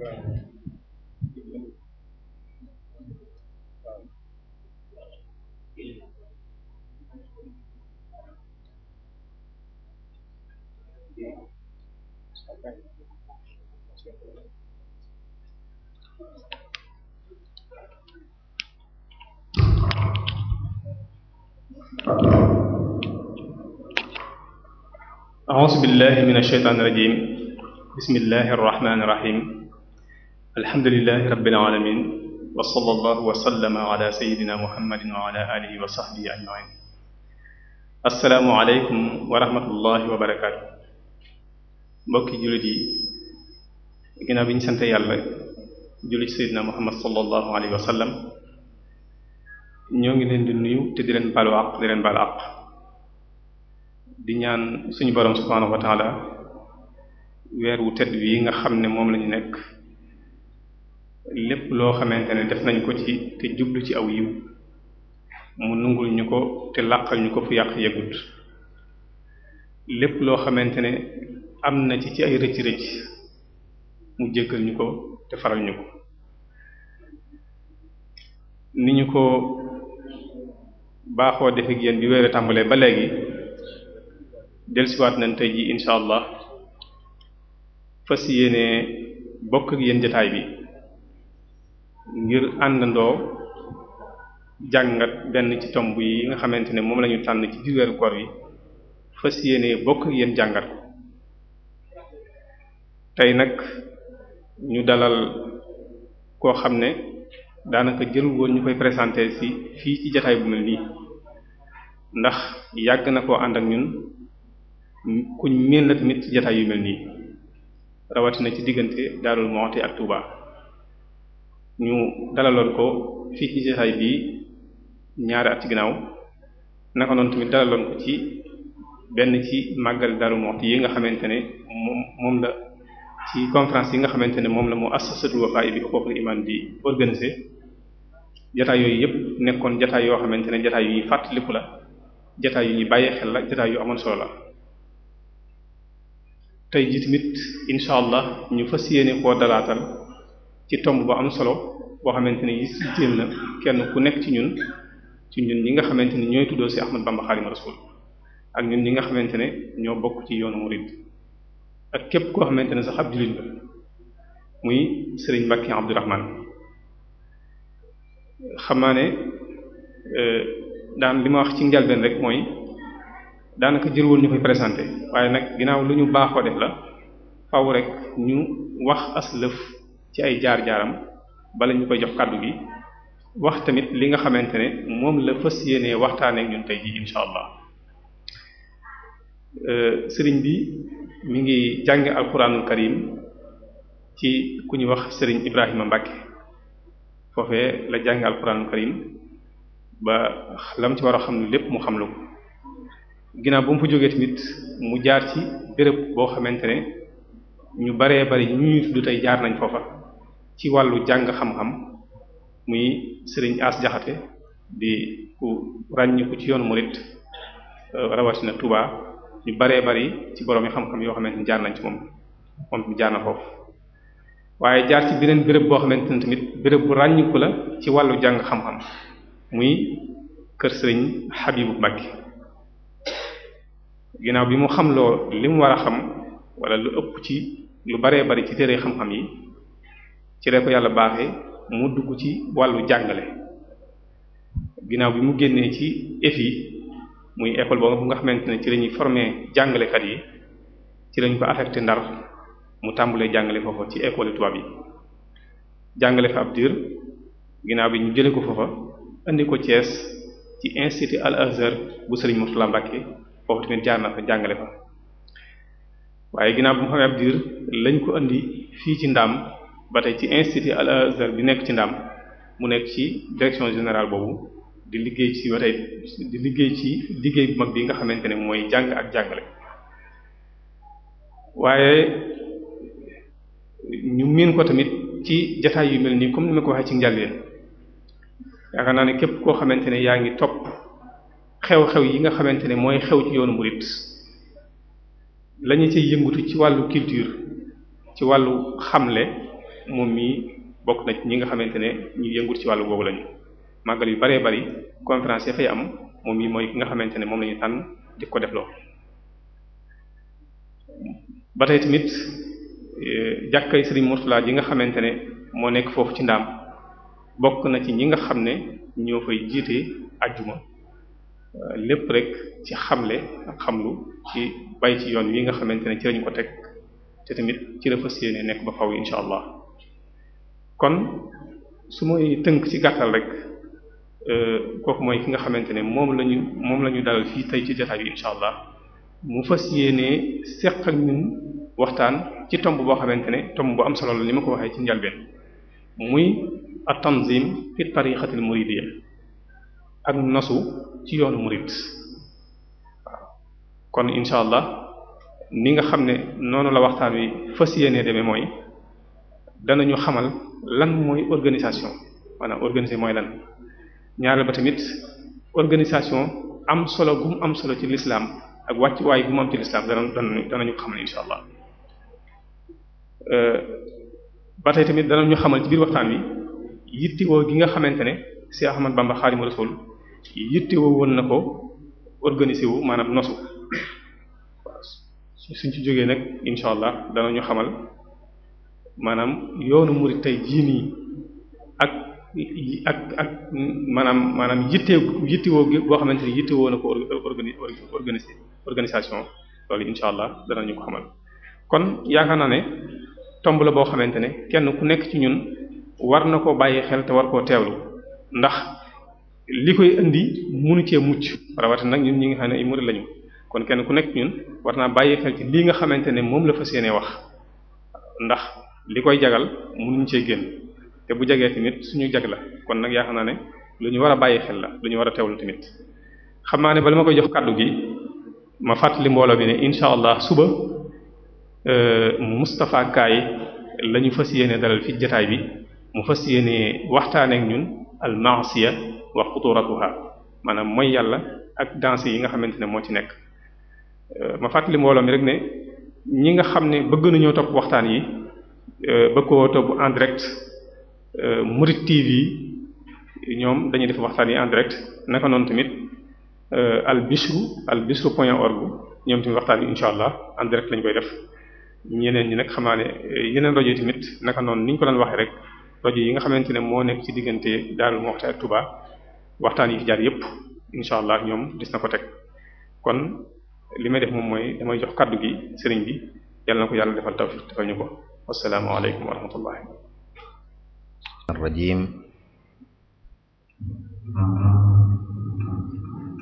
أعوذ بالله من الشيطان الرجيم بسم الله الرحمن الرحيم alhamdulilahi rabbil alamin wa sallallahu wa sallama ala wa ala wa barakaatu mbokki jullit yi ginnaaw bi ñu sant yàlla julli ci muhammad sallallahu alayhi wa sallam ñoo ngi leen di nuyu te di leen balu àq di leen balu àq di ñaan suñu borom subhaanahu wa taala weer wu tedd wi nga xam ne moom lañu nekk lépp loo xamante ne def nañ ko ci te jublu ci aw yiw mu nungul ñu ko te làqal ñu ko fu yàq yegut lépp loo xamante ne am na ci ci ay rëcc rëcc mu jéggal ñu ko te faral ñu ko ni ñu ko baaxoo def ak yéen bi weeru tàmbalee ba léegi delsiwaat nañ tey ji incha allah fas yéene bokk ak yéen jotaay bi ngir àndandoo jàngat benn ci tomb yi nga xamante ne moom lañu tànn ci biir weeru koor yi fas yéene bokk yenn jàngat ko tey nag ñu dalal koo xam ne daanaka jërul woon ñu koy présenter ci fii ci jataay bu mel nii ndax yàgg na koo àndak ñun kuñ miin la tamit ci jataay yu mel nii rawatina ci diggante Darou Moukhty ak Touba ñu dalaloon ko fii ci jotaay bi ñaari at ci ginnaaw naka noonu tamit dalaloon ko ci benn ci màggal Daaru Muxti yi nga xamante ne moom la ci conférence yi nga xamante ne moom la moo assasatul Wafa bi Iman di organiser jataay yooyu yëpp nekkoon jataay yoo xamante ne jataay yu fàttaliku la jataay yu ñuy bàyyi xel la jataay yu amoon solo la tey ji tamit incha allah ñu fas yéene koo dalaatal. ci tomb bu am solo boo xamante ni itteel na kenn ku nekk ci ñun ci ñun ñi nga xamante ni ñooy tuddoo si Ahmad Bamba Xaadimu Rasuul ak ñun ñi nga xamante ne ñoo bokk ci yoonu murid ak képp koo xamante ne sax ab jullit la muy Serigne Mbacke Abdourahmane xam naa ne e, daan li ma wax ci njalbeen rek mooy daanaka jël woon ñu koy présenté waaye nag ginnaaw lu ñu baaxoo def la faw rek ñu wax aslëf ay jaar-jaaram bala ñu koy jox kàddu gi wax tamit li nga xamante ne moom la fas yéenee waxtaanee ñun tey ji incha allah euh, sëriñ bi mu ngi jànge alquranul karim ci ku ñuy wax sëriñ Ibrahima Mbacke foofee la jànge alquranul karim ba lam ci war a xam lépp mu xam la ko ginnaaw ba mu fa jógee tamit mu jaar ci béréb boo xamante ne ñu baree bari ñu ñuy tudd tey jaar nañ foofa. ci wàllu jàng xam-xam muy sëriñ As Jaxate di ku ràññiku ci yoonu murid euh, rawatina Touba ñu baree bari ci borom yi xam-xam yoo xamante ni jaar nañ ci moom moom jaar na foofu waaye jaar ci beneen béréb boo xamante tamit béréb bu ràññiku la ci wàllu jàng xam-xam muy kër sëriñ Habibu Mbacke ginnaaw bi mu xamloo li war a xam walla lu ëpp ci lu baree bari ci téere xam-xam yi. ci la ko yàlla baaxee mu dugg ci wàllu jàngale ginaaw bi mu génnee ci EFI muy école boobu nga xamante ne ci la ñuy former jàngalekat yi ci lañ ko affecté ndar mu tàmbalee jàngale foofa ci école tubaab yi jàngale fa ab diir ginnaaw bi ñu jëlee ko foofa indi ko Thiès ci institut Al Azhar bu Serigne Mourtala Mbacké foofu tamit jaar na fa jàngale fa waaye ginnaaw bi mu xamee ab diir lañ ko indi fii ci Ndam. ba tey ci institut al azhar bi nekk ci ndaam mu nekk ci direction général boobu di liggéey ci ba tey di liggéey ci liggéey bu mag bi nga xamante ne mooy jàng ak jàngale waaye ñu miin ko tamit ci jataay yu mel nii comme ni ma ko waxee ci njàlleen yaakaar naa ne képp koo xamante ne yaa ngi topp xew-xew yi nga xamante ne mooy xew ci yoonu murit lañu ciy yëngatu ci wàllu culture ci wàllu xamle moom mii bokk na ci ñi nga xamante ne ñu yëngut ci wàllu googu lañu màggal yu baree bari conférence ya fay am moom mii mooy ki nga xamante ne moom la ñu tànn di ko defloo ba tey tamit eh, jàkkay Serigne Mourtala yi nga xamante ne moo nekk foofu ci ndaam bokk na ci ñi nga xam ne ñoo fay jiite ajjuma eh, lépp rek ci xamle ak xamlu ci bàyyi ci yoon wi nga xamante ne ci lañu ko teg te tamit ci la fas yéene nekk ba faw insha allah kon su may tënk ci gàttal rek euh, kooku mooy ki nga xamante ne moom lañu moom la ñu dalal fii tey ci jotaay bi incha allah mu fas yéenee seq ak ñun waxtaan ci tomb boo xamante ne tomb bu am solo la ma ko waxee ci njalbeen muy at-tanzim fi tariqatil muridiyya ak nosu ci yoonu murid kon incha allah ni nga xam ne noonu la waxtaan wi fas yéenee demee mooy. danañu xamal lan mooy organisation maanaam organiser mooy lan ñaareel ba tamit organisation am solo gu am solo ci lislaam ak wàccuwaay bu mu am ci lislaam danañu danañu ko xamal insha allah euh, ba tey tamit danañu xamal ci biir waxtaan wi yittewoo gi nga xamante ne Cheikh Ahmad Bamba Xaadimu Rasuul yittewoo woon na ko organiser wu maanaam nosu suñ ci jógee nag insha allah ñu xamal maanaam yoonu murid tey jii ak ak ak maanaam maanaam yitte yittewoo gi boo xamante ni yittewoo na ko organi organiser organisation loolu incha allah ñu ko xamal. kon yaakaar naa ne tomb la boo xamante ne kenn ku nekk ci ñun war na koo bàyyi xel te war koo teewlu ndax li koy indi munu cee mucc rawatina nag ñun ñi nga xam ne ay murid kon kenn ku nekk ñun war naa bàyyi xel ci lii nga xamante ne moom la fas yéenee wax ndax. li koy jagal mënuñ cee génn te bu jagee tamit suñu jag la kon nag yaa xam naa ne lu ñu war a bàyyi xel la lu ñu war a teewlu tamit xam naa ne bala ma koy jox kàddu gi ma fàttali mbooloo bi ne incha allah suba euh, Moustapha Kaye la ñu fas yéene dalal fi jataay bi mu fas yéene waxtaaneek ak ñun al ma'siya wa xuturatuha maanaam mooy yàlla ak danse yi nga xamante ne moo ci nekk euh, ma fàttali mbooloo mi rek ne ñi nga xam ne bëgg nañoo topp waxtaan yi. Euh, bëgg koo topp en direct euh, Murid TV ñoom dañuy def waxtaan yi en naka noonu tamit euh, al bishru al bishru point org ñoom tamit waxtaan yi incha allah en direct lañ koy def ñeneen ñi nag xam naa ne yeneen rajo yi tamit naka noonu ni ko doon waxee rek rajo yi nga xamante ne moo nekk ci diggante daal Moukhty ak Touba waxtaan yi fi jaar yépp incha allah ñoom dis na ko teg kon li may def moom mooy damay jox kàddu gi sëriñ bi yàlla na ko yàlla defal tawfiq defal ñu ko. wassalaamu aleykum wa rahmatullahi arrajim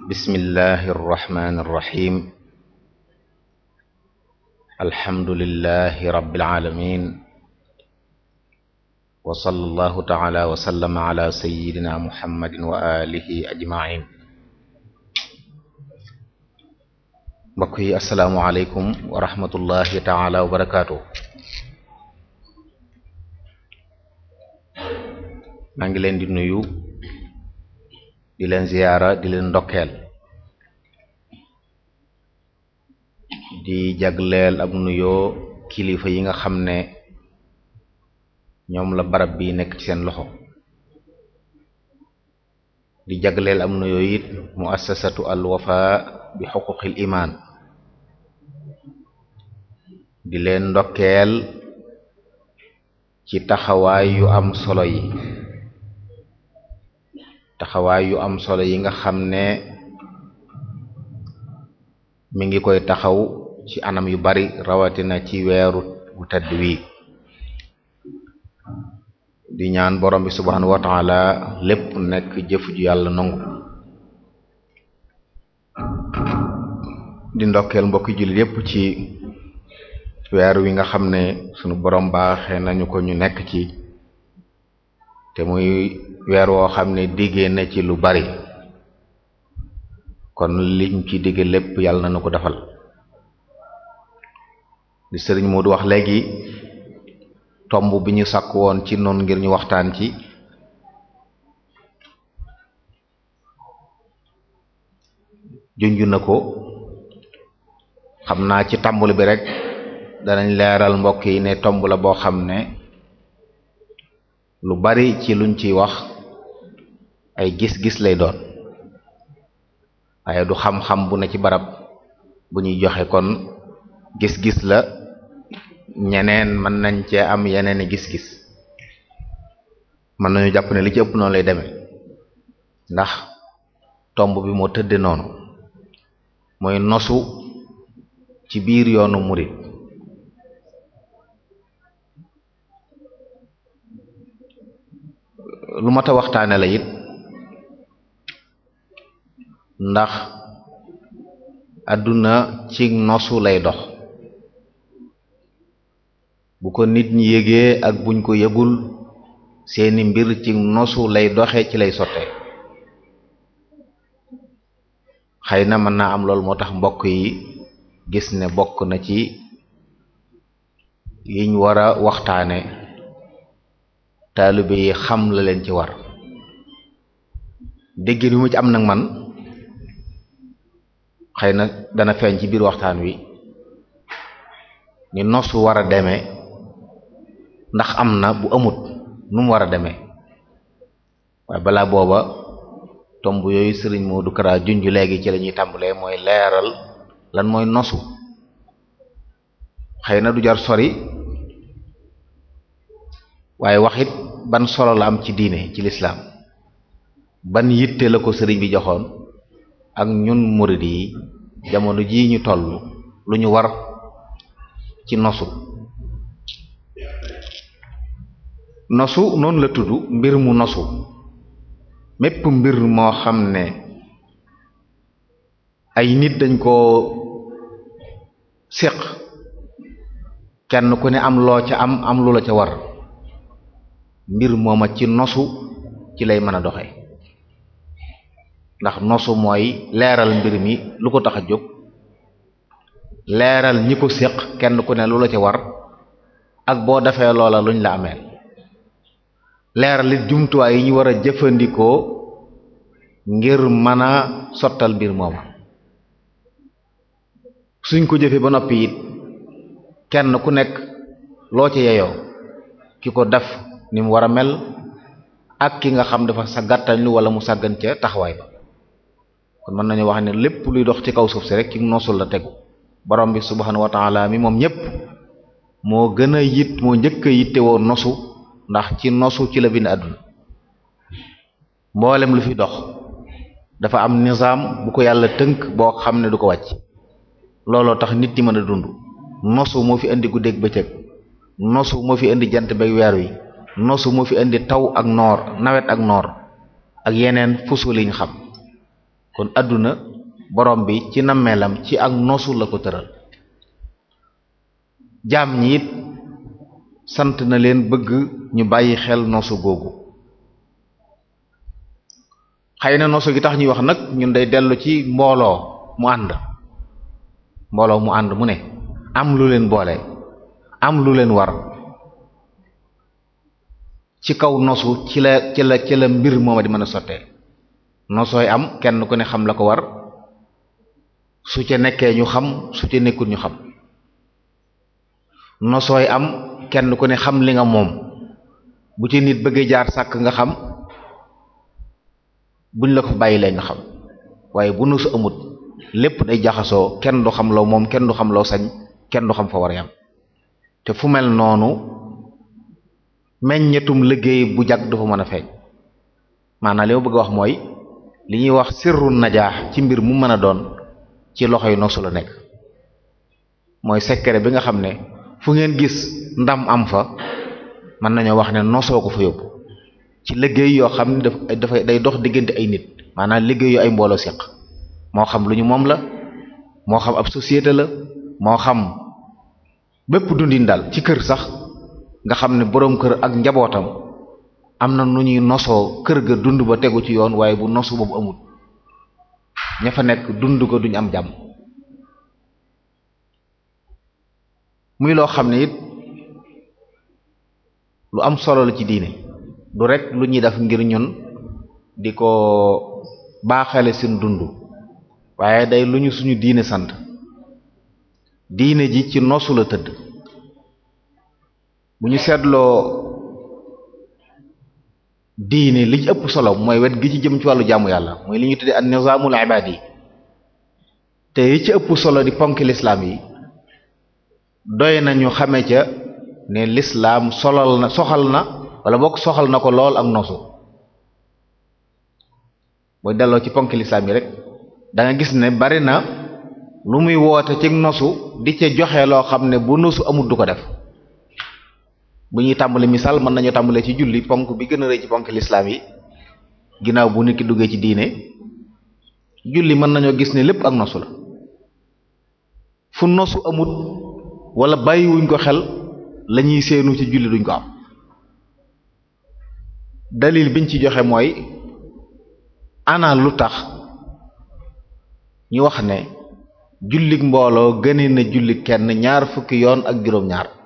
bismillahi arrahmani arrahim alhamdulillahi rabbil alamin wa sallallahu taala wa sallama ala sayyidina muhammadin wa alihi ajmain mbokk yi assalaamu aleykum wa rahmatullahi taala wa barakaatuh maa ngi leen di nuyu di leen ziyaara di leen ndokkeel di jagleel ab nuyoo kilifa yi nga xam ne ñoom la barab bi nekk ci seen loxo di jagleel ab nuyoo it muassasatu al wafa bi xuquqil imaan di leen ndokkeel ci taxawaay yu am solo yi taxawaay yu am solo yi nga xam ne mu ngi koy taxaw ci anam yu bari rawatina ci weeru wu tedd wi di ñaan borom bi subhanahu wa ta'ala lépp nekk jëf ju yàlla nangu di ndokkeel mbokki jullit yépp ci weer wi nga xam ne sunu borom baaxe nañu ko ñu nekk ci te muy weer woo xam ne diggee na ci lu bari kon liñ ci digge lépp yàlla na ko defal di sëriñ di wax léegi tomb bi ñu sàkk woon ci noonu ngir ñu waxtaan ci junj na ko xam naa ci tàmbul bi rek danañ leeral mbokk yi ne tomb la boo xam ne lu bari ci luñ ciy wax ay gis-gis lay doon waaye du xam-xam bu ne ci barab bu ñuy joxe kon gis-gis la ñeneen mën nañ cee am yeneen gis-gis mën nañu jàpp ne li ci ëpp noonu lay deme ndax tomb bi moo tëddee noonu mooy nosu ci biir yoonu murit lu mat a waxtaane la it ndax àdduna ci nosu lay dox bu ko nit ñi yëgee ak buñ ko yëgul seeni mbir ci nosu lay doxe ci lay sotte xëy na mën naa am lool moo tax mbokk yi gis ne bokk na ci yiñ war a waxtaane taalibe yi xam la leen ci war dégg ni mu ci am nag man xëy na dana feeñ ci biir waxtaan wi ni nosu war a demee ndax am na bu amut nu mu war a demee waaye balaa booba tomb yooyu sëriñ Modou Kara junj léegi ci lañuy ñuy mooy leeral lan mooy nosu xëy na du jar sori waaye waxit ban solo la am ci diine ci lislaam ban yitte la ko sëriñ bi joxoon ak ñun murid yi jamono jii ñu toll lu ñu war ci nosu nosu noonu la tudd mbir mu nosu mépp mbir moo xam ne ay nit dañ koo séq kenn ku ne am loo ca am am lu la ca war mbir mooma ci nosu ci lay mën a doxe ndax nosu mooy leeral mbir mi lu ko tax a jóg leeral ñi ko séq kenn ku ne lu la ci war ak boo defee loola luñ la ameel leeral jumtuwaay yi ñu war a jëfandikoo ngir mën a sottal mbir mooma suñ ko jëfee ba noppi it kenn ku nekk loo ci yeyoo ki ko def ni mu war a mel ak ki nga xam dafa sa gàttañlu wala mu sàggan ca taxawaay ba kon mën nañu wax ne lépp luy dox ci kaw suuf si rek ci nosul la tegu borom bi subhanahu wa taala mi moom ñépp moo gën a yit moo njëkk a yittewoo nosu ndax ci nosu ci la bind àdduna mboolem lu fi dox dafa am nizaam bu ko yàlla tënk boo xam ne du ko wàcc looloo tax nit ñi mën a dund nosu moo fi indi guddeeg bëccëg nosu moo fi indi jant beeg weer wi nosu moo fi indi taw ak noor nawet ak noor ak yeneen fusul yi xam kon àdduna borom bi ci nammeelam ci ak nosu la ko tëral jaam ñi it sant na leen bëgg ñu bàyyi xel nosu googu xëy na nosu gi tax ñuy wax nag ñun day dellu ci mbooloo mu ànd mbooloo mu ànd mu ne am lu leen boole am lu leen war ci kaw nosu ci la ci la ci la mbir mooma di mën a sottee nosooy am kenn ku ne xam la ko war su ca nekkee ñu xam su ca nekkul ñu xam nosooy am kenn ku ne xam li nga moom bu ci nit bëggee jaar sàkk nga xam buñ la ko bàyyi lee xam waaye bu nu su amut lépp day jaxasoo kenn du xam loo moom kenn du xam loo sañ kenn du xam fa war yam te fu mel noonu meññetum liggéey bu jag du fa mën a feeñ maanaam li ma bëgg a wax mooy li ñuy wax sirru najaax ci mbir mu mën a doon ci loxo yi noosu la nekk mooy secret bi nga xam ne fu ngeen gis ndam am fa mën nañoo wax ne noosoo ko fa yóbbu ci liggéey yoo xam ne dafa day dox diggante ay nit maanaam liggéey yu ay mbooloo seq moo xam lu ñu moom la moo xam ab société la moo xam bépp dundin daal ci kër sax nga xam ne boroom kër ak njabootam am na lu ñuy nosoo kër ga dund ba tegu ci yoon waaye bu nosu boobu amul ña fa nekk dund ko duñ am jàmm muy loo xam ne it lu am solo la ci diine du rek lu ñuy def ngir ñun di ko baaxale seen dund waaye day lu ñu suñu diine sant diine ji ci nosu la tëdd bu ñu seetloo diine li ci ëpp solo mooy wet gi ci jëm ci wàllu jaamu yàlla mooy li ñu tuddee an nizaamul ibaadi yi te yi ci ëpp solo di ponk lislaam yi doy nañu xame ca ne lislaam solal na soxal na wala bokk soxal na ko lool ak nosu booy delloo ci ponk lislaam yi rek da gis ne bari na lu muy woote ci nosu di ca joxe loo xam ne bu nosu amul du ko def bu ñuy tàmbali misaal mën nañoo tàmbalee ci julli ponk bi gën a rëy ci ponk lislaam yi ginnaaw bu nit ki duggee ci diine julli mën nañoo gis ni lépp ak nosu la fu nosu amut wala bàyyiwuñ ko xel lañuy séenu ci julli duñ ko am dalil biñ ci joxe mooy ana lu tax ñu wax ne jullik mbooloo gëne na julli kenn ñaar fukki yoon ak juróom-ñaar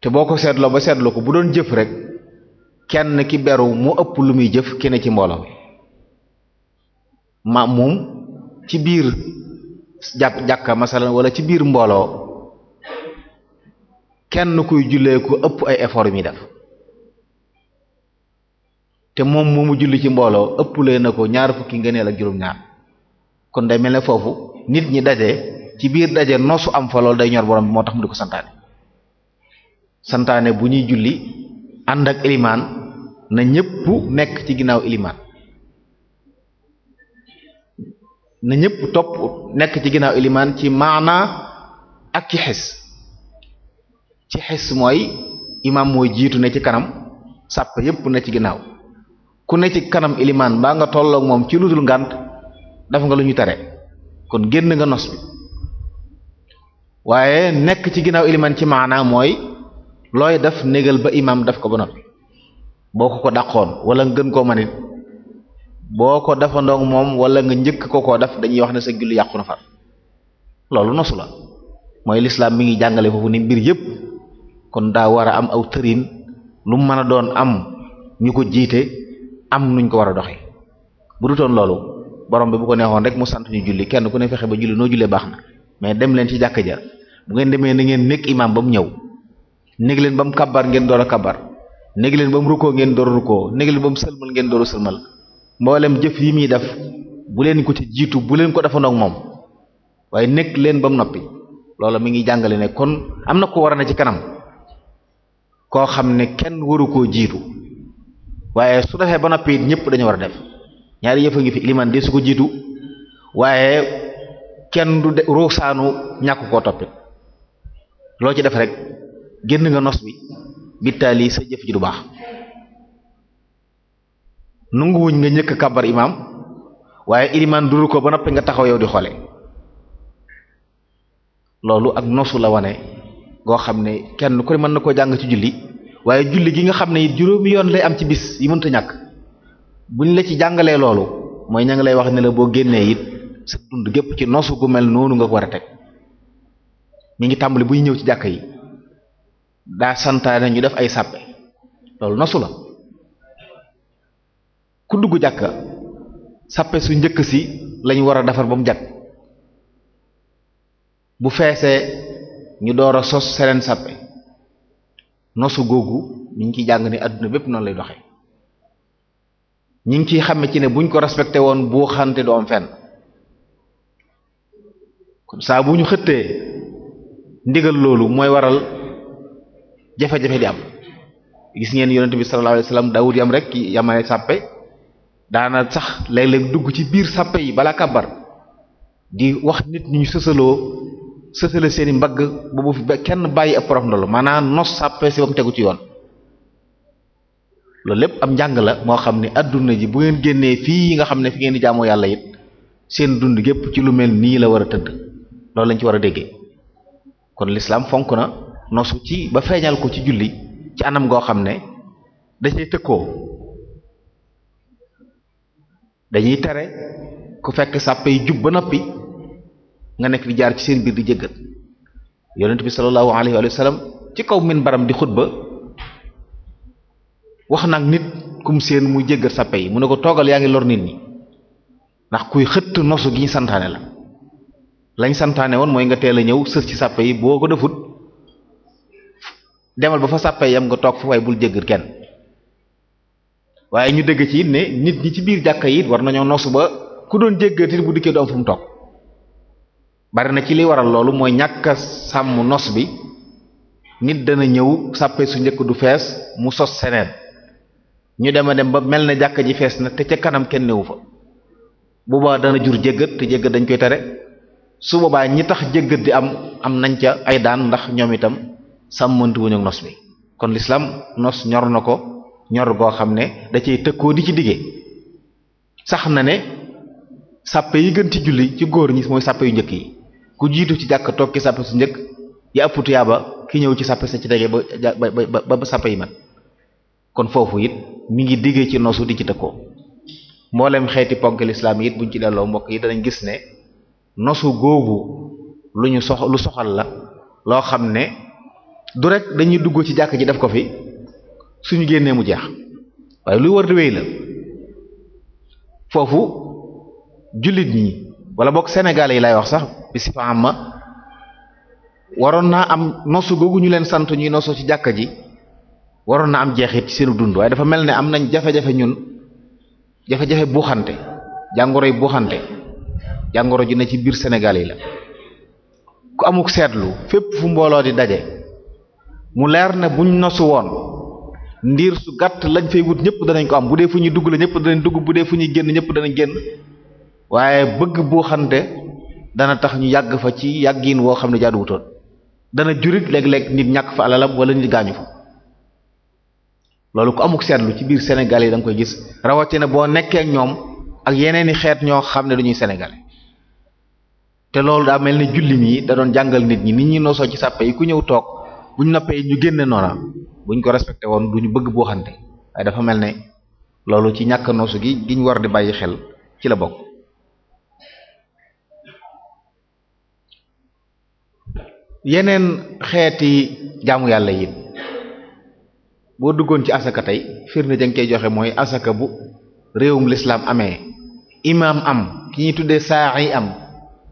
te boo ko seetloo ba seetloo ko bu doon jëf rek kenn ki beru mu ëpp lu muy jëf ki ne ci mbooloo ma moom ci biir jàpp jàkka masalan wala ci biir mbooloo kenn kuy jullee ko ëpp ay effort yu muy def te moom moomu julli ci mbooloo ëppulee na ko ñaar fukki ngëneel ak juróom-ñaar kon day mel ne foofu nit ñi daje ci biir daje noosu am fa day ñor borom bi moo tax mu di ko santaane santaane bu ñuy julli ànd ak ilimaan na ñëpp nekk ci ginnaaw ilimaan na ñëpp nekk ci ginnaaw ilimaan ci maanaa ak ci xis ci xes mooy imaam mooy jiitu ne ci kanam sàpp yëpp ne ci ginnaaw ku ne ci kanam ilimaan baa nga tolloog moom ci lu dul ngànt dafa nga lu ñu tere kon génn nga nos bi waaye nekk ci ginnaaw ilimaan ci maanaa mooy looy def négal ba imaam def ko ba noppi boo ko ko dàqoon wala nga gën koo man it boo ko defandoog moom wala nga njëkk ko koo def dañuy wax ne sa julli yàqu na fa loolu nosu la mooy lislaam mi ngi jàngale foofu ni mbir yépp kon daa war a am aw tëriin lu mën a doon am ñu ko jiite am nuñ ko war a doxe bu dutoon loolu borom bi bu ko neexoon rek mu sant ñu julli kenn ku ne fexe ba julli noo jullee baax na mais dem leen ci jàkk ja bu ngeen demee na ngeen nekk imaam ba ñëw néegi leen ba mu kabar ngeen door a kabar néegi leen ba mu rukkoo ngeen door a rukkoo néegi leen ba mu sëlmal ngeen door a sëlmal mboolem jëf yi muy def bu leen ko ci jiitu bu leen ko defandoog moom waaye nekk leen ba noppi loola mi ngi jàngale ne kon am na ko war a ne ci kanam koo xam ne kenn waru koo jiitu waaye su defee ba noppi it ñëpp dañu war a def ñaari yëf a ngi fi iliman de su ko jiitu waaye kenn du de ruusaanu ñàkk koo toppit loo ci def rek génn nga nos bi bittaali sa jëf ji du baax wuñ nga njëkk kàbbar imaam waaye ilimaan duru ko ba noppi nga taxaw yow di xoole loolu ak nosu la wane goo xam ne kenn ku ne mën na koo jàng ci julli waaye julli gi nga xam ne juróomi yoon lay am ci bis yi mënta ñàkk buñ la ci jàngalee loolu mooy ña ngi lay wax ne la boo génnee it sa dund gépp ci nosu gu mel noonu nga ko war a teg mu ngi tàmbali buy ñëw ci jàkk yi daa santaane ñu def ay sàppe loolu nosu la ku dugg jàkka sàppe su njëkk si lañu war a defar ba mu jag bu feesee ñu door a sos seneen sàppe nosu googu ñu ngi ciy jàng ni àdduna bépp noonu lay doxe ñu ngi ciy xàmme ci ne buñ ko respecté woon boo xante du am fenn kon saa bu ñu xëttee ndigal loolu mooy waral jafe-jafe di am gis ngeen yonent bi sallallahu alayhi wasallam daawut yam rek yamale sàppe daana sax léeg-léeg dugg ci biir sàppe yi balaa kàbbar di wax nit ñu sësaloo sësal seeni mbagg boobu fi kenn bàyyi ab porof ndolu maanaam nos sàppe si ba mu tegu ci yoon loolu lépp am njàng la moo xam ne adduna ji bu ngeen génnee fii nga xam ne fi ngeen di jaamoo yàlla it seen dund gépp ci lu mel nii la war a tëdd loolu lañ ci war a déggee kon l'islam fonk na nosu ci ba feeñal ko ci julli ci anam goo xam ne da cay tëkkoo dañuy tere ku fekk sàppe yi jub ba noppi nga nekk di jaar ci seen biir di jëggat yonent bi sallallahu alayhi wa sallam ci kaw min baram di xutba wax nag nit kum seen muy jëggat sàppe yi mu ne ko toogal yaa ngi lor nit ñi ndax kuy xët nosu gi ñu santaane la lañ santaane woon mooy nga teel a ñëw sës ci sàppe yi boo ko defut demal ba fa sàppee yam nga toog fa waaye bul jëggat kenn waaye ñu dëgg ci it ne nit ñi ci biir jàkka yi war nañoo nosu ba ku doon jëggat it bu dikkee du am fu mu toog bari na ci li waral loolu mooy ñàkk a sàmm nos bi nit dana ñëw sàppee su njëkk du fees mu sos seneen ñu dema dem ba mel na jàkka ji fees na te ca kanam kenn newu fa bu boobaa dana jur jëggat te jëggat dañ koy tere su boobaa ñi tax jëggat di am am nañ ca ay daan ndax ñoom itam sam wuñ ak nos bi kon l'islam nos ñor na ko ñor goo xam ne da cay tëkkoo di ci diggee sax na ne sàppe yi gën ci julli ci góor ñi mooy sàppe yu njëkk yi ku jiitu ci jàkk toog ci sàppe su njëkk ya ëpp tuyaaba ki ñëw ci sàppe sa ci dege ba ba ba sàppe yi mat kon foofu it mu ngi diggee ci nosu di ci tëkkoo mboolem xeeti ponk lislaam it buñ ci delloo mbokk yi danañ gis ne nosu googu lu ñu sox lu soxal la loo xam ne du rek dañuy dugg ci jàkk ji def ko fi suñu génnee mu jeex waaye luy war di wéy la foofu jullit ñi wala bokk sénégalais yi lay wax sax bi fa am ma waroon naa am nosu googu ñu leen sant ñuy nosu ci jàkk ji waroon na am jeexit ci seenu dund waaye dafa mel ne am nañ jafe-jafe ñun jafe-jafe buuxante jàngoro yi buuxante jàngoro ji ne ci biir sénégalais yi la ku amuk seetlu fépp fu mbooloo di daje mu leer ne buñ nosu woon ndiir su gàtt lañ fay wut ñëpp danañ ko am bu dee fu ñuy dugg la ñëpp danañ dugg bu dee fu ñuy génn ñëpp danañ génn waaye bëgg boo xante dana tax ñu yàgg fa ci yàggin woo xam ne jaaduwutoon dana jurit léeg-léeg nit ñàkk fa alalam wala nit gaañu fa loolu ku amuk seetlu ci biir senegal yi da koy gis rawatina boo nekkee ak ñoom ak yeneen yeneeni xeet ñoo xam ne dañuy senegal te loolu daa mel ne julli mi da doon jàngal nit ñi nit ñi noosoo ci sàppe yi ku ñëw toog bu ñu noppee ñu génne noona buñ ko respecté woon duñu bëgg boo waaye dafa mel ne loolu ci ñàkk noosu gi giñ war di bàyyi xel ci la bokk yeneen xeeti jaamu yàlla yi boo duggoon ci asaka tey firnde jang koy joxe mooy asaka bu réewum lislaam amee imaam am ki ñuy tuddee saa am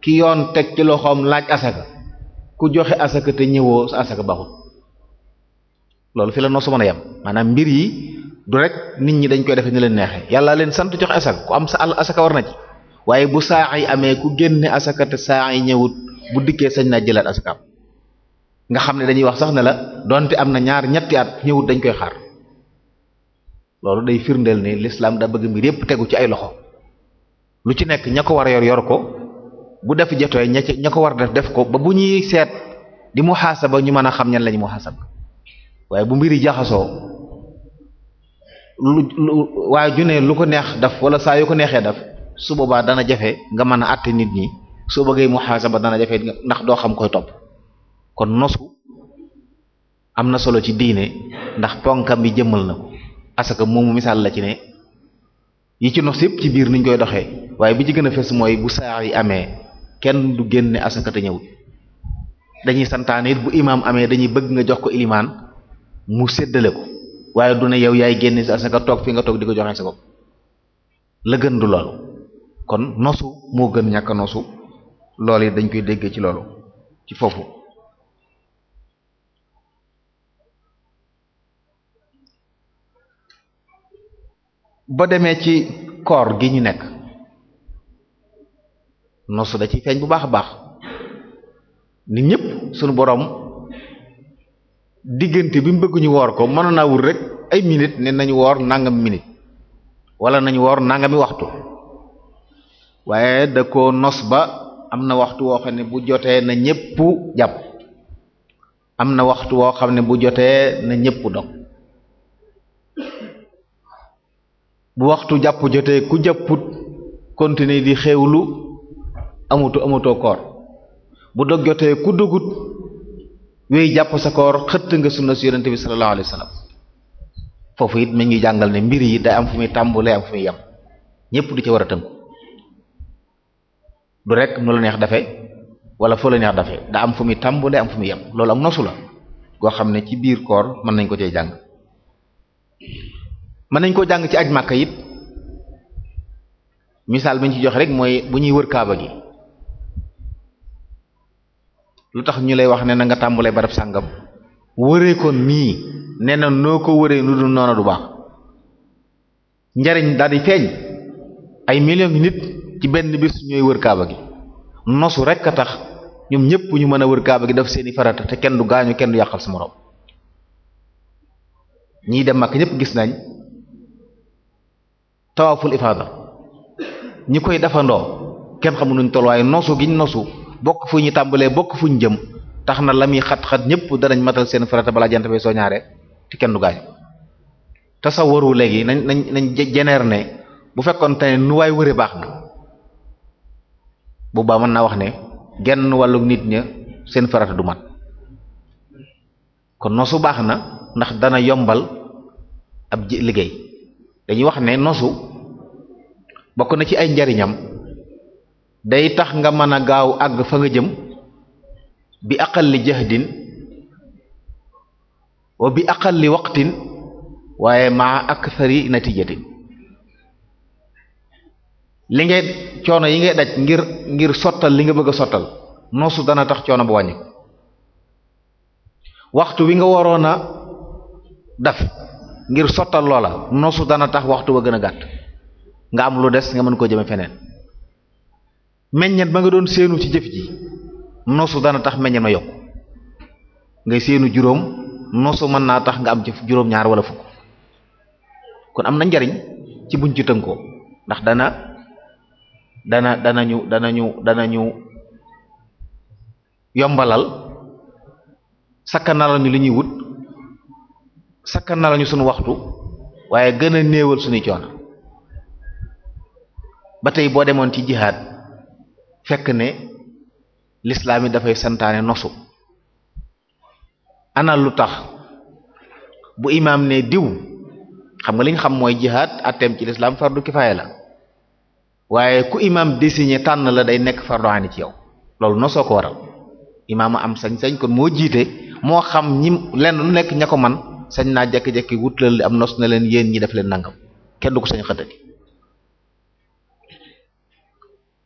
ki yoon teg ci loxoom laaj asaka ku joxe asaka te ñëwoo sa asaka baaxul loolu fi la noosu mën a yem maanaam mbir yi du rek nit ñi dañ koy defee ni leen neexee yàllaa leen sant jox asaka ku am sa al asaka war na ci waaye bu saa yi amee ku génne asaka te saa yi ñëwut bu dikkee sañ naa jëlaat asakaam nga xam ne dañuy wax sax ne la donte am na ñaar ñetti at ñëwut dañ koy xar loolu day firndeel ni lislaam da bëgg mbir yépp tegu ci ay loxo lu ci nekk ña ko war a yor yor ko bu def jotee ña ña ko war def def ko ba bu ñuy seet di muhaasaba ñu mën a xam ñan lañu muhaasaba waaye bu mbir yi jaxasoo lu lu waaye ju ne lu ko neex daf wala saa yu ko neexee daf su boobaa dana jafe nga mën a àtte nit ñi soo bëggee muhaasaba dana jafe ndax doo xam koy topp kon nosu am na solo ci diine ndax ponkam bi jëmmal na ko asaka moomu misaal la ci ne yi ci nos yëpp ci biir niñ koy doxee waaye bi ci gën a fes mooy bu saa yi amee kenn du génne asaka te ñëwul dañuy santaane bu imaam amee dañuy bëgg nga jox ko ilimaan mu séddale ko waaye du ne yow yaay génn sa asaka toog fi nga toog di ko joxe sa ko la gën du loolu kon nosu moo gën ñàkk a nosu loolu dañ koy déggee ci loolu ci foofu ba demee ci koor gi ñu nekk nosu da ci feeñ bu baax a baax nit ñëpp sunu boroom diggante bi mu bëgg woor ko mënoon naa wut rek ay minute ne nañu woor nangam minute wala nañu woor nangami waxtu waaye da ko nos ba am na waxtu woo xam ne bu jotee na ñépp jàpp am na waxtu woo xam ne bu jotee na ñépp dog bu waxtu jàpp jotee ku jàpput continuer di xewlu amatu amatoo koor bu dog jotee ku dogut wéy jàpp sa koor xëtt nga sunna su yonente bi sallallahu alayhi wa foofu it mi ngi jàngal ne mbir yi da am fu muy tàmbu am fu muy yem ñëpp du ci war a tënku du neex dafe wala foo neex dafe da am fu muy tàmbalee am fu muy yem loolu ak nosu la goo xam ne ci biir koor mën nañ ko cee jàng mën nañ koo jàng ci aj màkka yit misaal bi ñu ci joxe rek mooy bu ñuy wër kaaba gi lu tax ñu lay wax nee na nga tàmbalee barab sàngam wëreekoon ko nii nee na noo ko wëree nu dul noona du baax njariñ daldi di feeñ ay millions yi nit ci benn bis ñooy wër kaaba gi nosu rek a tax ñoom ñëpp ñu mën a wër kaaba gi daf seeni farata te kenn du gaañu kenn yàqal sa moroom ñii dem Makka ñëpp gis nañ tawaaful ifaada ñi koy dafandoo kenn xamu nuñ tolluwaay nosu giñ nosu bokk fu ñu tàmbalee bokk fu ñu jëm tax na la muy xat-xat ñëpp danañ matal seen farata balaa jant bee soo ñaaree te kenn du tasawaru léegi nañ nañ nañ jeneer ne bu fekkoon te ne nu waay wëre baax na bu baa mën naa wax ne genn wàllu nit ña seen farata du mat kon nosu baax na ndax dana yombal ab liggéey dañuy wax ne nosu bokk na ci ay njariñam day tax nga mën a gaaw àgg fa nga jëm bi aqalli jahdin wa bi aqalli waqtin waaye maa akthari natijatin li ngay coono yi ngay daj ngir ngir sottal li nga bëgg a sottal noosu dana tax coono bu wàññi waxtu wi nga waroon a def ngir sottal loola noosu dana tax waxtu ba gën a gàtt nga am lu des nga mën koo jëme feneen meññet ba nga doon séenu ci jëf ji nosu dana tax meññet ma yokk ngay séenu juróom nosu mën naa tax nga am jëf juróom ñaar wala fukk kon am na njariñ ci buñ ci tënkoo ndax dana dana danañu danañu danañu yombalal sakkanal ñu li ñuy wut sakkan sakkanal ñu suñu waxtu waaye gën a néewal suñuy coono ba tey boo demoon ci jihaad fekk ne lislaam yi dafay santaane nosu anal lu tax bu imaam ne diw xam nga li ñu xam mooy jihaad atteem ci lislaam fardu kifaaya la waaye ku imaam désigné tànn la day nekk fardu ayn ci yow loolu nosoo ko waral imaam am sañ-sañ kon moo jiite moo xam ñi lenn lu nekk ña ko man sañ naa jékki-jékki wutlal am nos na leen yéen ñi def leen nangam kenn du ko sañ xëtëti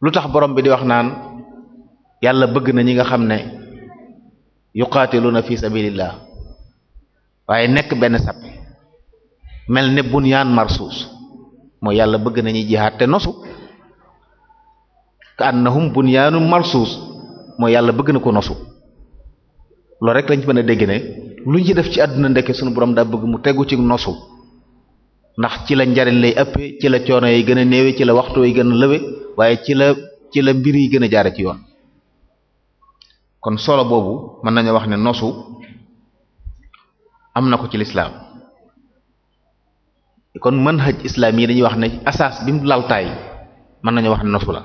lu tax borom bi di wax naan yàlla bëgg na ñi nga xam ne yuqaatiluna fi sabilillah waaye nekk benn sàpp mel ne bunyaan marsuus mooy yàlla bëgg nañuy jihaad te nosu ka annahum bunyaanu marsuus mooy yàlla bëgg na ko nosu loolu rek lañ ci a dégg ne luñ ci def ci àdduna ndekke sunu borom daa bëgg mu tegu ci nosu ndax ci la njariñ lay ëppee ci la coono yi gën a néewe ci la waxtu yi gën a lëwe waaye ci la ci la mbir yi gën a jaare ci yoon kon solo boobu mën nañu wax ne nosu am na ko ci lislaam kon mën manhaj islaam yi dañuy wax ne asaas bi mu laltaay mën nañu wax ne nosu la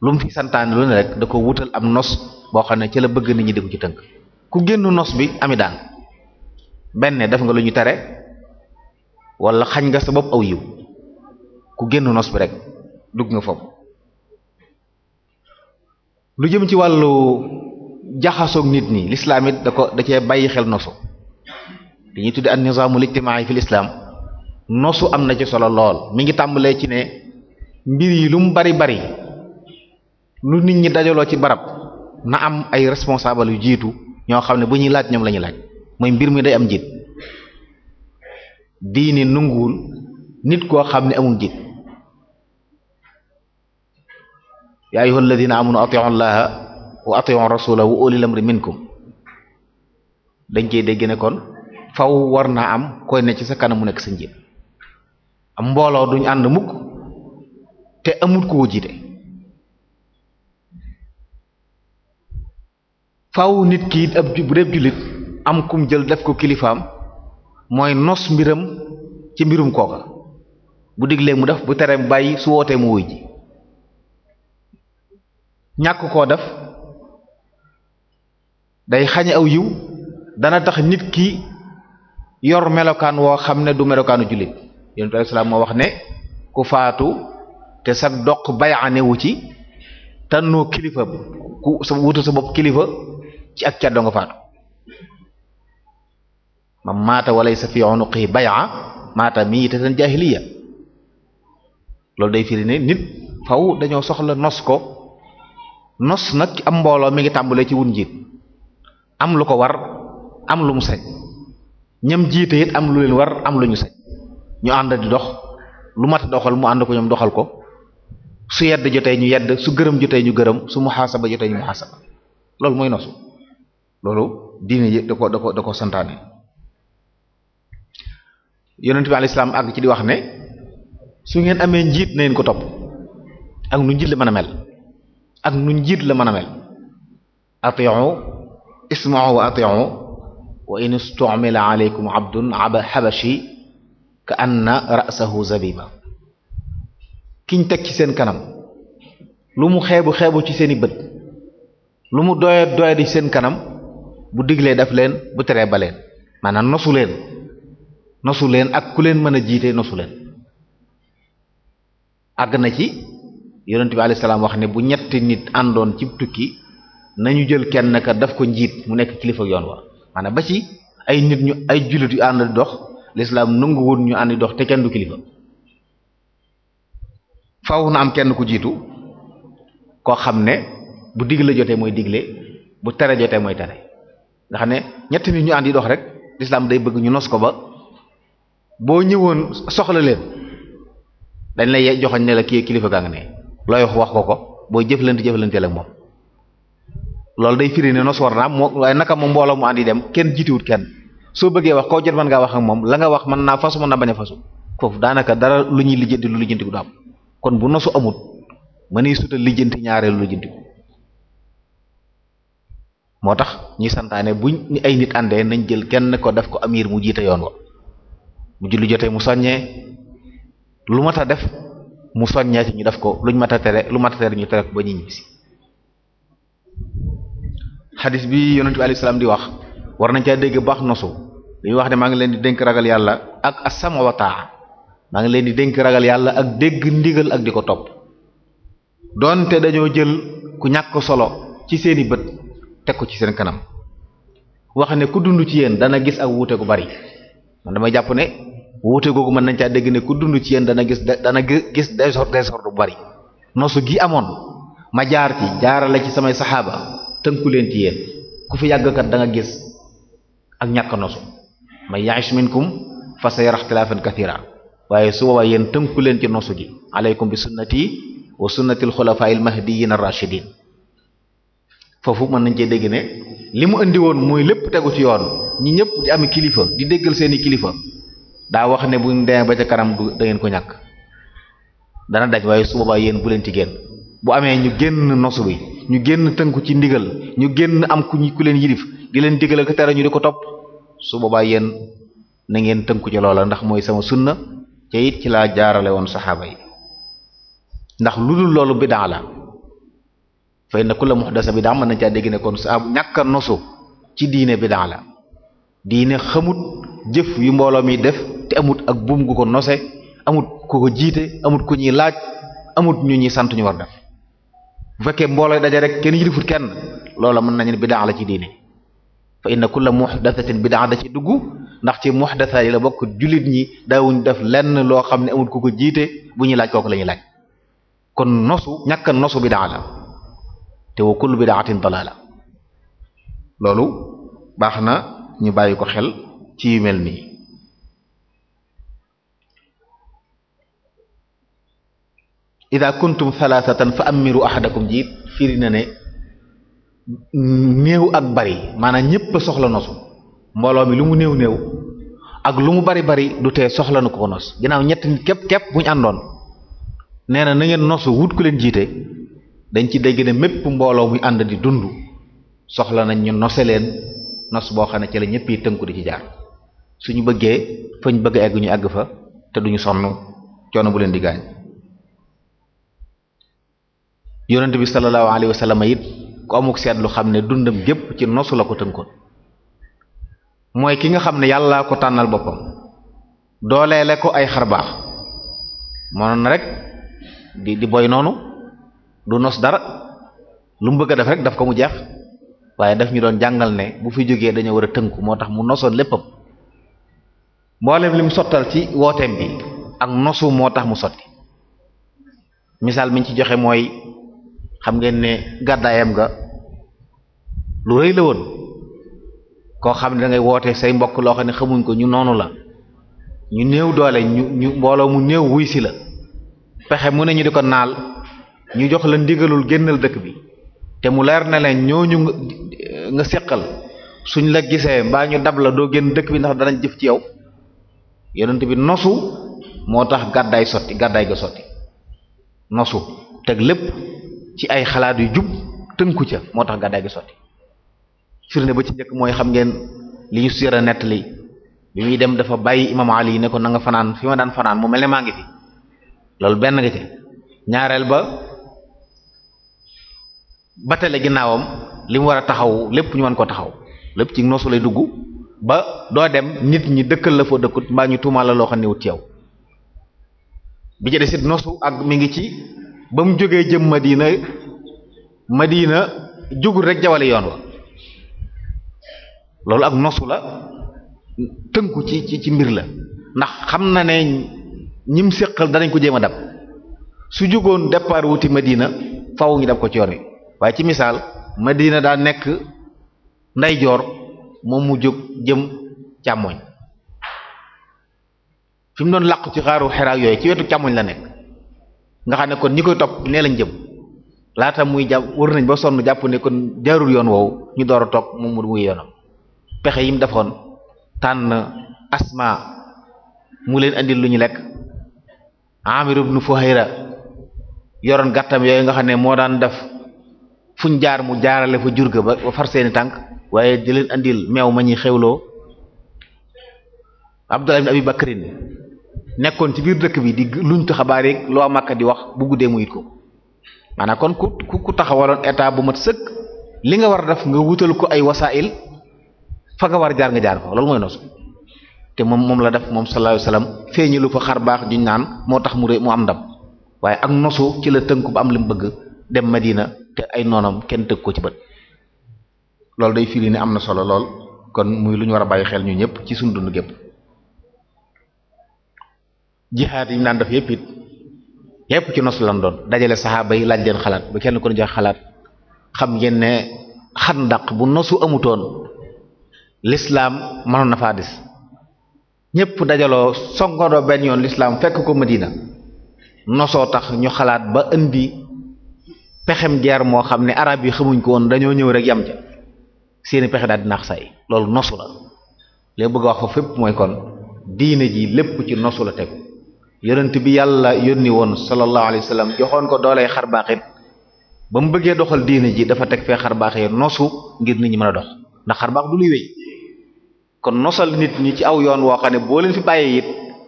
lu mu fi santaane lu ne rek da ko wutal ab nos boo xam ne ci la bëgg nit ñi di ci tënk ku génn nos bi ami daan benn def nga lu ñu tere wala xañ nga sa bopp aw yiw ku génn nos bi rek dugg nga foofu lu jëm ci wàllu jaxasoog nit ñi lislaam it da ko da cee bàyyi xel nosu li ñuy tudde an nizaamul ijtimaa'i fi lislaam nosu am na ci solo lool mi ngi tàmbalee ci ne mbir yi lu mu bari bari lu nit ñi dajaloo ci barab na am ay responsable yu jiitu ñoo xam ne bu ñuy laaj ñoom lañuy ñuy laaj mooy mbir mi day am njiit diine nanguwul nit koo xam ne amul njiit yaa ayyuha alladina amanu atiu llaha wa atiu rasula wa ulil amri minkum dañ cey dégg ne kon faw war naa am koy ne ci sa kanam mu nekk sa njiit am mbooloo duñ ànd mukk te amul koo jiite faw nit ki ab bu dee jullit am kum jël def ko kilifaam mooy nos mbiram ci mbirum kooka bu diglee mu def bu teree mu bàyyi su wootee mu wuy ji ñàkk koo def day xañe aw yiw dana tax nit ki yor melokaan woo xam ne du melokaanu jullit yonent alayhi salaam moo wax ne ku faatu te sag doq bayanewu ci tànnoo kilifa ku sa wutu sa bopp kilifa ci ak caddo nga faatu man maata sa walaysa fi unuqihi bay'a maata miitatan jahiliya loolu day firi ne nit faw dañoo soxla nos ko nos nag am mbooloo mi ngi tàmbalee ci wun njiit am lu ko war am lu mu sañ ñam jiite it am lu leen war am lu ñu sañ ñu ànd di dox lu mat doxal mu ànd ko ñoom doxal ko su yedd jotee ñu yedd su gërëm jotee ñu gërëm su muhaasaba jotee ñu muhaasaba loolu mooy nosu loolu diine yi da ko da ko da ko santaane yonent bi alayhi salaam àgg ci di wax ne su ngeen amee njiit na ngeen ko topp ak nu njiit la mën ak nu njiit la mën a mel ati'u isma'u wa ati'u wa in istu'mila alaykum abdun aba habashi ka anna ra'sahu zabiba kiñ teg ci seen kanam lu mu xeebu xeebu ci seeni bët lu mu doyat doyat ci seen kanam bu digle daf leen bu teree ba leen maanaam nosu leen nosu leen ak ku leen mën a jiite nosu leen àgg na ci yonent bi alayhi salaam wax ne bu ñett nit àndoon ci tukki nañu jël kenn ka daf ko njiit mu nekk kilifa yoon wa maanaam ba ci ay nit ñu ay jullit yu ànd di dox lislaam nanguwul ñu ànd di dox te kenn du kilifa faaw na am kenn ku jiitu koo xam ne bu digle jotee mooy digle bu tere jotee mooy tere nga xam ne ñetti nit ñu ànd di dox rek lislaam day bëgg ñu nos ko ba boo ñëwoon soxla leen dañ lay joxoñ ne la kii kilifa gaa ngi ne looy wax wax ko ko boo jëflante jëflanteel ak moom loolu day firi ne nos war naa moo waaye naka moom mbooloo mu àndi dem kenn jiituwut kenn soo bëggee wax koo jot mën ngaa wax ak moom la nga wax mën naa fasu mën naa bañ a fasu foofu daanaka dara lu ñuy lijjanti lu lijjanti du am kon bu nosu amut mënuy sutal lijjanti ñaareelu lijjanti moo tax ñuy santaane buñ ni ay nit àndee nañ jël kenn ko def ko amir mu jiite yoon wa bu julli jotee mu soññee lu mat a def mu soññee ci ñu def ko luñ mat a tere lu mat tere ñu tere ko ba ñu ñibbisi xadis bi yonent bi di wax war nañ caa dégg baax nosu li ñuy wax ne maa ngi leen di dénk ragal yàlla ak asama wa taa maa ngi leen di dénk ragal yàlla ak dégg ndigal ak di ko topp doonte dañoo jël ku ñàkk solo ci seeni bët teg ko ci seen kanam wax ne ku dund ci yéen dana gis ak wuute gu bari man damay jàpp ne wuute googu mën nañ caa dégg ne ku dund ci yéen dana gis dana gis desor désordre bu bari nosu gi amoon ma jaar ci jaarale ci samay saxaaba tënku leen ci yéen ku fi yàggkat da gis ak ñàkk nosu ma ya'ish minkum fa sayara ikhtilafan kathira waaye su boobaa yéen tënku leen ci nosu gi aleykum bi sunnati wa sunnati al khulafa al mahdiyyin ar foofu mën nañ cee dégg ne li mu indi woon mooy lépp tegu ci yoon ñi ñëpp di am kilifa di déggal seeni kilifa daa wax ne bu demee ba ca kanam du ko ñàkk dana daj waaye su boobaa yéen bu leen ci génn bu amee ñu génn nosu bi ñu génn tënku ci ndigal ñu génn am ku ñu ku leen yilif di leen digal ak tere ñu di ko topp su boobaa yéen na ngeen tënku ci loola ndax mooy sama sunna te it ci laa jaarale woon saxaaba yi ndax lu dul loolu bidaa la fay na ku la muxdasa bidaa mën nañ caa dégg ne kon sa ñàkk a nosu ci diine bi bidaa la diine xamut jëf yu mbooloo mi def te amut ak buum gu ko nose amut ku ko jiite amut ku ñuy laaj amut ñu ñuy sant ñu war def bu fekkee mbooloo daje rek kenn yilifut kenn loola mën nañu ne bidaa la ci diine fa inna kulla muhdathatin bidaa da ci dugg ndax ci muhdatha yi la bokk jullit ñi daawuñ def lenn loo xam ne amut ku ko jiite bu ñuy laaj kooku la ñuy laaj kon nosu ñàkk nosu bidaa la te wa kullu bidaatin dalaala loolu baax na ñu bàyyi ko xel ci mel nii ida kuntum thalathatan fa miru ahadakum jiit firi na ne néew ak bari maanaam ñépp soxla nosu mbooloo mi lu mu néew néew ak lu mu bari bari du tee soxla na ko ko nos ginnaaw ñetti nit képp képp bu ñu àndoon nee na na ngeen nosu wut ku leen jiite dañ ci dégg ne mépp mbooloo muy ànd di dund soxla nañ ñu nose leen nos boo xam ne ci la ñépp yi tënku di ci jaar ñu bëggee fañ bëgg egg ñu àgg fa te duñu sonn coono bu leen di gaañ yonent bi sallallahu alayhi wa sallam it ku seet seetlu xam ne dundam gépp ci nosu la ko tënkoon mooy ki nga xam ne yàllaa ko tànnal boppam dooleele ko ay xarbaax mënoon na rek di di boy noonu du nos dara lu mu bëgg def rek daf ko mu jeex waaye daf ñu doon jàngal ne bu fi jógee dañoo war a tënku moo tax mu nosoon léppam mboolem li mu sottal ci wooteem bi ak nosu moo tax mu sotti misaal mi ci joxe mooy xam ngeen ne gàddaayam ga lu rëy la woon koo xam ne dangay woote say mbokk loo xam ne xamuñ ko ñu noonu la ñu néew doole ñu mbooloo mu néew wuy si la pexe mu ne ñu di ko naal ñu jox la ndigalul génnal dëkk bi te mu leer na leen ñu nga seqal suñ la gisee mbaa ñu dab la doo génn dëkk bi ndax danañ jëf ci yow yonent bi nosu moo tax gàddaay sotti gàddaay ga sotti nosu teg lépp ci ay xalaat yu jub tënku ca moo tax gàddaay gi sotti firnde ba ci njëkk mooy xam ngeen li ñu siir a nettali bi muy dem dafa bàyyi imam ali ne ko na nga fanaan fi ma daan fanaan mu mel ne maa ngi fi loolu benn nga ci ñaareel ba batale ginnaawam li mu war a taxaw lépp ñu mën ko taxaw lépp ci noosu lay dugg ba doo dem nit ñi dëkkal la foo dëkkut mbaa ñu tuumaa la loo xam ne wut ci bi ci des it noosu ak mi ngi ci ba mu jógee jëm Madina Madina jugul rek jawale yoon wa loolu ak nosu la tënku ci ci ci mbir la ndax xam na ne ñim séqal danañ ko jéem a dab su jógoon départ wuti Madina faw ñu dab ko ci yoon wi waaye ci misaal Madina daa nekk ndeyjoor moom mu jóg jëm càmmoñ fi mu doon làqu ci xaaru xeraak yooyu ci wetu càmmoñ la nekk nga xam ne kon ñi koy topp nee lañ jëm laata muy jàpp wër nañ ba sonn jàppu ne kon jaarul yoon woowu ñu door a toog moom mu muy yoonam pexe yi mu defoon tànn asma mu leen indil lu ñu lekk Amir ibn Fuhayra yoroon gàttam yooyu nga xam ne moo daan def fuñ jaar mu jaarale fa jur ga ba far seeni tànk waaye di leen andil meew ma ñuy xewloo Abdullah ibn Abi Bakrin nekkoon ci biir dëkk bi di luñtu xabaar yeeg loo màkk di wax bu guddee mu it ko maanaam kon ku ku ku taxawaloon état bu mat sëkk li nga war a def nga wutal ko ay wasaa'il fa nga war jaar nga jaar ko loolu mooy noosu te moom moom la def moom sallallahu alayhi wasallam feeñalu ko xar baax juñ naan moo tax mu ré mu am ndam waaye ak nosu ci la tënku ba am li bëgg dem Madina te ay noonam kenn tëgg ko ci bët loolu day firi ne am na solo lool kon muy lu ñu war a bàyyi xel ñu ñëpp ci suñu dund gépp jihaad yi ñu naan def yëpp it yëpp ci nosu lan doon dajale saxaaba yi laaj leen xalaat ba kenn ko ne jox xalaat xam ngeen ne xandaq bu nosu amutoon lislaam mënoon na faa des ñëpp dajaloo songandoo benn yoon lislaam fekk ko ma Madina nosoo tax ñu xalaat ba indi pexem guerre moo xam ne arab yi xamuñ ko woon dañoo ñëw rek yam ca seeni pexe daal di naax say loolu nosu la li bëgg a wax fa fépp mooy kon diine ji lépp ci nosu la tegu yonent bi yàlla yónni woon sallallahu alayhi wa sallam joxoon ko dooley xar baax it ba mu bëggee doxal diine ji dafa teg fee xar baax yi nosu ngir nit ñi mën a dox ndax xar baax du luy wéy kon nosal nit ñi ci aw yoon woo xam ne boole leen fi bàyyee it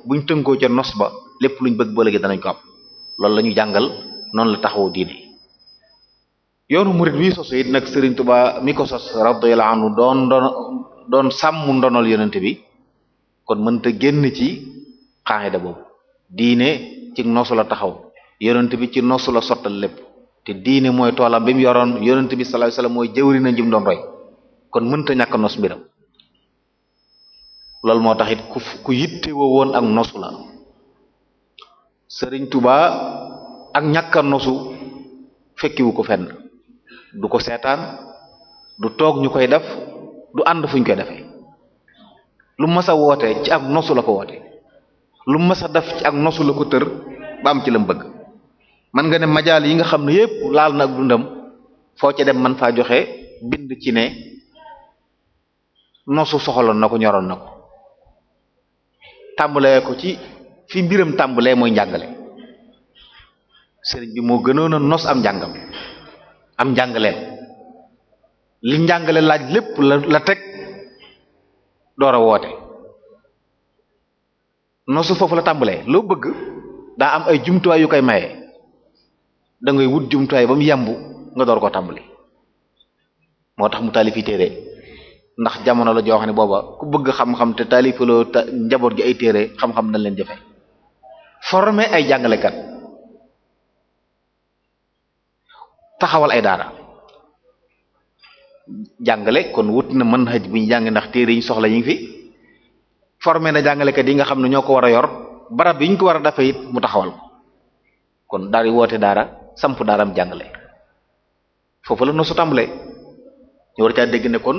buñ tënkoo ca nos ba lépp luñ bëgg ba léegi danañ ko am loolu la jàngal noonu la taxawu diine yoonu murid wi soso it nag Serigne Touba mi ko sos radiyallahu anhu doon doon doon sàmm ndonol yonent bi kon mënta génn ci xaaxida boobu diine ci nosu la taxaw yonent bi ci nosu la sottal lépp te diine mooy toolam bi yoroon yonent bi sallallahu alayhi mooy jëwri na jim doon roy kon mënta ñàkk nos mbiram loolu moo taxit it ku yitte woo woon ak nosu la sëriñ tubaa ak ñàkk a nosu fekkiwu ko fenn du ko seetaan du toog ñu koy def du ànd fu ñu koy defee lu mas a woote ci ak nosu la ko woote lu mës a def ci ak nosu la ko tër ba am ci lam bëgg man nga ne majaal yi nga xam ne yépp laal na ak dundam foo ca dem man faa joxe bind ci ne nosu soxaloon na ko ñoroon na ko tàmbalee ko ci fi mbiram tàmbalee mooy njàngale sëriñ bi moo gënoon nos am njàngam am njàngaleen li njàngale laaj lépp la la teg door a woote su foofu la tàmbalee loo bëgg daa am ay jumtuwaay yu koy maye da ngay wut jumtuwaay ba mu yembu nga door koo tàmbali moo tax mu taalif téere ndax jamono la joo ne booba ku bëgg xam-xam te taalifaloo njaboot gi ay téere xam-xam nañ leen jëfe former ay jàngalekat taxawal ay daara jàngale kon wut na mën xëj buñ ñu jàng ndax téere yi soxla ñu ngi fi formé na jàngalekat yi nga xam ne ñoo ko war a yor barab yi ñu ko war a dafa it mu taxawal ko kon daal woote daara samp daaram jàngale foofu la noosu tàmbalee ñu war caa dégg ne kon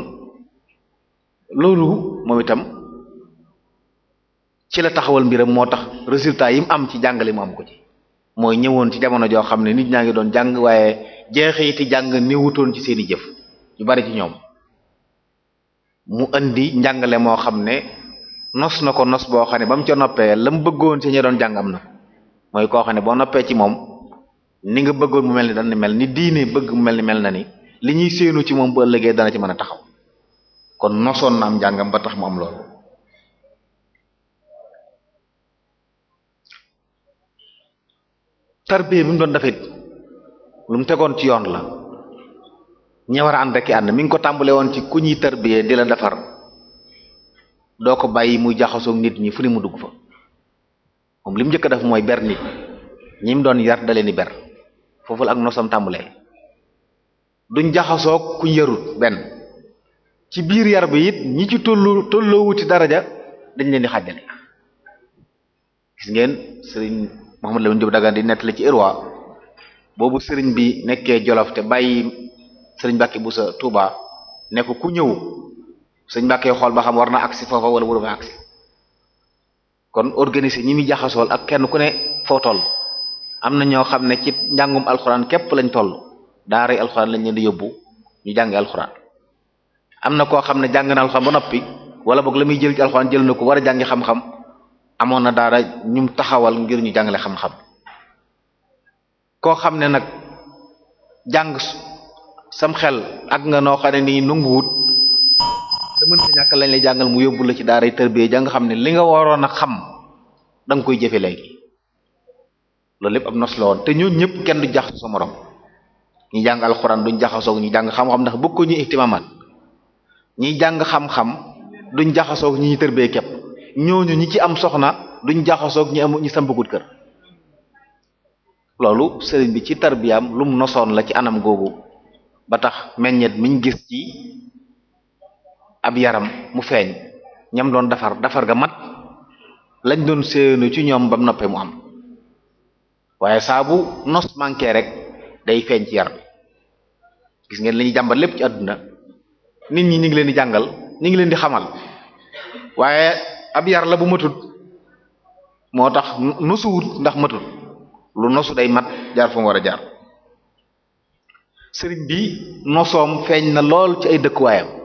loolu moom itam ci la taxawal mbiram moo tax résultat yi mu am ci jàngale mu am ko ci mooy ñëwoon ci jamono joo xam ne nit ñaa ngi doon jàng waaye jeexiti jàng néewutoon ci seeni jëf ñu bari ci ñoom mu indi njàngale moo xam ne nos na ko nos boo xam ne ba mu ca noppee la mu bëggoon ci ñi doon jàng na mooy koo xam ne boo noppee ci moom ni nga bëggoon mu mel ni dana mel ni diine bëgg mu mel ni mel na ni li ñuy séenu ci moom bu ëllëgee dana ci mën a taxaw kon nosoon na am njàngam ba tax mu am loolu tarbiya bi mu doon dafit lu mu tegoon ci yoon la ña war a ànd ak ànd mi ngi ko tàmbale woon ci ku ñuy tarbiya di la defar doo ko bàyyi muy jaxasoog nit ñi fu ne mu dugg fa moom li mu njëkk a def mooy ber nit ñi doon yar da leen di ber foofu la ak nosam tàmbalee duñ jaxasoog ku yarut benn ci biir yar bi it ñi ci tollu ci dara ja dañ leen di xàjjale gis ngeen sëriñ Mouhamadou Lamine Diop Dagana di nettali ci Irwa boobu sëriñ bi nekkee Jolof te bàyyi sëriñ Mbàkke Buso Tuuba ne ku ñëw sëñ Mbàkke xool ba xam war na agsi foofa wala waru fa agsi kon organiser ñi muy jaxasool ak kenn ku ne foo toll am na ñoo xam ne ci njàngum alxuraan képp lañ toll daaray alxuraan lañ leen di yóbbu ñu jàngi alxuraan am na koo xam ne jàng na alxuraan ba noppi wala boog la muy jël ci alxuraan jël na ko war a jàngi xam-xam amoon na daara ñu taxawal ngir ñu jàngale xam-xam koo xam ne nag jàng sam xel ak nga noo xam ne nii te mën ta ñàkk lañ lay jàngal mu yóbbu la ci daara tërbiyee ja nga xam ne li nga waroon a xam danga koy jëfe léegi loolu yëpp am nos la woon te ñoo ñëpp kenn du jaxasoo sa morom ñi jàng alxuraan duñ jaxasoog ñu jàng xam-xam ndax bëgg ñu ihtimaamaat ñi jàng xam-xam duñ jaxasoog ñi ñu tërbiyee képp ñooñu ñi ci am soxna duñ jaxasoog ñi am ñi kër loolu sëriñ bi ci tarbiyaam mu nosoon la ci anam googu ba tax meññet miñ gis ci ab yaram mu feeñ ñam doon defar defar ga mat lañ doon séenu ci ñoom bam noppee mu am waaye saabu bu nos manqué rek day feeñ ci yar gis ngeen li jàmbal lépp ci àdduna nit ñi ñu ngi leen di jàngal ñu ngi leen di xamal waaye ab yar la bu matut moo tax nosuwut ndax matut lu nosu day mat jaar fu mu war a jaar sëriñ bi nosoom feeñ na lool ci ay dëkkuwaayam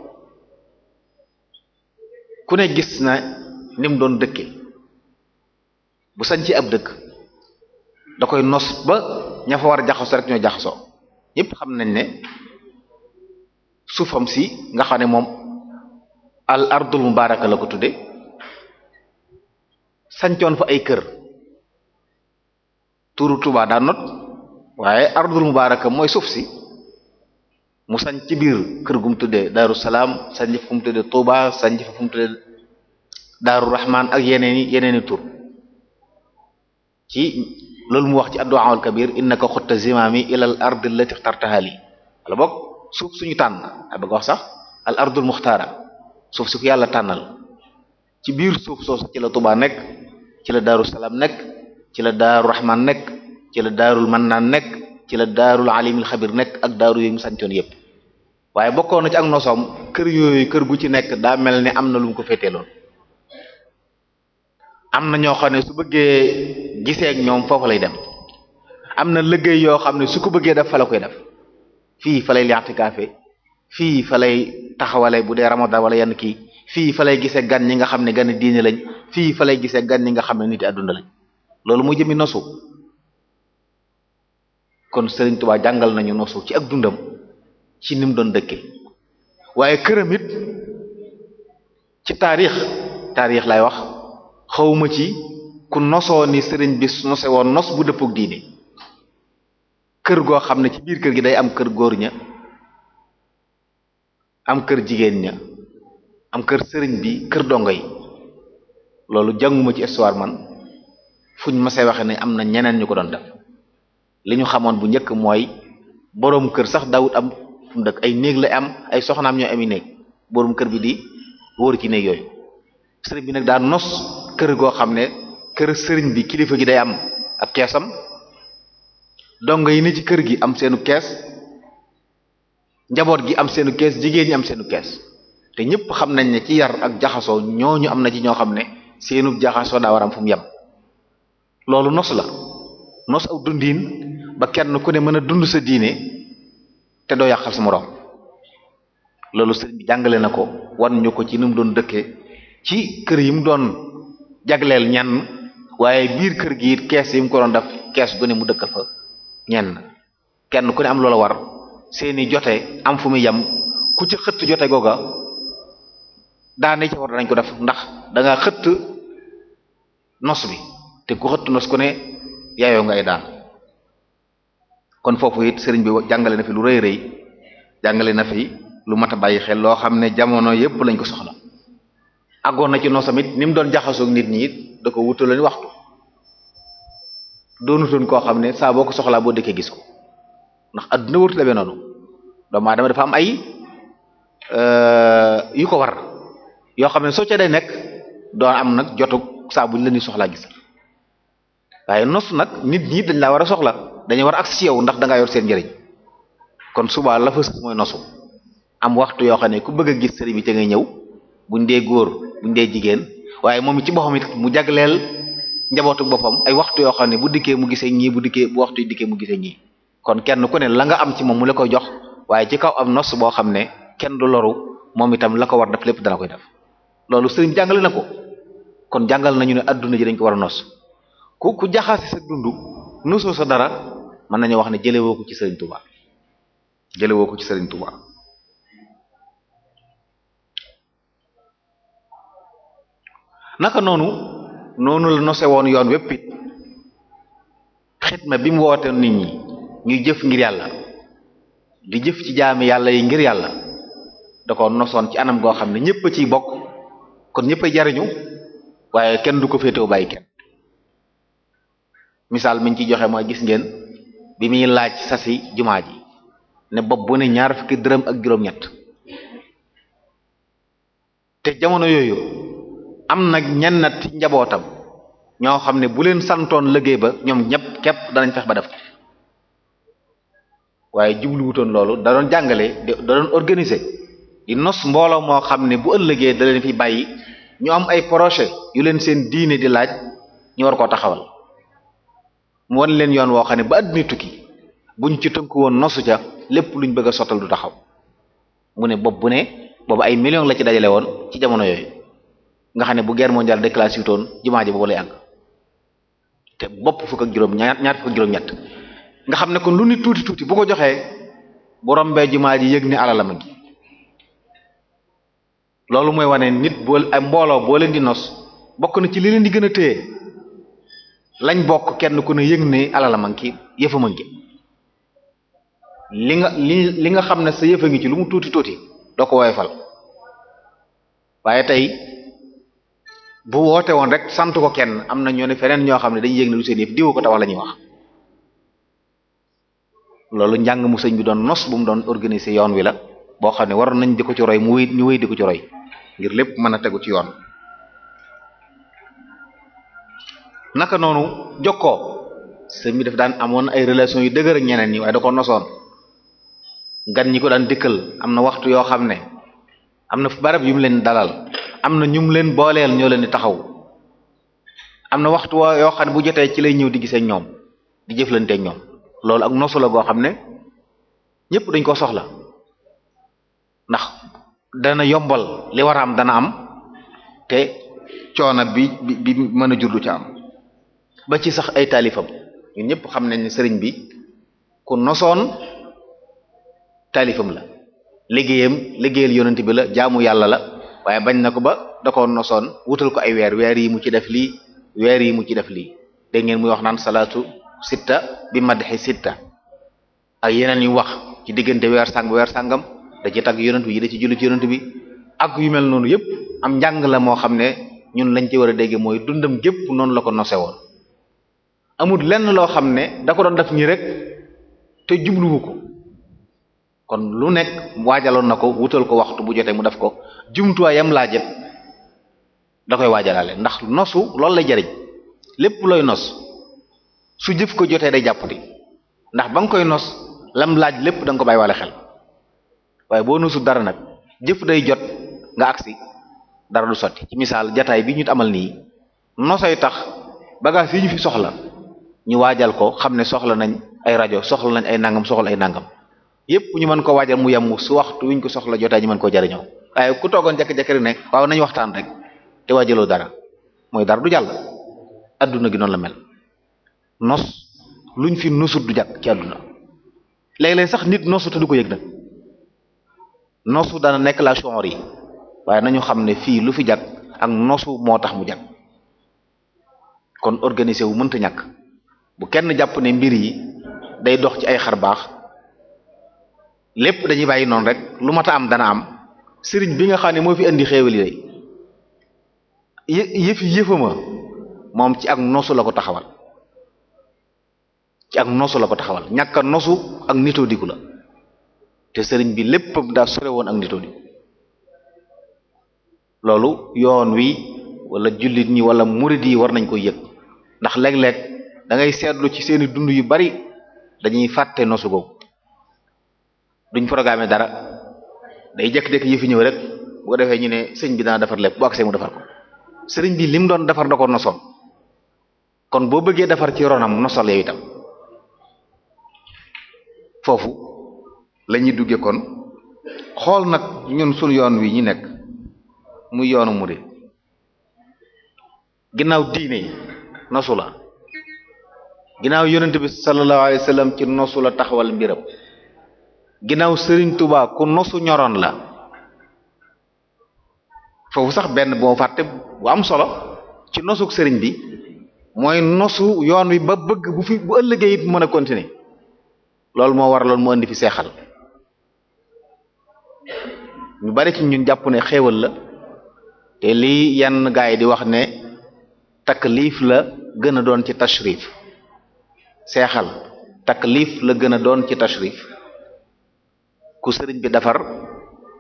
ku ne gis na ni doon dëkke bu sañ ci ab dëkk da koy nos ba ñafa war a jaxasoo rek ñoo jaxasoo ñëpp xam nañ ne suufam si nga xam ne moom al ardul mubaaraka la ko tudde sancoon fa ay kër tuuru Tuubaa daa not waaye ardul mubaaraka mooy suuf si mu sañ ci biir kër gu mu tuddee daaru salaam sanc fa fu mu tuddee Touba sanc fa fu mu tuddee daaru Rahman ak yeneeni yeneeni tur ci loolu mu wax ci addu'a al kabir innaka xutta zimaami ilal ardi allati ixtartaha li wala boog suuf suñu tànn a bëgg wax sax al ardul muxtaara suuf si yàlla tànnal ci biir suuf soosu ci la Touba nekk ci la daaru salaam nekk ci la daaru Rahman nekk ci la daarul mannaan nekk ci la daaru daarul alimil xabir nekk ak daaru yooyu mu sancoon yépp waaye bokkoon na ci ak nosoom kër yooyu kër gu ci nekk daa mel ni am na lu ko ko féeteeloon am na ñoo xam ne su bëggee gisee ak ñoom foofu lay dem am na liggéey yoo xam ne su ko bëggee def fa la koy def fii fa lay liatikaafe fii fa lay taxawale bu dee ramadan wala yenn kii fii fa lay gisee gan ñi nga xam ne gan diine lañ fii fa lay gisee gan ñi nga xam ne nit àdduna lañ loolu muy jëmi nosu kon Sëriñ Tuubaa jàngal nañu nosu ci ak dundam ci ni mu doon dëkke waaye këram ci taarix taarix laay wax xawuma ci ku nosoo ni sëriñ bi nose woon nos bu dëppook diine kër goo xam ne ci biir kër gi day am kër góor ña am kër jigéen ña am kër sëriñ bi kër dongo yi loolu jànguma ci histoire man fuñ masee waxe ne am na ñeneen ñu ko doon def li ñu xamoon bu njëkk mooy boroom kër sax daawut am fu mu dëkk ay néeg lay am ay soxnaam ñoo ami néeg borom kër bi di wóor ci néeg yooyu sëriñ bi nag daa nos kër goo xam ne kër sëriñ bi kilifa gi day am ak keesam dongo yi ne ci kër gi am seenu kees njaboot gi am seenu kees jigéen ñi am seenu kees te ñëpp xam nañ ne ci yar ak jaxasoo ñooñu am na ci ñoo xam ne seenu jaxasoo daa war am fu loolu nos la nos aw dundiin ba kenn ku ne mën a dund sa diine te doo yàqal sa moroom loolu sëriñ bi jàngale na ko wan ñu ko ci ni doon dëkkee ci kër yi mu doon jagleel ñenn waaye biir kër gi kees yi mu ko doon def kees gu ne mu dëkkal fa ñenn kenn ku ne am loola war seeni jote am fu muy yem ku ci xëtt jote googa daane ca war danañ ko def ndax danga xëtt nos bi te ku xëtt nos ku ne yaayoo ngay daan kon foofu it sëriñ bi jàngale na fi lu rëy rëy jàngale na fi lu mat a bàyyi xel loo xam ne jamono yépp lañ ko soxla àggoon na ci noo samit ni mu doon jaxasoog nit ñi it da ko wutaloon waxtu doonutoon koo xam ne saa boo ko soxlaa boo dëkkee gis ndax adduna wërtu demee noonu doomu aadama dafa am ay euh, yu ko war yoo xam ne soo ca day nekk doon nag jotug saa la ñuy soxlaa gis war a soxla dañuy war agsi ci yow ndax dangaa yor seen njëriñ kon subaa la fës mooy nosu am waxtu yoo xam ne ku bëgg a gis sëriñ bi te ngay ñëw buñ dee góor buñ dee jigéen waaye moom ci boppam it mu jagleel njabootu boppam ay waxtu yoo xam ne bu dikkee mu gisee ñii bu dikkee bu waxtu dikkee mu gisee ñii kon kenn ku ne la nga am ci moom mu la koy jox waaye ci kaw am nos boo xam ne kenn du loru moom itam la ko war def lépp dana koy def loolu sëriñ jàngale na ko kon jàngal nañu ne àdduna ji dañ ko war a nos ku ku jaxaase sa dund nosoo sa dara mën nañu wax ne jëlewoo ko ci sëriñ Touba jëlewoo ko ci sëriñ Touba naka noonu noonu la nose woon yoon wépp it ma bi mu woote nit ñi ñuy jëf ngir yàlla di jëf ci jaami yàlla yi ngir yàlla da ko nosoon ci anam goo xam ne ñépp a ciy bokk kon ñépp jariñu waaye kenn du ko féetewu bàyyi kenn misaal mi ñu joxe mooy gis ngeen bi muy laaj sasi jumaa ji ne bopp bu ne ñaar fukki dërëm ak juróom-ñett te jamono yooyu am nag ñenn ci njabootam ñoo xam ne bu leen santoon liggéey ba ñoom ñëpp képp danañ fex ba def waaye jubluwutoon loolu da doon jàngale da doon organiser di nos mbooloo moo xam ne bu ëllëgee da fi bàyyi ñu am ay projet yu leen seen diine di laaj ñu war koo taxawal mu wan leen yoon woo xam ne ba àdduna tukki ñu ci tënk woon nosu ca lépp luñ bëgg a sottal du taxaw mu ne bopp bu ne boobu ay millions la ci dajale woon ci jamono yooyu nga xam ne bu guerre mondiale déclenché wutoon jumaa ji boobu lay àgg te bopp fukk ñett nga xam ne kon lu nit tuuti tuuti bu ko joxee bu rombee jumaa ji yëg ni alalama gi loolu mooy wane nit boo ay mbooloo boo leen di nos bokk na ci li leen di gën a téye lañ bokk kenn ku ne yëg ne alala ma ngi ci yëfa li nga li li nga xam ne sa yëfa ngi ci lu mu tuuti tuuti doo ko woyofal waaye tey bu woote woon rek sant ko kenn am na ñoo ne feneen ñoo xam ne dañ yëg ne du seen yëf diw ko tax la ñuy wax loolu njàng mu sëñ bi doon nos bu mu doon organiser yoon wi la boo xam ne waroon nañ di ci roy mu wéy ñu wéy di ko ci roy ngir lépp mën a tegu ci yoon naka noonu jokkoo sëñ bi daf daan amoon ay relation yu dëgër ñeneen ñi waaye da ko nosoon gan ñi ko daan dikkal am na waxtu yoo xam ne am na barab yu mu leen dalal am na ñu mu leen booleel ñoo leen di taxaw am na waxtu waa yoo xam ne bu jotee ci lay ñëw di gisee ñoom di jëflante ak ñoom loolu ak nosu la goo xam ne ñépp dañ ko soxla ndax dana yombal li war a am dana am te coono bi bi bi mën a jur du ca am ba ci sax ay taalifam ñun ñëpp xam nañ ne sëriñ bi ku nosoon taalifam la liggéeyam liggéeyal yonant bi la jaamu yàlla la waaye bañ na ko ba da ko nosoon wutal ko ay weer weer yi mu ci def lii weer yi mu ci def lii dégg ngeen muy wax naan salaatu sitta bi madxi sitta ak yeneen yu wax ci diggante weer sàng weer sàngam da ci tagg yonent bi yi da ci julli ci yonent bi ak yu mel noonu yëpp am njàng la moo xam ne ñun lañ ci war a dégg mooy dundam gépp noonu la ko nose woon amul lenn loo xam ne da ko doon def nii rek te jubluwu ko kon lu nekk waajaloon na ko wutal ko waxtu bu jotee mu def ko jumtuwaayam laa jël da koy waajalaale ndax nosu loolu lay jariñ lépp looy nos su jëf ko jotee day jàpp di ndax ba nga koy nos lam laaj lépp danga ko bàyyi wale xel waaye boo nosu dara nag jëf day jot nga agsi dara du sotti ci misaal jataay bi ñu amal nii nosay tax bagage yi ñu fi soxla ñu waajal ko xam ne soxla nañ ay rajo soxla nañ ay nangam soxla ay nangam yépp ñu mën ko waajal mu yem su waxtu wiñ ko soxla jotee ñu mën koo jariñoo waaye ku toogoon jekk-jekk rek ne waaw waxtaan rek te waajaloo dara mooy dara du jàll adduna gi noonu la mel nos luñ fi nosut du jàkk ci adduna léeg-léeg sax nit nosu te du ko yëg nag nosu dana nekk la chonr yi waaye nañu xam ne fii lu fi jàkk ak nosu moo tax mu jàkk kon organiser wu mënta ñàkk bu kenn jàpp ne mbir yi day dox ci ay xar baax lépp dañuy bàyyi noonu rek lu mat a am dana am sëriñ bi nga xam ne moo fi indi xéewal yooyu yëf yëfama moom ci ak nosu la ko taxawal ci ak nosu la ko taxawal ñàkk nosu ak nitoo diku la te sëriñ bi lépp daa sore woon ak nitoo diku loolu yoon wi wala jullit ñi wala murid yi war nañ ko yëg ndax léeg da ngay seetlu ci seeni dund yu bari dañuy fàtte nosu googu duñ programme dara day jekk-jekk yi fi ñëw rek bu defee ñu ne sëñ bi dana defar lépp bu agsee mu defar ko sëriñ bi lim doon defar da ko nosoon kon boo bëggee defar ci ronam nosal yow itam foofu la ñuy xool nag ñun sunu yoon wi ñu nekk muy yoonu murid ginnaaw diine yi nosu la ginnaaw yonent bi sallallahu alayhi wasallam ci nosu la taxawal mbiram ginnaaw sëriñ Touba ku nosu ñoroon la foofu sax benn bu ma fàtte bu am solo ci nosuk sëriñ bi mooy nosu yoon wi ba bëgg bu fi bu ëllëgee it mën a continuer loolu moo war loolu moo indi fi seexal ñu bari ci ñun jàpp ne xéewal la te lii yenn gaa yi di wax ne taklif la gën a doon ci tashrif seexal taklif la gën a doon ci tashrif ku sëriñ bi defar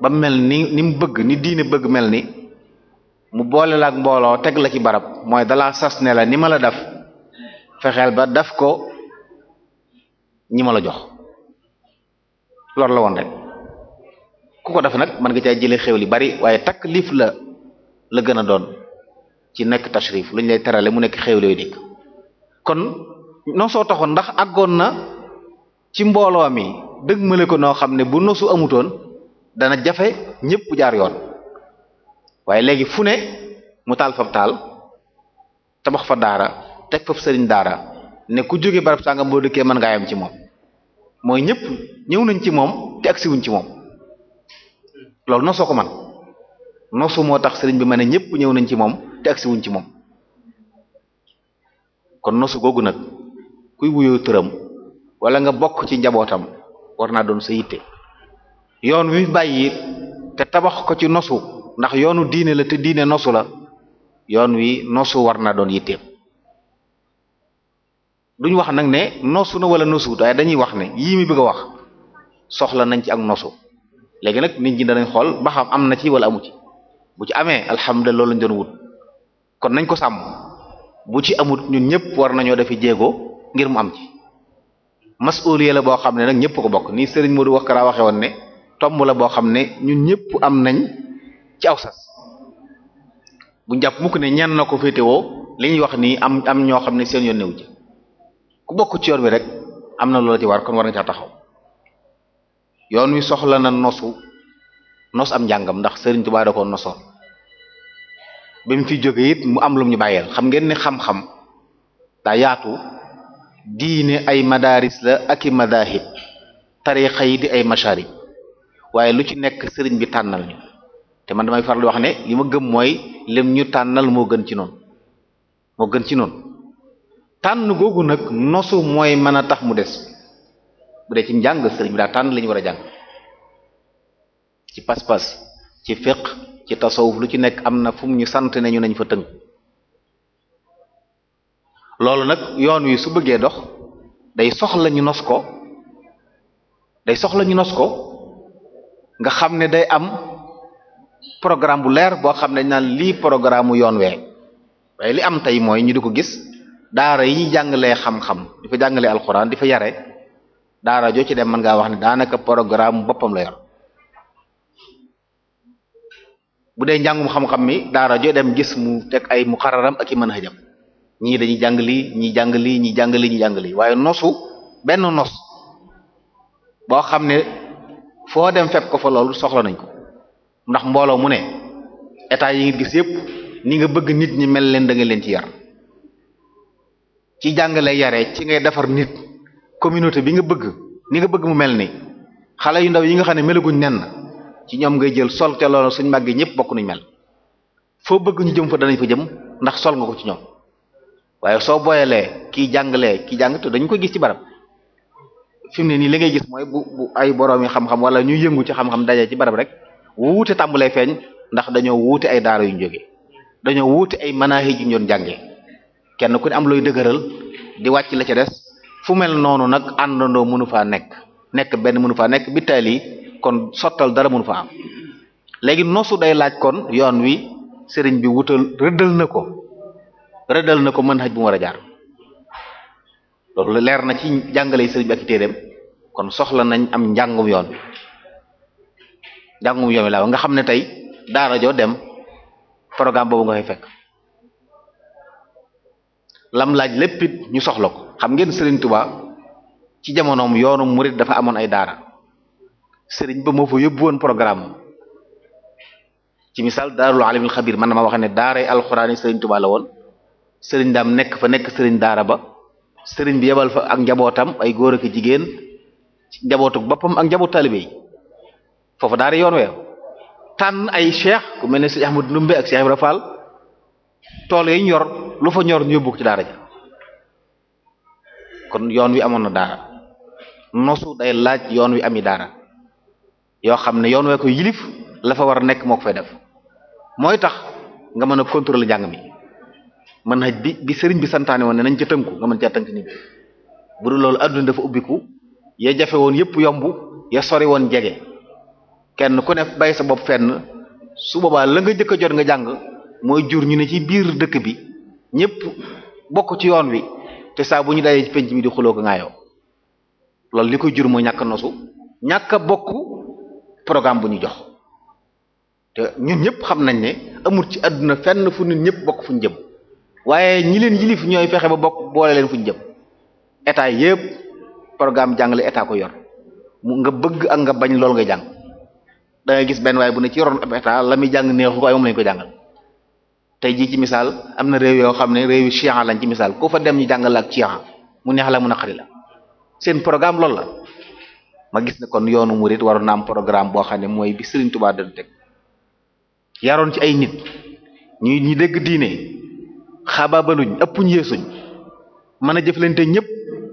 ba mel ni ni mu bëgg ni diine bëgg mel ni mu boole la ak mbooloo teg la ci barab mooy dalaa sas ne la ni ma la def fexeel ba def ko ñi ma la jox loolu la woon rek ku ko def nag mën nga caa jëlee xew li bari waaye taklif la la gën a doon ci nekk tashrif lu ñu lay terale mu nekk xew looyu dikk kon nosoo taxoon ndax àggoon na ci mbooloo mi dëgg male ko noo xam ne bu nosu amutoon dana jafe ñépp jaar yoon waaye léegi fu ne mu taal fab taal tabax fa daara teg fab sëriñ daara ne ku jóge barab sàngam boo dëkkee mën ngaa yam ci moom mooy ñépp ñëw nañ ci moom te agsiwuñ ci moom loolu nosoo ko man nosu moo tax sëriñ bi ma ne ñépp ñëw nañ ci moom te agsiwuñ ci moom kon nosu googu nag kuy wuyoo tëram wala nga bokk ci njabootam war naa doon sa yitte yoon wi bàyyi te tabax ko ci nosu ndax yoonu diine la te diine nosu la yoon wi nosu war na doon yitteem duñ wax nag ne nosu na wala nosuwut waaye dañuy wax ne yii mi bëgg a wax soxla nañ ci ak nosu léegi nag nit ñi danañ xool ba xam am na ci wala amu ci bu ci amee alhamdulilah loolu lañ doon wut kon nañ ko sàmm bu ci amut ñun ñëpp war nañoo defi jéego ngir mu am ci masuliya la boo xam ne nag ñëpp ko bokk ni sëriñ Serigne du wax kara waxee woon ne tomb la boo xam ne ñun ñëpp am nañ ci aw sas bu jàpp mukk ne ñenn na ko féetewoo li ñuy wax nii am am ñoo xam ne seen yoon newu ci ku bokk ci yoon wi rek am na loola ci war kon war nga caa taxaw yoon wi soxla na nosu nos am njàngam ndax sëriñ Touba ko nosoon ba mu fi jógee it mu am lu ñu bàyyeel xam ngeen ne xam-xam daa yaatu. diine ay madaaris la ak i madaahib tarixa yi di ay masharib waaye lu ci nekk sëriñ bi tànnal ñu te man damay faral di wax ne li ma gëm mooy lim ñu tànnal moo gën ci noon moo gën ci noonu tànn googu nag nosu mooy mën a tax mu des bu dee ci njàng sëriñ bi daa tànn la ñu war a jàng ci pas-pas ci fiq ci tasawuf lu ci nekk am na fu ñu sant ne ñu nañ fa tënk loolu nag yoon wi su bëggee dox day soxla ñu nos ko day soxla ñu nos ko nga xam ne day am programme bu leer boo xam ne naan lii programme yoon wee waaye li am tey mooy ñu di ko gis daara yi ñuy jàngalee xam-xam di fa jàngalee alxuraan di fa yare daara joo ci dem mën ngaa wax ne daanaka programme boppam la yor bu dee njàngum xam-xam mi daara joo dem gis mu teg ay muqarraram ak a manhajam ñii dañuy jàng lii ñii jàng lii ñii jàng lii ñii jàng lii waaye nosu benn nos boo xam ne foo dem fekk ko fa loolu soxla nañ ko ndax mbooloo mu ne état yi ngi gis yépp ni nga bëgg nit ñi mel leen da leen ci yar ci jàngale yare ci ngay defar nit communauté bi nga bëgg ni nga bëgg mu mel ni xale yu ndaw yi nga xam ne melaguñ nen ci ñoom ngay jël sol te loolu suñ màggee ñëpp bokk nañ mel foo bëgg ñu jëm fa danañ fa jëm ndax sol nga ko ci ñoom waaye soo boyalee kii jàngalee ki jàng te dañu ko gis ci barab fi mu ne nii li ngay gis mooy bu bu ay borom yi xam-xam wala ñuy yëngu ci xam-xam daje ci barab rek wuute tàmbalee feeñ ndax dañoo wuute ay daara yu ñu dañoo wuute ay manahij yu ñu doon kenn ku ne am looy dëgëral di wàcc la ca des fu mel noonu nag àndandoo mënu faa nekk nekk benn mënu faa nekk bittaal yi kon sottal dara mënu faa am léegi nosu day laaj kon yoon wi sëriñ bi wutal rëddal na ko. rëddal na ko mën xaj bu mu war a jaar loolu leer na ci jàngale sëriñ bi ak téeréem kon soxla nañ am njàngum yoon njàngum yoon wi laa nga xam ne tey daara joo dem programme boobu nga fay fekk lam laaj lépp it ñu soxla ko xam ngeen sëriñ tubaa ci jamonoom yoonu murit dafa amoon ay daara sëriñ ba moo fa yóbbu woon programme ci misaal daarul alimul xabir man na ma wax ne daaray alxuraani sëriñ Tuubaa la woon sëriñ daam nekk fa nekk sëriñ daara ba sëriñ bi yebal fa ak njabootam ay góor ak jigéen njabootuk boppam ak njaboot taalibe yi foofu daara yoon weew tànn ay cheikh ku mel ne si Ahmadu Ndumbe ak Cheikh Ibra Fall tool yi ñor lu fa ñor ñu yóbbu ci daara ja kon yoon wi amoon na daara nosu day laaj yoon wi ami daara yoo xam ne yoon wee ko yilif la fa war a nekk moo ko fay def mooy tax nga mën a contrôler njàng mi man haj bi bi sëriñ bi santaane woon ne nañ ca tënku nga mën caa tënk bu dul loolu adduna dafa ubbiku ya jafe woon yëpp yomb ya sori woon jege kenn ku ne bay sa bopp fenn su boobaa la nga jëkk jot nga jàng mooy jur ñu ne ci biir dëkk bi ñëpp bokk ci yoon wi te saa bu ñu dajee ci penc mi di xuloo ko ngaayoo loolu li koy jur mooy ñàkk nosu ñàkk a bokk programme bu ñu jox te ñun ñëpp xam nañ ne amul ci àdduna fenn fu nit ñëpp bokk fu ñu jëm waaye ñi leen yilif ñooy fexe ba bokk boole leen fuñ jëm état yépp programme jàngale état ko yor mu nga bëgg ak nga bañ lool nga jàng da gis benn waaye bu ne ci yoroon ab état la muy jàng neexu ko ay moom lañ ko jàngal tey ci misaal am na réew yoo xam ne réew lañ ci misaal ku fa dem ñu jàngal ak chian mu neex la mun a naqari la seen programme loolu la ma gis ne kon yoonu murid war na am programme boo xam ne mooy bi Serigne Touba doon teg yaroon ci ay nit ñuy ñi dégg diine xaabaabaluñ ëpp ñu yeesuñ mën a jëflante ñëpp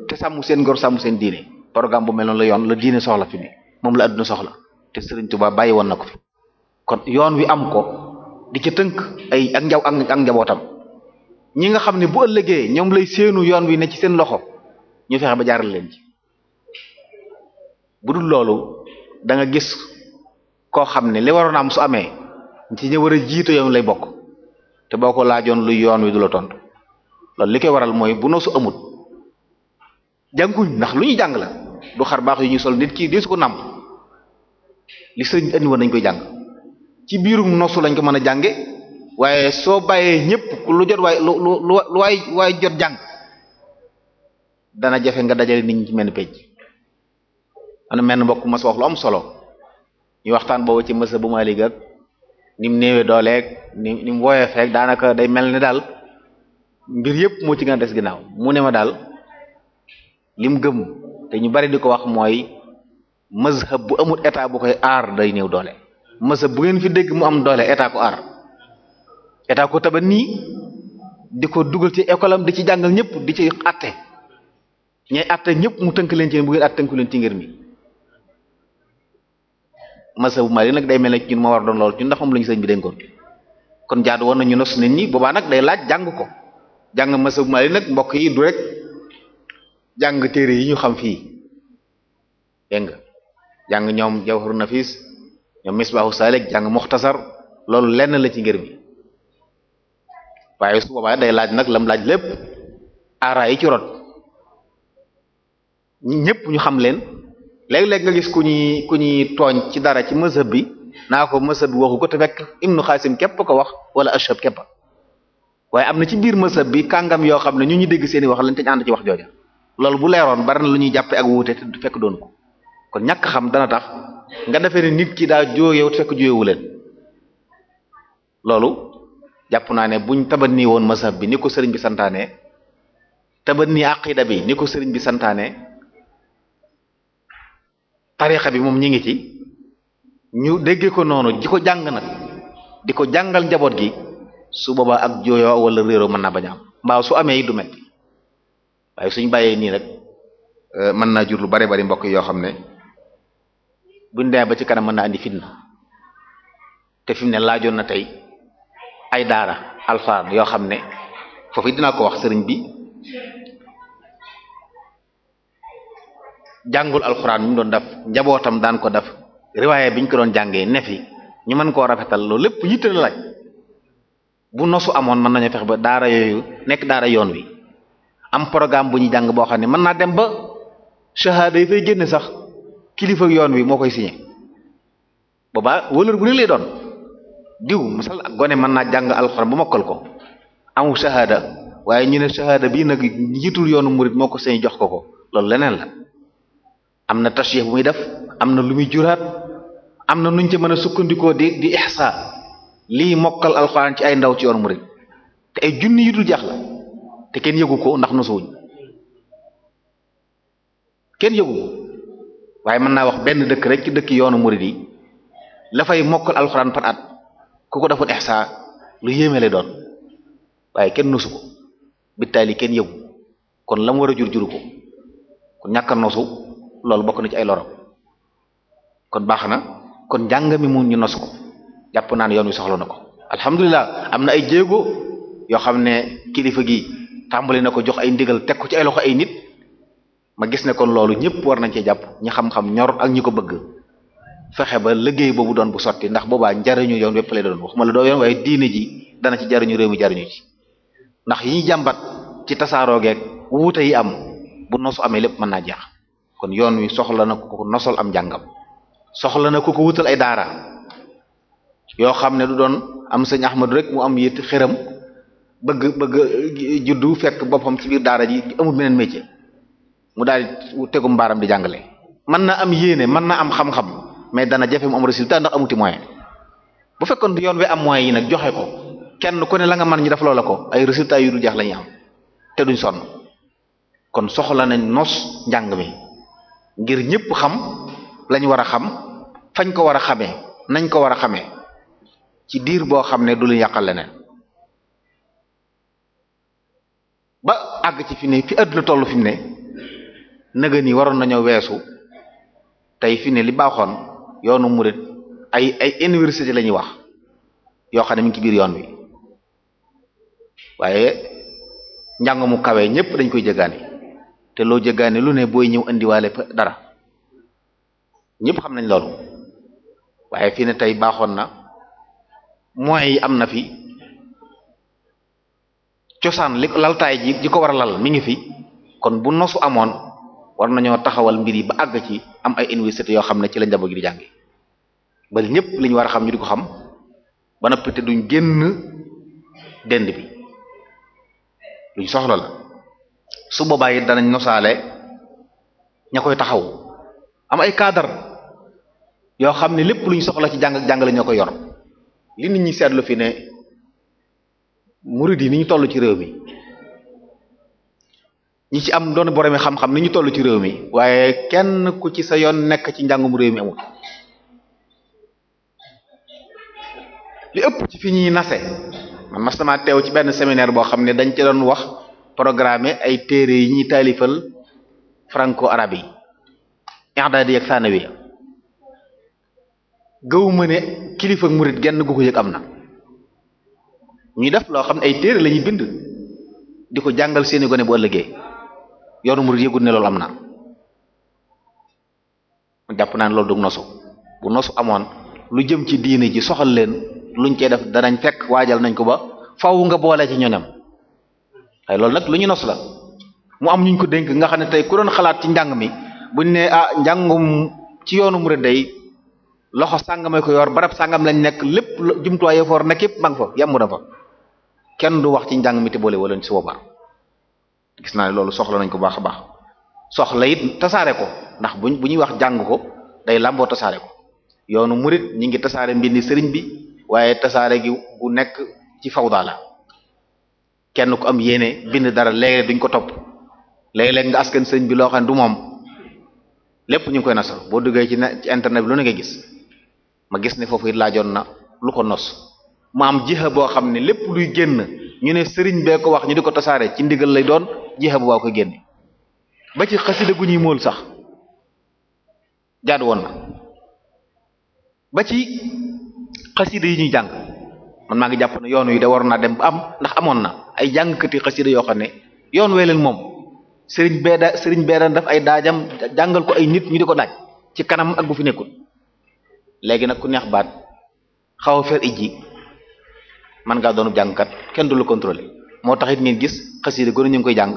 te sàmm seen ngor sàmm seen diine programme bu mel noonu la yoon la diine soxla fi ni moom la adduna soxla te Serigne Touba bàyyi woon na ko fi kon yoon wi am ko di ci tënk ay ak njaw ak ak ñi nga xam ne bu ëllëgee ñoom lay séenu yoon wi ne ci seen loxo ñu fexe ba jaaral leen ci bu dul loolu da nga gis koo xam ne li waroon am su amee ci ñi war a jiito yoon lay bokk te boo ko laajoon lu yoon wi du la tontu loolu li koy waral mooy bu noosu amut jànguñ ndax lu ñuy jàng la du xar baax yu ñuy sol nit kii di su ko nàmp li sëriñ andi koy jàng ci biirum nosu lañ ko mën a jànge waaye soo bàyyee ñëpp lu jot waay lu lu lu waay jot jàng dana jafe nga dajale nit ñi ci menn pej ana menn mbokk ma wax lu am solo ñu waxtaan boobu ci mësa bu Maalik ak ni néewe néewee dooleeg ni ni mu woyee daanaka day mel ni daal mbir yëpp moo ci gën a des ginnaaw mu ne ma daal lim gëm te ñu bari di ko wax mooy mazhab bu amul état bu koy aar day néew doole mazhab bu ngeen fi dégg mu am doole état ko aar état ko taba nii di ko dugal ci école am di ci jàngal ñëpp di ci atte ñay atte ñëpp mu tënk leen ci bu at tënku leen ci ngir mi masabu mali nag day mel ne ñun moo war doon loolu ci ndax moom la ñu sëñ bi dénkoon kon jaadu woon na ñu nos nit ñi boobaa nag day laaj jàng ko jàng masabu mali nag mbokk yi du rek jàng téere yi ñu xam fii dégg nga jàng ñoom jawhar nafis ñoom misbaahu salik jàng muxtasar loolu lenn la ci ngir mi waaye su boobaa day laaj nag lam laaj lépp aara yi ci rot ñëpp ñu xam leen léeg-léeg nga gis ku ñuy ku ñuy tooñ ci dara ci mazhab bi naa ko mazhab bi waxu ko te fekk ibnu xaasim képp ko wax wala ashab képp waaye am na ci biir mazhab bi kàngam yoo xam ne ñu ñu dégg seen i wax lañ te ñu ànd ci wax jooja loolu bu leeroon bari na lu ñuy jàppee ak wuute fekk doon ko kon ñàkk xam dana tax nga defee ne nit ki daa jóoyew te fekk leen loolu jàpp naa ne buñ tabanni woon mazhab bi ni ko sëriñ bi santaane tabanni aqida bi ni ko sëriñ bi santaane tarixa bi moom ñi ngi ci ñu dégge ko noonu di ko jàng nag di ko jàngal njaboot gi su boobaa ak jooyoo wala réeroo mën na bañ a am mbaaw su amee du metti waaye suñ bayee nii rek euh, mën na jur lu bare bari mbokk yoo xam ne buñ demee ba ci kanam mën naa andi fitna te fi ne laajoon na tey ay daara alfaan yoo xam ne foofu dinaa ko wax sëriñ bi jàngul alxuraan bi mu doon def njabootam daan ko def riwaaya bi ñu ko doon jàngee nefi ñu mën koo rafetal loolu lépp yitte la laaj bu nosu amoon mën nañu fex ba daara yooyu nekk daara yoon wi am programme bu ñuy jàng boo xam ne mën naa dem ba shahada yi fay génne sax kilifa yoon wi moo koy signé booba wëlër bu ne lay doon diw misal ak gone mën naa jàng alxuraan bu mokkal ko amul shahada waaye ñu ne shahada bii nag njiitul yoonu murit moo ko seen jox ko ko leneen la am na tashih bu muy def am na lu muy juraat am na nuñ ci mën a sukkandikoo di di ihsa mokkal alxuraan ci ay ndaw ci yoon murid te ay junni yu dul jaax la te kenn yëgu ko ndax nosuwuñ kenn yëgu waaye mën naa wax benn dëkk rek ci dëkk yoonu murid yi lafay fay mokkal alxuraan par at ku ko defoon ihsa lu yéeme lay doon waaye kenn nosu ko bittaay li kenn yëgu kon la mu a jur juru ko kon ñàkk a nosu loolu bokk na ci ay loro kon baax na kon njàng mi mu ñu nos ko jàpp naa ne yoon wi soxla na ko alhamdulilah am na ay jéego yoo xam ne kilifa gi tàmbali na ko jox ay ndigal teg ko ci ay loxo ay nit ma gis ne kon loolu ñëpp war nañ cee jàpp ñi xam-xam ñor ak ñi ko bëgg fexe ba liggéey boobu doon bu sotti ndax boobaa jariñu yoon wépp lay doon waxuma la doo yoon waaye diine ji dana ci jariñu réew mi jariñu ci ndax yi ñuy jàmbat ci tasaaroo geeg wuute am bu noosu amee lépp mën naa jeex kon yoon wi soxla na ko ko nosal am njàngam soxla na ko ko wutal ay daara yoo xam ne du doon am sëñ Ahmadu rek mu am yétt xëram bëgg bëgg juddu fekk boppam ci biir daara ji amul beneen métier mu daal di tegum mbaaram di jàngale mën na am yéene mën na am xam-xam mais dana jafe mu am résultat ndax amuti moyen bu fekkoon yoon wi am mooy yi nag joxe ko kenn ku ne la nga mën ñu def loola ko ay résultat yu du jeex la ñuy am te duñ sonn kon soxla nañ nos njàng mi ngir ñëpp xam lañ war a xam fañ ko war a xamee nañ ko war a xamee ci diir boo xam ne du lu yàqal leneen ba àgg ci fi ne fi àdduna tollu fi mu ne nëga ni waroon nañoo weesu tey fi ne li baaxoon yoonu murid ay ay université lañuy wax yoo xam ne mi ngi ci biir yoon wi waaye njàng mu kawe ñëpp dañ koy jëgaani te loo jëggaane lu ne booy ñëw indiwaale dara ñëpp xam nañ loolu waaye fii ne tey baaxoon na moyens am na fi cosaan li laltaay ji ji ko war a lal mi ngi fi kon bu nosu amoon war nañoo taxawal mbir yi ba àgg ci am ay université yoo xam ne ci la njaboot gi di jàngi ba ñëpp li ñu war a xam ñu di ko xam ba noppi te duñ génn dend bi luñ soxla la su boobaa it danañ nosaale ña koy taxaw am ay cadre yoo xam ne lépp luñ soxla ci jàng jàngale ñoo koy yor li nit seetlu fi ne murid yi ni ñu toll ci réew mi ñi ci am doon boroomi xam-xam ni ñu toll ci réew mi waaye kenn ku ci sa yoon nekk ci njàngum réew mi amul li ëpp ci fi ñuy nase man mas namaa teew ci benn séminaire boo xam ne dañ ci doon wax programme ay téere yi ñuy taalifal franco arabe yi i'dadi ak sanawi gëwuma ne kilifa murit genn gu ko yëg am na ñuy def loo xam ne ay téere lañuy bind di ko jàngal seeni gone bu ëllëgee yoonu murit yëgul ne loolu am na jàpp naa ne loolu du nosu bu nosu amoon lu jëm ci diine ji soxal leen luñ cee def danañ fekk waajal nañ ko ba faw nga boole ci ñoñam waaye loolu nag lu ñu nos la mu am ñu ko dénk nga xam ne tey ku doon xalaat ci njàng mi buñ ne ah njàngum ci yoonu murid day loxo sàngamay ko yor barab sàngam lañ nekk lépp jumtuwaay yëpp war nekk yëpp ma yemmu na fa kenn du wax ci njàng mi te boole wala ci gis naa ne loolu soxla nañ ko baax a baax soxla it tasaare ko ndax buñ bu ñuy wax jàng ko day làmboo tasaare ko yoonu murid ñi ngi tasaare mbindi sëriñ bi waaye tasaare gi gu nekk ci fawda la kenn ku am yéene bind dara léeg-léeg duñ ko topp léeg-léeg nga askan sëñ bi loo xam ne du moom lépp ñu ngi koy nasal boo duggee ci ci internet bi lu ne nga gis ma gis ne foofu it laajoon na lu ko nos ma am jiha boo xam ne lépp luy génn ñu ne sëriñ bee ko wax ñu di ko tasaare ci ndigal lay doon jiha bu baa ko génne ba ci xasida gu ñuy mool sax jaadu woon na ba ci xasida yi ñuy jàng man maa ngi jàpp na yoon wi de war naa dem ba am ndax amoon na ay jàngkati xasida yoo xam ne yoon wee leen moom sëriñ bee sëriñ bee daan def ay daajam jàngal ko ay nit ñu di ko daaj ci kanam ak bu fi nekkul léegi nag ku neex baat xaw a fer ijji man ngaa doonu jàngkat kenn du la contrôler moo tax it ngeen gis xasida gën a ñu ngi koy jàng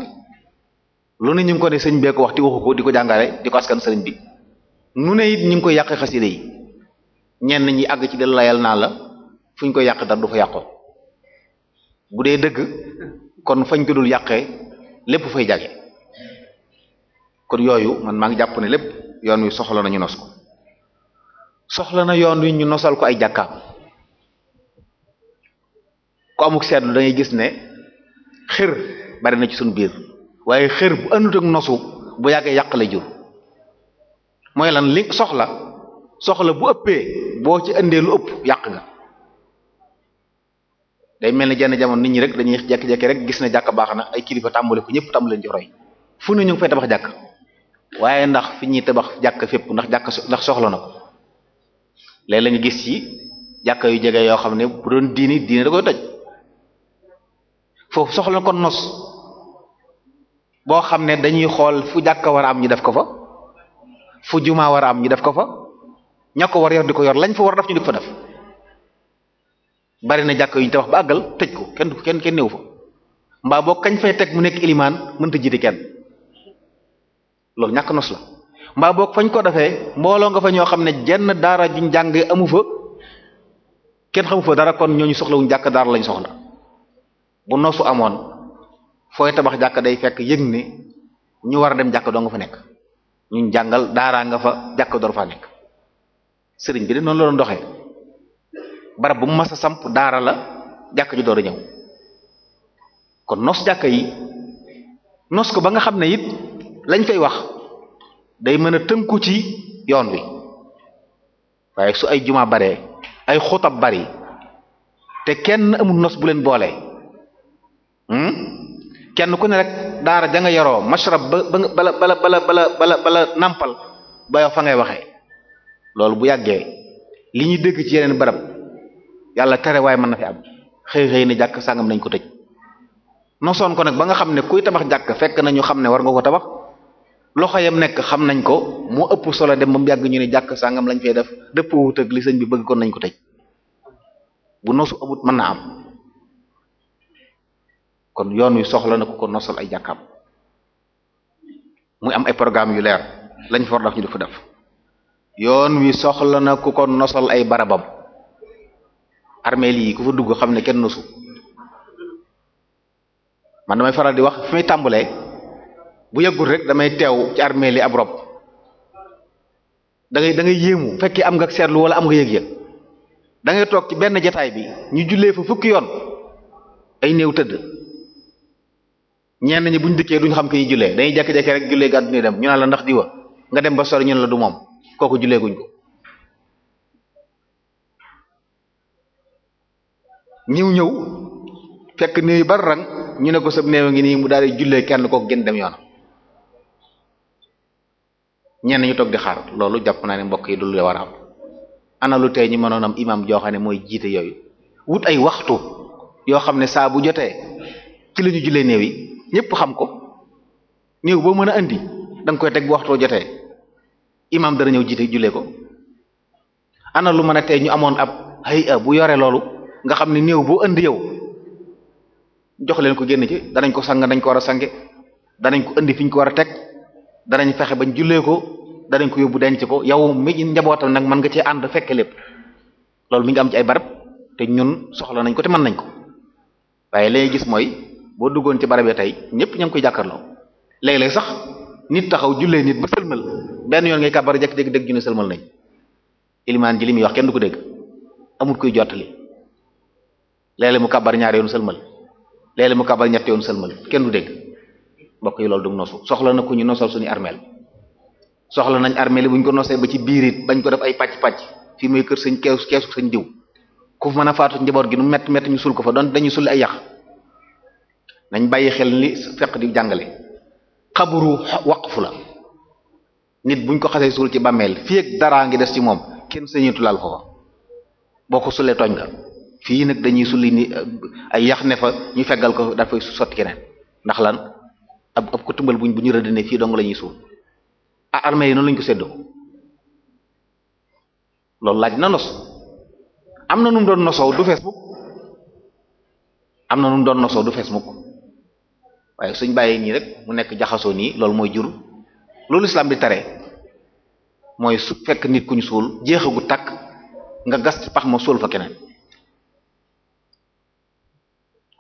lu ne ñu ngi ko ne sëriñ bee ko wax ti ko di ko jàngale di ko askan sëriñ bi nu ne it ñu ngi koy yàq xasida yi ñenn ñi àgg ci di layal naa la fu ñu koy yàq dara du fa yàqo bu dee dëgg kon fañ ko dul yàqee lépp fay jage kon yooyu man maa ngi jàpp ne lépp yoon wi soxla na ñu nos ko soxla na yoon wi ñu nosal ko ay jàkkaam ku amuk seetlu da ngay gis ne xër bari na ci suñu biir waaye xër bu andut nosu bu yàggee yàq la jur mooy lan li soxla soxla bu ëppee boo ci indee lu ëpp yàq nga day mel ni jenn jamono nit ñi rek dañuy jekki-jekki rek gis na jàkk baax na ay kilifa tàmbale ko ñëpp tàmbale ci roy fu ne ñu ngi fay tabax jàkk waaye ndax fi ñuy tabax jàkk fépp ndax jàkk ndax soxla na ko léeg lañu gis ci jàkk yu jege yoo xam ne doon diini diini da koy toj foofu soxla na nos boo xam ne dañuy xool fu jàkk wara am ñu def ko fa fu jumaa war a am ñu def ko fa ña ko war yor di ko yor lañ fa war daf ñu di ko fa def bari na jàkk yuñ tabax ba àggal tëj ko kenn kenn kenn néew fa mbaa boo kañ fay teg mu nekk ilimaan mënta jiite kenn loolu ñàkk nos la mbaa boog fañ ko defee mbooloo nga fa ñoo xam ne jenn daara juñ jàng amu fa kenn xamu fa dara kon ñooñu soxlawuñ jàkk daara lañ soxla bu nosu amoon fooy tabax jàkk day fekk yëg ne ñu war a dem jàkk doo nga fa nekk ñun jàngal daaraa nga fa jàkk door faa nekk sëriñ bi de noonu la doon barab bu mu mas a samp daara la jàkk ju door a ñëw kon nos jàkka yi nos ko ba nga xam ne it lañ fay wax day mën a tënku ci yoon wi waaye su ay juma bare ay xutab bari te kenn amul nos bu leen boole hmm? kenn ku ne rekk daara ja nga yaroo mashrab ba bala bala bala bala bala bala fa ngay waxee loolu bu yàggee li ñuy dégg ci yeneen barab yàlla tere waaye mën na fi am xëy xëy ne jàkk sàngam nañ ko tëj nosoon ko nag ba nga xam ne kuy tabax jàkk fekk nañu xam ne war nga ko tabax loxo yam nekk xam nañ ko moo ëpp solo dem ba mu yàgg ñu ne jàkk sàngam lañ fay def dëpp wut ak li sëñ bi bëgg kon nañ ko tëj bu nosu amut mën na am kon yoon wi soxla na ku ko nosal ay jàkkaam muy am ay programme yu leer lañ foo war def ñu di fa def yoon wi soxla na ku ko nosal ay barabam armeel yi ku fa dugg xam ne kenn nosu man damay faral di wax fi may tàmbalee bu yàggul rek damay teew ci armeel yi ab rob da ngay da yéemu fekkee am nga seetlu wala am nga yëg-yëg dangay toog ci benn jataay bi ñu jullee fa fukki yoon ay néew tëdd ñenn ñi buñ dikkee duñ xam ki ñuy jullee dañuy jekki-jekki rek jullee gàddu ñuy dem ñu naan la ndax diwa nga dem ba sori ñu ne la du moom kooku jullee guñ ko niw ñëw fekk néew yu bari rang ñu ne ko sab néew ngi nii mu daal di jullee kenn kooku gën dem yoonam ñenn ñu toog di xaar loolu jàpp naa ne mbokk yi du lu war a am ana lu tey ñu mënoon am imam joo xam ne mooy jiite yooyu wut ay waxtu yoo xam ne saa bu jotee ci la ñu néew yi ñëpp xam ko néew boo mën a indi da koy teg bu waxtoo jotee imam dana ñëw jiite jullee ko ana lu mën a tey ñu amoon ab hay'a bu yore loolu. nga xam ne néew boo indi yow jox leen ko génn ci danañ ko sang dañ ko war a sange danañ ko indi fi ñu ko war a teg danañ fexe bañ jullee ko danañ ko yóbbu denc ko yow mi njabootam nag mën nga cee ànd fekke lépp loolu mi ngi am ci ay barab te ñun soxla nañ ko te mën nañ ko waaye lañuy gis mooy boo duggoon ci barabee tey ñëpp ña ngi koy jàkkaarloo léeg-léeg sax nit taxaw jullee nit ba sëlmal benn yoon ngay kàbbar jekk dégg ju ñu ne sëlmal nañ ilimaan ji li muy wax kenn du ko dégg koy jottali léeg-léeg mu kabar ñaari yoon sëlmal léeg-léeg mu kabar ñetti yoon sëlmal kenn du dégg mbokk yi loolu du nosu soxla na ku ñu nosal suñu armeel soxla nañ armeel yi bu ñu ko nosee ba ci biir it bañ ko def ay pàcc-pàcc fii muy kër sëñ keesu keesu sëñ diw ku mën a faatu njaboot gi nu métti mett ñu sul ko fa doon dañu sulli ay yax nañ bàyyi xel ni fekk di jàngale xaburu waqfu la nit buñ ko xasee suul ci bàmmeel fii ak daraa ngi des ci moom kenn sëñeetu laal foofa boo ko sulee tooñ nga fii nag dañuy sulli ni ay yax ne fa ñu feggal ko daal fay sotti keneen ndax lan ab ab ko tumbal buñ bu ñu rëdd ne fii dong la ñuy suul ah armée yi noonu lañ ko séddoo loolu laaj na nos am na nu doon nosoo du fees am na nu doon nosoo du fees mukk waaye suñ bàyyee nii rek mu nekk jaxasoo nii loolu mooy jur loolu islam di tare mooy su fekk nit ku ñu suul jeexagu tàkk nga gas pax ma suul fa keneen.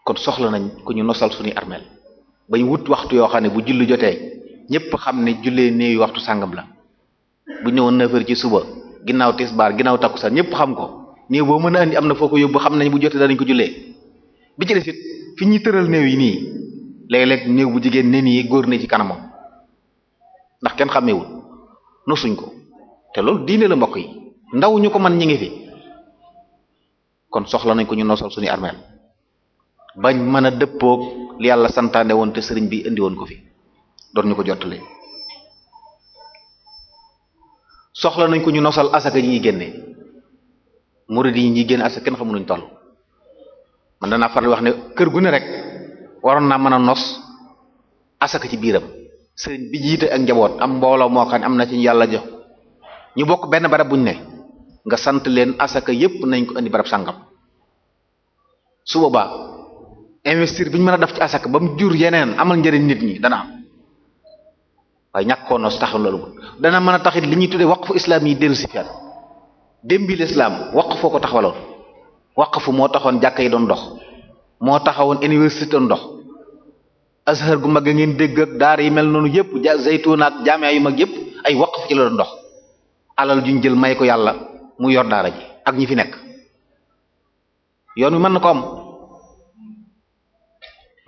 kon soxla nañ ku ñu nosal suñuy armeel bañ wut waxtu yoo xam ne bu julli jotee ñëpp xam ne jullee néewi waxtu sàngam la bu ñëwoon neuf heures ci suba ginnaaw tisbaar ginnaaw takkusaan ñëpp xam ko néew boo mën a andi am na foo ko yóbbu xam nañ bu jotee danañ ko jullee bi ci des it fi ñuy tëral néew yi nii léeg-léeg néew bu jigéen ne nii góor ne ci kanamam ndax kenn xàmmewul nosuñ ko te loolu diine la mbokk yi ndaw ñu ko man ñi ngi fi kon soxla nañ ko ñu nosal suñu armeel bañ mën a dëppoog li yàlla santaane woon te sëriñ bi indi woon ko fi doon ñu ko jottali soxla nañ ko ñu nosal asaka yi ñuy génnee murid yi ñuy génn asaka kenn xamu nuñ toll man danaa faral wax ne kër gu ne rek waroon na mën a nos asaka ci biiram sëriñ bi jiite ak njaboot am mbooloo moo xam am na ci yàlla jox ñu bokk benn barab buñ ne nga sant leen asaka yépp nañ ko indi barab sàngam su boobaa investir bi ñu mën a def ci asaka ba mu jur yeneen amal njëriñ nit ñi dana am waaye ñàkkoon na su taxul loolu dana mën a taxit li ñuy tuddee waqfu islaam yi dellu si fiat démbi l'islam waqf foo ko taxawaloon fu moo taxoon jàkk yi doon dox moo taxawoon université doon dox azhar gu mag a ngeen dégg ak yi mel noonu yëpp ja zaytuna ak jaamia yu mag yëpp ay waqf ci la doon dox alal juñ jël may ko yàlla mu yor daara ji ak ñi fi nekk yoon wi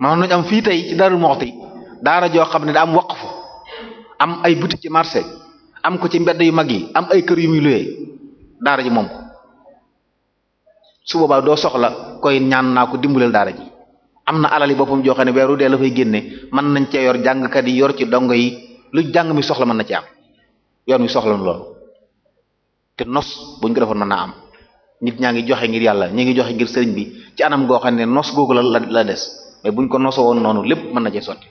manoon nañu am fii tey ci Darou Moukhty daara joo xam ne daa am waqfu am ay boutique ci marché am ko ci mbedd yu mag yi am ay kër yu muy luwee daara ji moom ko su boobaa doo soxla koy ñaan naa ko dimbaleel daara ji am na alal yi boppam joo ne weeru dee la fay génne mën nañ cee yor jàngkat yi yor ci dongo yi lu jàng mi soxla mën na ci am yoon wi soxla na loolu te nos buñ ko mën naa am nit ñaa ngi joxe ngir yàlla ñi ngi joxe ngir sëriñ bi ci anam goo xam ne nos googu la la des mais buñ ko nosoo woon noonu lépp mën na cee sotti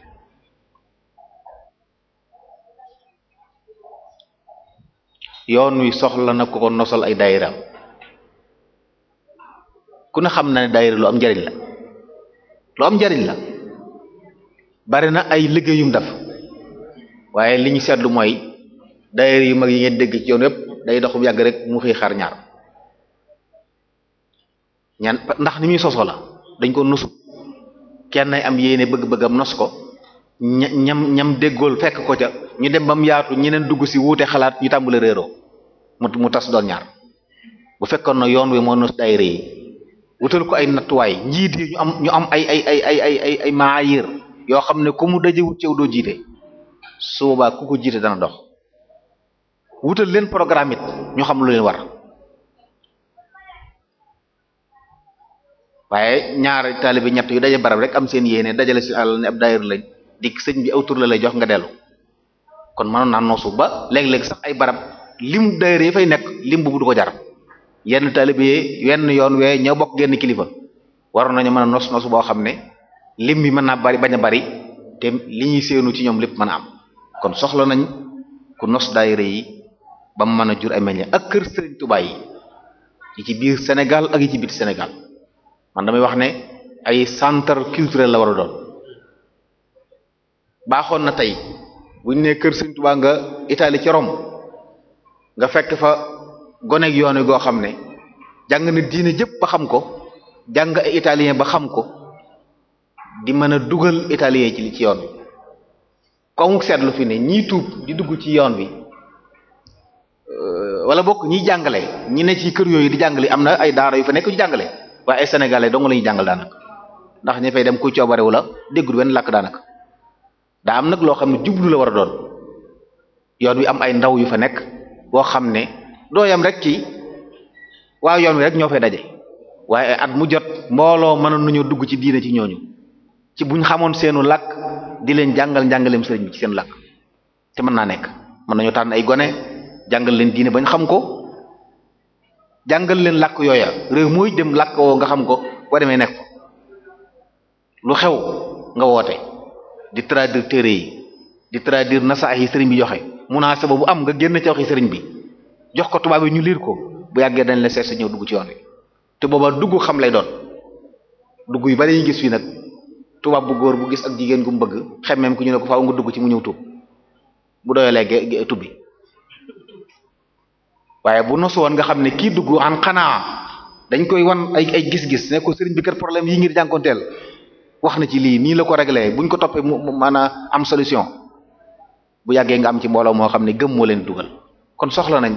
yoon wi soxla na ko ko nosal ay daayiraam ku ne xam na ne daayira lu am njariñ la lu am njariñ la bari na ay liggéeyum def waaye li ñu seetlu mooy daayira yu mag yi ngeen dégg ci yoon yépp day dox yàgg rek mu xëy xar ñaar ñaan ndax ni muy sosoo la dañ ko nusu kenn am yéene bëgg-bëggam nos ko ñam ñam déggool fekk ko ca ñu dem ba mu yaatu ñeneen dugg si wuute xalaat ñu tàmbale réeroo mu mu tas doon ñaar bu fekkoon na yoon wi moo nos daayira yi wutal ko ay nattuwaay njiit yi ñu am ñu am ay ay ay ay ay ay ay maayir yoo xam ne ku mu dajewu cew doo jiite su ku ko jiite dana dox wutal leen programme ñu xam lu leen war waaye ñaari taalibe ñett yu daje barab rek am seen yéene dajale si àll ne ab daayir lañ dikk sëñ bi aw tur la lay jox nga dellu kon mënoon naa noosu ba léeg-léeg sax ay barab lim daayir yi fay nekk lim bu ko jar yenn taalibe yi yoon wee ñoo bokk genn kilifa waroon nañu mën a nos noosu boo xam ne lim bi mën naa bari bañ a bari te li ñuy séenu ci ñoom lépp mën a am kon soxla nañ ku nos daayira yi ba mu mën a jur a meññe ak kër Serigne Touba yi yi ci biir Sénégal ak yi ci biir Sénégal man damay wax ne ay centre culturel la war a doon baaxoon na tey bu ne kër Sëriñ Tuubaa nga itali ci Rome nga fekk fa gonek yoon wi goo xam ne jàng na diine jëpp ba xam ko jàng ay italien ba xam ko di mën a dugal italien ci li ci yoon wi comme seetlu fi ne ñii tuub di dugg ci yoon wi euh, wala bokk ñiy jàngale ñi ne ci kër yooyu di jàngale am na ay daara yu fa nekk ñu jàngale waaye ay sénégalais dong la ñuy jàngal daanaka ndax ñi fay dem kuy coobarewu la déggul wenn làkk daanaka daa am nag loo xam ne jublu la war a doon yoon wi am ay ndaw yu fa nekk boo xam ne doo yam rek ci waa yoon wi rek ñoo fay daje waaye at mu jot mbooloo mënoon nañoo dugg ci diine ci ñooñu ci buñ xamoon seenu làkk di leen jàngal njàngaleem sëriñ bi ci seen làkk te mën naa nekk mën nañoo tànn ay gone jàngal leen diine bañ xam ko jàngal leen làkk yooya réew mooy dem làkk woo nga xam ko boo demee nekk ko lu xew nga woote di traduire téere yi di traduire nasaax yi sëriñ bi joxe munaasaba bu am nga génn ca waxi sëriñ bi jox ko tubaab yi ñu liir ko bu yàggee dañ la seet sa ñëw dugg ci yoon wi te booba dugg xam lay doon dugg yu bari yi gis fii nag tubaab bu góor bu gis ak jigéen gu mu bëgg xemmeem ku ñu ne ko faaw nga dugg ci mu ñëw tuub bu doyalee tubbi waaye bu nosu woon nga xam ne kii dugg an xanaa dañ koy wan ay ay gis-gis ne ko sëriñ bi kër problème yi ngir jànkonteel wax na ci lii nii la ko réglé buñ ko toppee mu mën a am solution bu yàggee nga am ci mbooloo moo xam ne gëm moo leen dugal kon soxla nañ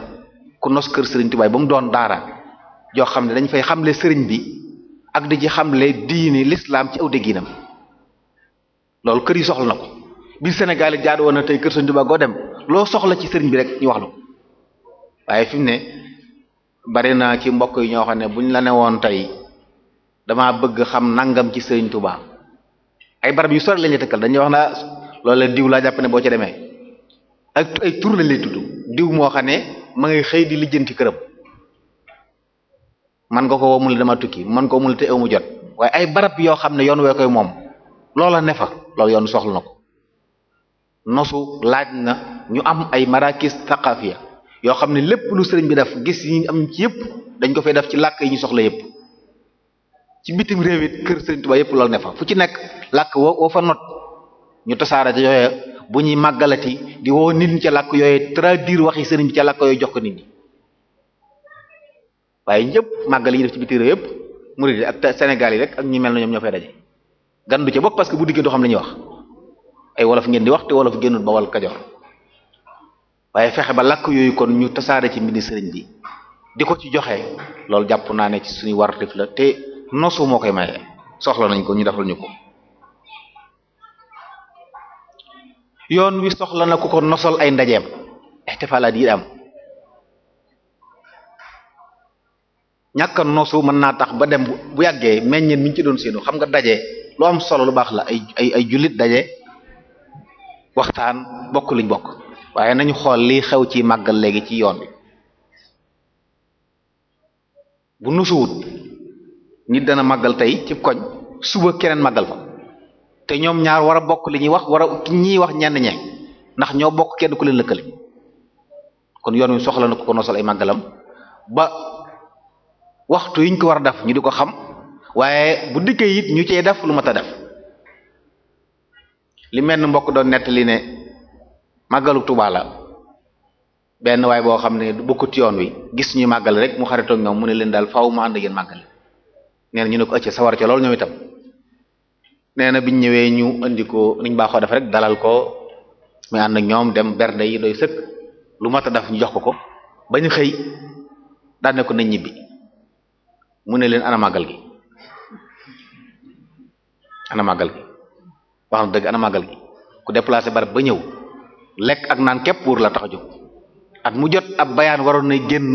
ku nos kër sëriñ Tuubaa ba mu doon daara joo xam ne dañ fay xamle sëriñ bi ak di ci xamle diini lislaam ci aw dégginam loolu kër yi soxla na ko biir Sénégal yi jaadu woon na tey kër sëriñ Tuubaa goo dem loo soxla ci sëriñ bi rek ñu wax la waaye fi ne bari na ci mbokk yi ñoo xam ne buñ la ne woon tey dama bëgg xam nangam ci sëñ Tuubaa ay barab yu sori lañu tëkkal dañuy wax naa la diw laa jàpp ne boo ci demee ak ay tur lañ lay tudd diw moo xam ne ma ngi xëy di lijjanti këram man nga ko womu mu dama tukki man ko mu ne te ew mu jot waaye ay barab yoo xam ne yoon wee koy moom loolu la nefa loolu yoon soxla na ko nosu laaj na ñu am ay marakis thaqafiya yoo xam ne lépp lu sëriñ bi def gis yi am ci yëpp dañ ko fay def ci làkk yi ñu soxla yëpp ci bitim réew it kër sëriñ Tuubaa yëpp loolu ne fa fu ci nekk làkk woo woo fa not ñu tasaare ca yooye bu ñuy màggalati di woo nit ñi ca làkk yooye traduire waxi sëriñ bi ca làkk yooyu jox ko nit ñi waaye ñëpp màggal yi def ci bitim réew yëpp murid yi ak Sénégal yi rek ak ñi mel na ñoom ñoo fay daje gan ca bokk parce que bu diggee doo xam li ñuy wax ay wolof ngeen di wax te wolof génnul Bawol Kajoor waaye fexe ba làkk yooyu kon ñu tasaare ci mbindi sëriñ bi di ko ci joxe loolu jàpp naa ne ci suñu wartif la te nosu moo koy maye soxla nañ ko ñu defal ñu ko yoon wi soxla na ku ko nosal ay ndajeem ihtifaalaat yi am ñàkk a nosu mën naa tax ba dem bu yàggee meññeen miñ ci doon seenu xam nga daje lu am solo lu baax la ay ay ay jullit daje waxtaan bokk luñ bokk waaye nañu xool lii xew ci màggal léegi ci yoon wi bu nusuwut nit dana màggal tey ci koñ suba keneen màggal fa te ñoom ñaar war a bokk li ñuy wax war a ñii wax ñenn ñe ndax ñoo bokk kenn ku leen lëkkale kon yoon wi soxla na ko ko nosal ay màggalam ba waxtu yi ñu ko war a def ñu di ko xam waaye bu dikkee it ñu cee def lu mat a def li mel ni mbokk doon nettali ne màggalu Tuubaa benn waay boo xam ne bokkut yoon wi gis ñuy màggal rek mu xaritoog ñoom mu ne leen daal faaw mu ànd yéen màggal nee ñu ne ko ëcc sawar ca lool ñoom itam nee biñ ñëwee ñu indi ko baaxoo def dalal ko muy ànd ñoom dem bernde yi doy sëkk lu mat a def ñu jox ko ko ba ñu xëy daan ne ko nañ ñibbi mu ne leen ana màggal gi ana màggal gi wax na dëgg ana màggal gi ku déplacé barab ba ñëw lekk ak naan képp pour la tax a jóg at mu jot ab bayaan waroon na génn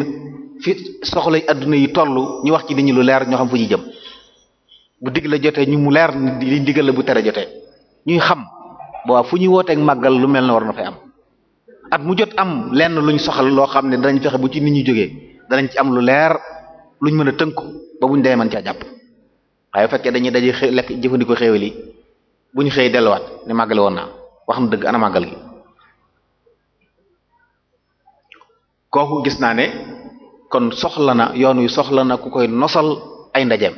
fi soxlay àdduna yi toll ñu wax ci nit lu leer ñoo xam fu jëm bu digg la jotee ñu mu leer li bu tere jotee ñuy xam boo fu ñuy wooteeg màggal lu mel ne war na fay am at mu jot am lenn luñ soxal loo xam ne dañ fexe bu ci nit ñi jógee danañ ci am lu leer luñ mën a tënku ba buñ demee mën caa jàpp waaye bu fekkee dañuy daje lekk jëfandikoo xéewal yi buñ xëy delluwaat ni màggale woon naa wax na dëgg ana màggal gi kooku gis naa ne kon soxla na yoon wi soxla na ku koy nosal ay ndajeem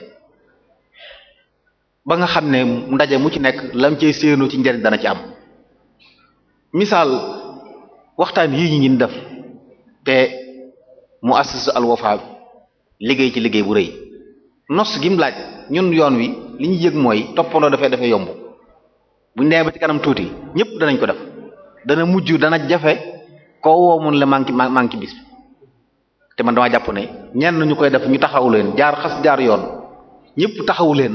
ba nga xam ne ndaje mu ci nekk lam cey séenoo ci njariñ dana ci am misaal waxtaan yii ñi ngi def te mu assis Al Wafa liggéey ci liggéey bu rëy nos gi mu laaj ñun yoon wi li ñu yëg mooy toppandoo dafay dafay yomb bu demee ba ci kanam tuuti ñëpp danañ ko def dana mujj dana jafe koo woo mun la manqué manqué bis bi te man damaa jàpp ne ñenn ñu koy def ñu taxawu leen jaar xas jaar yoon ñëpp taxawu leen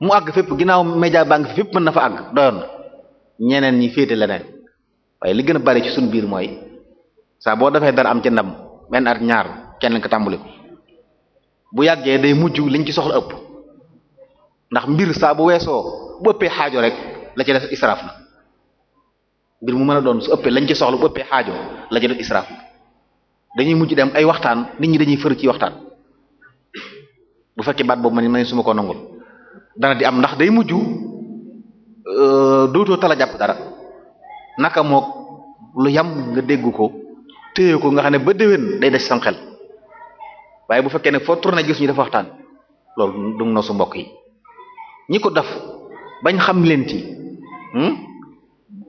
mu àgg fépp ginnaaw média banque fi fépp mën na fa àgg doyoon na ñeneen ñi féete leneen waaye li gën a bari ci suñu biir mooy saa boo defee dara am ca ndam benn at ñaar kenn ko tàmbali ko bu yàggee day mujj liñ ci soxla ëpp ndax mbir saa bu weesoo bu ëppee xaajo rek la ci des israaf na mbir mu mën a doon su ëppee lañ ci soxla bu ëppee xaajoo la ca def israaf dañuy mujj dem ay waxtaan nit ñi dañuy fër ci waxtaan bu fekkee baat boobu man ma ne su ma ko nangul dana di am ndax day mujj euh, dootoo tala jàpp dara naka mook lu yam nga dégg ko téye ko nga xam ne ba déwén day des sam xel waaye bu fekkee ne foo tourné gis ñu dafa waxtaan loolu du noo su mbokk yi ñi ko def bañ xam leen ci hmm?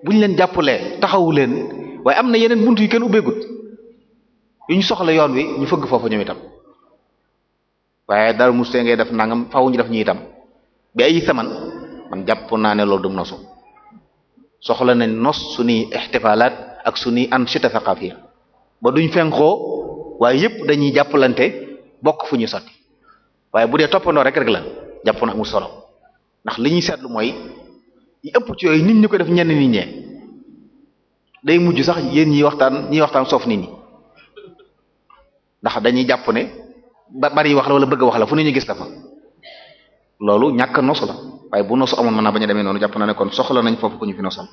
bu ñu leen jàppalee taxawu leen waaye am na yeneen bunt yu kenn ubbeegut yu ñu soxla yoon wi ñu fëgg foofu ñoom itam waaye dara mustee ngay def nangam faaw ñu def ñu itam bi ay saman man jàpp naa ne loolu du nosu soxla nañ nos suñuy ixtifaalaat ak suñuy anchita thaqafia ba duñ fenkoo waaye yëpp dañuy jàppalante bokk fu ñu sotti waaye bu dee toppandoo rek rek la jàpp na amul solo ndax li ñuy seetlu mooy yi ëpp ci yooyu nit ñi ko def ñenn nit ñee day mujj sax yéen ñiy waxtaan ñiy waxtaan soof nit ñi ndax dañuy jàpp ne ba bari wax la wala bëgg wax la fu ne ñu gis dafa loolu ñàkk nosu la waaye bu nosu amoon mën naa bañ a demee noonu jàpp na ne kon soxla nañ foofu ku ñu fi nosal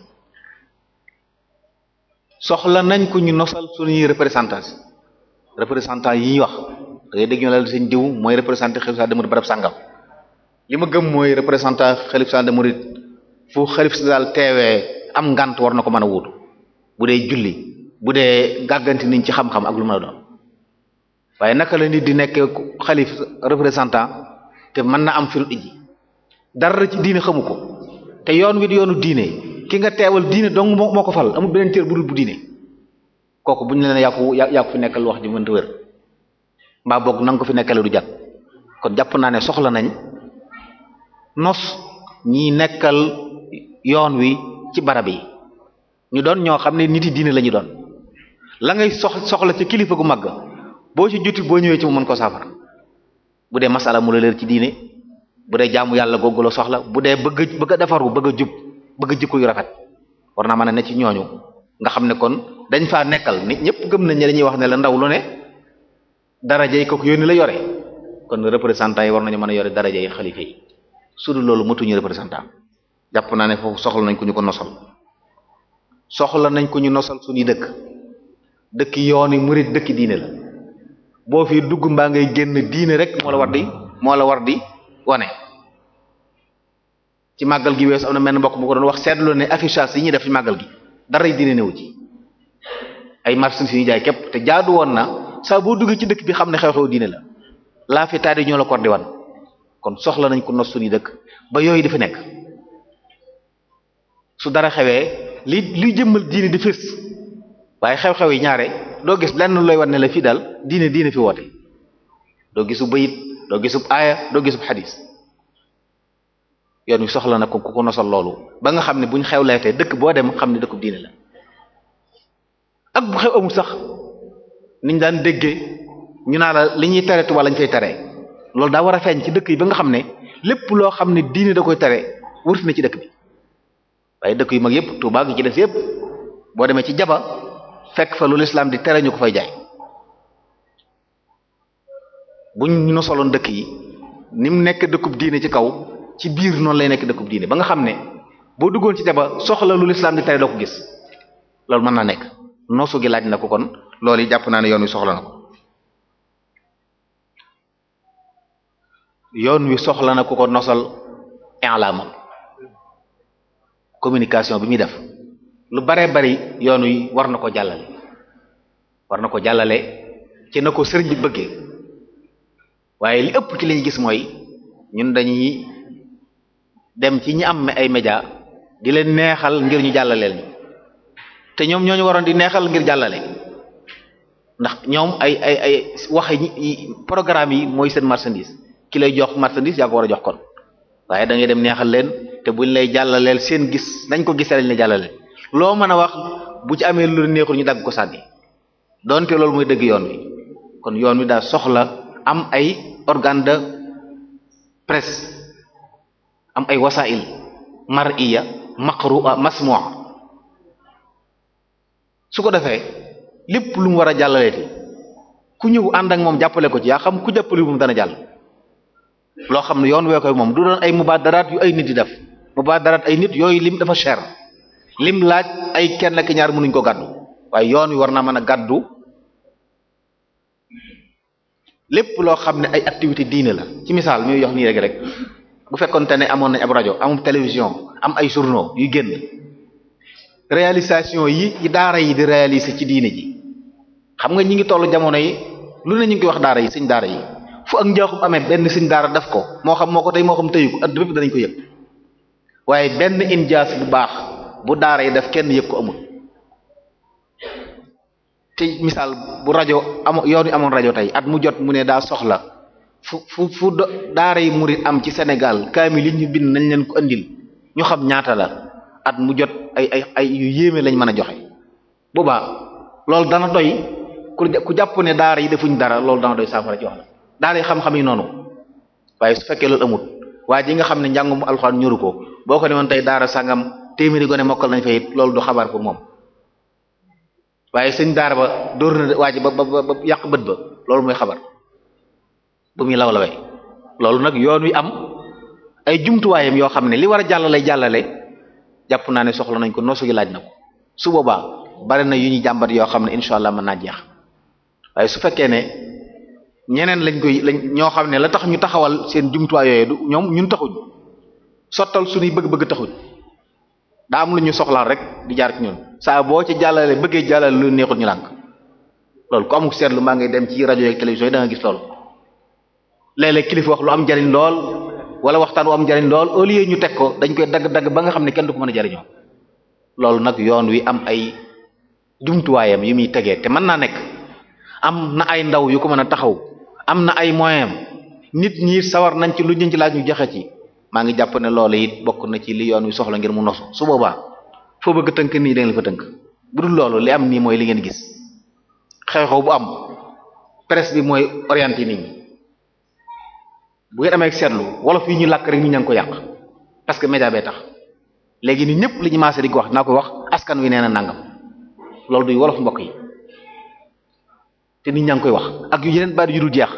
soxla nañ ku ñu nosal suñuy représentation représentant yi wax da ngay dégg ñu la seen diw mooy représenté xalif sa de murid barab sàngam li ma gëm mooy représentant xalif sa fu xalif général teewee am ngant war na ko mën a wuutu bu dee julli bu dee gàgganti niñ ci xam-xam ak lu mën a doon waaye naka la nit di nekk xalif représentant te mën na am firu ijji dara ci diine xamu ko te yoon wit yoonu diine ki nga teewal diine dong moo ko fal amul beneen téer bu dul bu diine kooku bu ñu leen yàqu yàqu fi nekkal wax ji mën wér mbaa boog na ko fi nekkale du jàpp kon jàpp naa ne soxla nañ nos ñi nekkal yoon wi ci barab yi ñu doon ñoo xam ne nit yi diine lañu doon la ngay sox soxla ci kilifa gu mag boo ci juti boo ñëwee ci mu mën ko saafara bu dee masala mu la leer ci diine bu dee jaamu yàlla googu la soxla bu dee bëgg bëgg a defaru bëgg a jub bëgg jikko yu rafet war naa mën a ne ci ñooñu nga xam ne kon dañ faa nekkal nit ñëpp gëm nañ ne dañuy wax ne la ndaw lu ne darajey kooku yónni la yore kon représentant yi war nañu mën a yore darajey xalifa yi su dul loolu matuñu représentant jàpp naa ne foofu soxla nañ ko ñu ko nosal soxla nañ ko ñu nosal suñuy dëkk dëkk yooni murit dëkk diine la boo fii dugg mbaa ngay génn diine rek moo la war di moo la war di wane ci màggal gi weesu am na menn mbokk mu ko doon wax seetlu ne affichage yi ñuy def ci màggal gi dara diine néew ci ay marchandises yi jaay képp te jaadu woon na saa boo duggee ci dëkk bi xam ne xew-xew diine la laa fi taal ñoo la ko di wan kon soxla nañ ko nos suñuy dëkk ba yooyu dafa nekk. su dara xewee li luy jëmmal diine di fës waaye xew-xew yi ñaare doo gis lenn looy wan ne la fii daal diine diine fi woote doo gisu ba bayit doo gisub aaya doo gisub xadis yoon wi soxla na ko ku ko nosal loolu ba nga xam ne bu xew xewlee tey dëkk boo dem xam ne dëkkub diine la ak bu xew amul sax niñ daan dégge ñu naa la li ñuy tere tubaab lañ fay tere loolu daa war a feeñ ci dëkk yi ba nga xam ne lépp loo xam ne diine da koy tere wërti na ci dëkk bi waaye dëkk yu mag yëpp Tuubaa gi ci des yépp boo demee ci jaba fekk fa lu lislaam di tere ñu ko fay jaay buñ ñu soloon dëkk yi ni mu nekk dëkkub diine ci kaw ci biir noonu lay nekk dëkkub diine ba nga xam ne boo duggoon ci jaba soxla lu lislaam di tere doo ko gis loolu mën naa nekk noosu gi laaj na ko kon loolu yi jàpp naa ne yoon wi soxla na ko wi soxla na ko ko nosal inlaama communication bi muy def lu baree bari yoonu wi war na ko jàllale war na ko jàllale ci na ko sëriñ bi bëggee waaye li ëpp ci liñ gis mooy ñun dañuy dem ci ñi am ay média di leen neexal ngir ñu jàllaleel ñu te ñoom ñoo ñu waroon di neexal ngir jàllale ndax ñoom ay ay ay wax yi programme yi mooy seen marchandise ki lay jox marchandise yaa ko war a jox kon waaye da dem neexal leen te buñ lay jàllaleel seen gis nañ ko gisee lañ la jàllaleel loo mën a wax bu ci amee lu neexul ñu dagg ko sànni donte loolu mooy dëgg yoon wi kon yoon wi daa soxla am ay organe de am ay wasail mar'iya maqru'a masmu'a su ko defee lépp lu mu war a jàllaleeti ku ñëw ànd ak moom jàppale ko ci yaa xam ku jàppale moom dana jàll loo xam ne yoon wee koy moom du doon ay mubaadaraat yu ay nit yi def mubaadaraat ay nit yooyu lim dafa cher lim laaj ay kenn ak ñaar mënuñ ko gàddu waaye yoon wi war naa mën a gàddu lépp loo xam ne ay activité diine la ci misaal mi yox nii rek rek bu fekkonte ne amoon nañ ab rajo amum télévision am ay journaux yu génn réalisation yi yi daara yi di réaliser ci diine ji xam nga ñi ngi tollu jamono yi lu ne ñu ngi koy wax daara yi sëñ daara yi fu ak njaaxum amee benn sëñ daara def ko moo xam moo ko tey moo xam tëyu ko at bépp danañ ko yëg waaye benn injaas bu baax bu daara yi def kenn yëg ko amul te misaal bu rajo amoon yoon wi amoon rajo tey at mu jot mu ne daa soxla fu fu fu daara yi murit am ci senegal kaamil yi ñu bind nañ leen ko andil ñu xam ñaata la at mu jot ay ay ay yu yéeme lañ mën a joxe boobaa loolu dana doy ku jàpp ne daara yi defuñ dara loolu dana doy saafara jox la daara yi xam-xam yi noonu waaye su fekkee loolu amut waaye ji nga xam ne njàngum alxuraan ñoru ko boo ko ne woon tey daara sangam téeméeri gone mokkal nañ fa it loolu du xabaar pour moom waaye sëñ daara ba dóor na waaj ji ba ba ba yàq bët ba loolu mooy xabar bu muy law loolu nag yoon wi am ay jumtuwaayam yoo xam ne li war a jàllale jàllale jàpp naa ne soxla nañ ko noosu laaj na ko su boobaa bari na yu ñuy jàmbat yoo xam ne incha allah ma naa jeex waaye su fekkee ne ñeneen lañ koy lañ ñoo xam ne la tax ñu taxawal seen jumtuwaay yooyu du ñoom ñun taxuñ sottal suñuy bëgg-bëgg taxul daa am lu ñu soxlaal rek di jaar ci ñun saa boo ci jàllale bëggee jàllale lu neexul ñu lànk loolu ku amul seetlu maa ngi dem ci rajo yeeg télévision yi da nga gis loolu léeg-léeg kilifa wax lu am njariñ lool wala waxtaan wu am njariñ lool au ñu teg ko dañ koy dagg-dagg ba nga xam ne kenn du ko mën a jariñoo loolu nag yoon wi am ay jumtuwaayam yi muy tegee te mën naa nekk am na ay ndaw yu ko mën a taxaw am na ay moyen nit ñi sawar nañ ci lu ñu ci laaj ci maa ngi jàpp ne loolu it bokk na ci li yoon wi soxla ngir mu nosu su boobaa foo bëgg tënk nii da ngeen fa tënk bu dul loolu li am nii mooy li ngeen gis xew bu am presse bi mooy orienté nit ñi bu ngeen amee seetlu wolof yi ñu làkk rek ñu ña ko yàq parce que média bee tax léegi ni ñëpp li ñu maase di ko wax naa ko wax askan wi nee na nangam loolu duy wolof mbokk yi te nit ñaa ngi koy wax ak yu yeneen yu dul jeex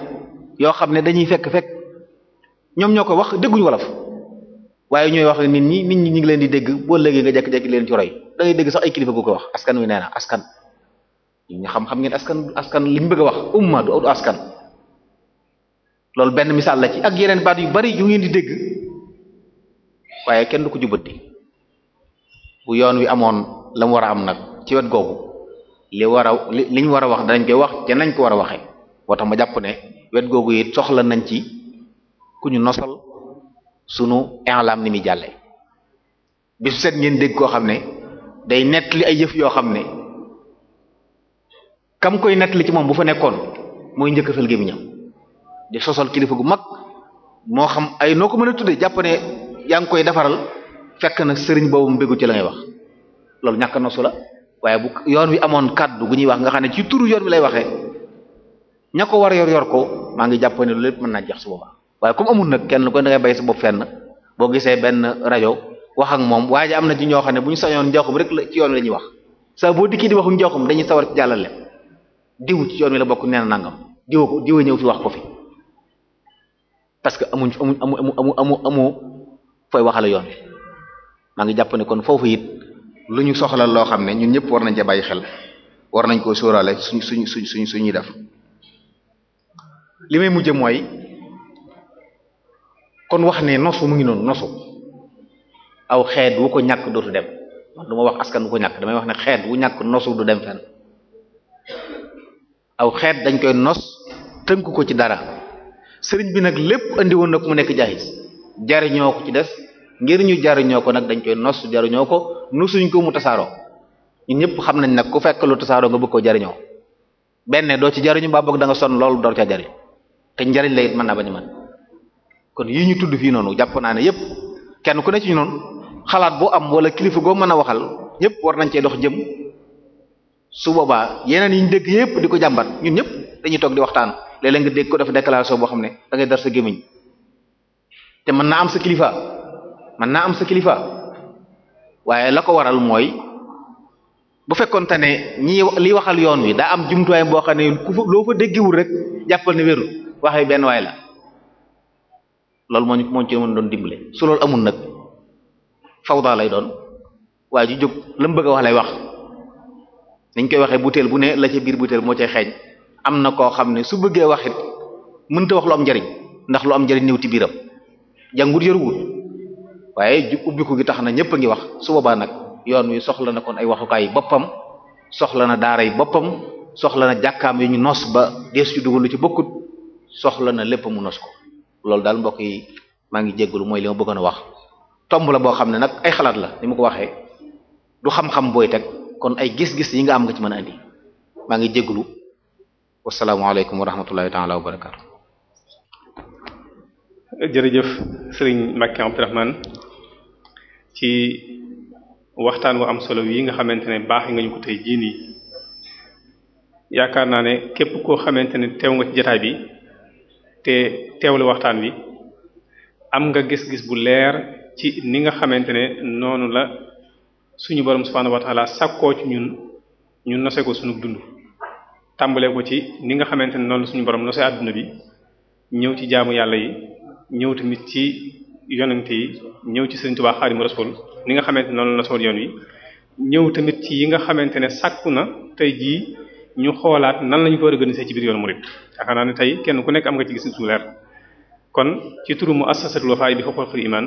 yoo xam ne dañuy fekk fekk ñoom ñoo ko wax dégguñu wolof. waaye ñooy wax nit ñi nit ñi ñu ngi leen di dégg boo léegi nga jékki-jékki leen ci roy da ngay dégg sax ay kilifa gu ko wax askan wi nee na askan ñu xam-xam ngeen askan askan li mu bëgg a wax umma du askan loolu benn misaal la ci ak yeneen baat yu bari yu ngeen di dégg waaye kenn du ko di bu yoon wi amoon la mu war a am nag ci wet googu li war li liñ war a wax danañ koy wax te nañ ko war a waxee moo tax ma jàpp ne wet googu it soxla nañ ci ku ñu nosal sunu inlam ni muy jàlle bis set ngeen dégg koo xam ne day nettali ay yëf yoo xam ne kam koy nettali ci moom bu fa nekkoon mooy njëkk fël gémmiñam di sosal kilifa gu mag moo xam ay noo ko mën a tuddee jàppane yaa ngi koy defaral fekk na sëriñ boobu mu bëggu ci la ngay wax loolu ñàkk nosu la waaye bu yoon wi amoon kàddu gu ñuy wax nga xam ne ci turu yoon wi lay waxee ña ko war yor yor ko maa ngi jàpp lu lépp mën naa jeex su boobaa waaye comme amul nag kenn ko da ngay bay sa bopp fenn boo gisee benn rajo wax ak moom waaye am na ci ñoo xam ne bu ñu sañoon njooxum rek ci yoon la ñuy wax saa boo dikkii di waxu njooxum dañuy sawar ci jàllale diw yoon wi la bokk nee na nangam ko diw ñëw fi wax ko fi parce que amuñ amuñ amu amu amu amu fooy waxale yoon wi maa ngi jàpp ne kon foofu it lu ñu soxla loo xam ne ñun ñëpp war nañ ja bàyyi xel war nañ koo sóoraale suñ suñ suñ suñ suñuy def li may mujj mooy kon wax ne nosu mu ngi noonu nosu aw xeet wu ko ñàkk dootu dem man du wax askan wu ko ñàkk damay wax ne xeet wu ñàkk nosu du dem fenn aw xeet dañ koy nos tënk ko ci dara sëriñ bi nag lépp andi woon nag mu nekk jaayis jariñoo ko ci des ngir ñu jariñoo ko nag dañ koy nos jariñoo ko nosuñ ko mu tasaaroo ñun ñëpp xam nañ nag ku fekk lu tasaaroo nga bëgg koo jariñoo benn doo ci jariñu mbaa boog da nga sonn loolu door ca jariñ te njariñ la it mën naa bañ a kon yii ñu tudd fii noonu jàpp naa ne yépp kenn ku ne ci noonu xalaat boo am wala kilifa goo mën a waxal ñépp war nañ cee dox jëm su boobaa yeneen yi ñu dégg yépp di ko jàmbat ñun ñépp dañuy toog di waxtaan léeg dégg ko def déclaration boo xam ne da ngay dar sa gémmiñ te mën naa am sa kilifa mën naa am sa kilifa waaye la ko waral mooy bu fekkoon te ne ñi li waxal yoon wi daa am jumtuwaay boo xam ne ku loo fa déggiwul rek jàppal ne wérul waxee benn waay la loolu moo moo ci mën doon dimbale su loolu amul nag fawda lay doon waaye ju jóg la mu bëgg a wax lay wax niñ koy waxee butéel bu ne la ci biir butéel moo cay xeeñ am na koo xam ne su bëggee wax it mënta wax lu am njariñ ndax lu am njariñ néew ci biiram jàngut yëruwut waaye ubbiku gi tax na ñëpp a ngi wax su boobaa nag yoon wi soxla na kon ay waxukaay boppam soxla na daara yi boppam soxla na jàkkaam yu ñu nos ba dees ci dugal lu ci bokkut soxla na lépp mu nos loolu daal mbokk yi maa ngi jéggulu mooy li ma bëggoon a wax tomb la boo xam ne nag ay xalaat la ni ma ko waxee du xam-xam booy teg kon ay gis-gis yi nga am nga ci mën a andi maa ngi jéggulu wasalaamualeykum wa rahmatullahi taala wa barakaatu jërëjëf sëriñ Mbacké Abdourahmane ci waxtaan wu am solo yi nga xamante ne baax nga ñu ko tey jii nii yaakaar naa ne képp koo xamante ne teew nga ci jotaay bi te teewlu waxtaan wi am nga gis-gis bu leer ci ni nga xamante ne noonu la suñu borom subhaanahu wa taala sakkoo ci ñun ñu nose ko suñu dund tàmbalee ko ci ni nga xamante ne noonu la suñu borom nose àdduna bi ñëw ci jaamu yàlla yi ñëw tamit ci yonent yi ñëw ci Sëriñ Tuubaa Xaadimu Rasuul ni nga xamante ne noonu la sool yoon wi ñëw tamit ci yi nga xamante ne sàkku na tey jii ñu xoolaat nan lañu ko organiser ci biir yoonu murid yaakaar naa ne tey kenn ku nekk am nga ci gis su leer kon ci turu muassasatul Wafa bi huquqil iman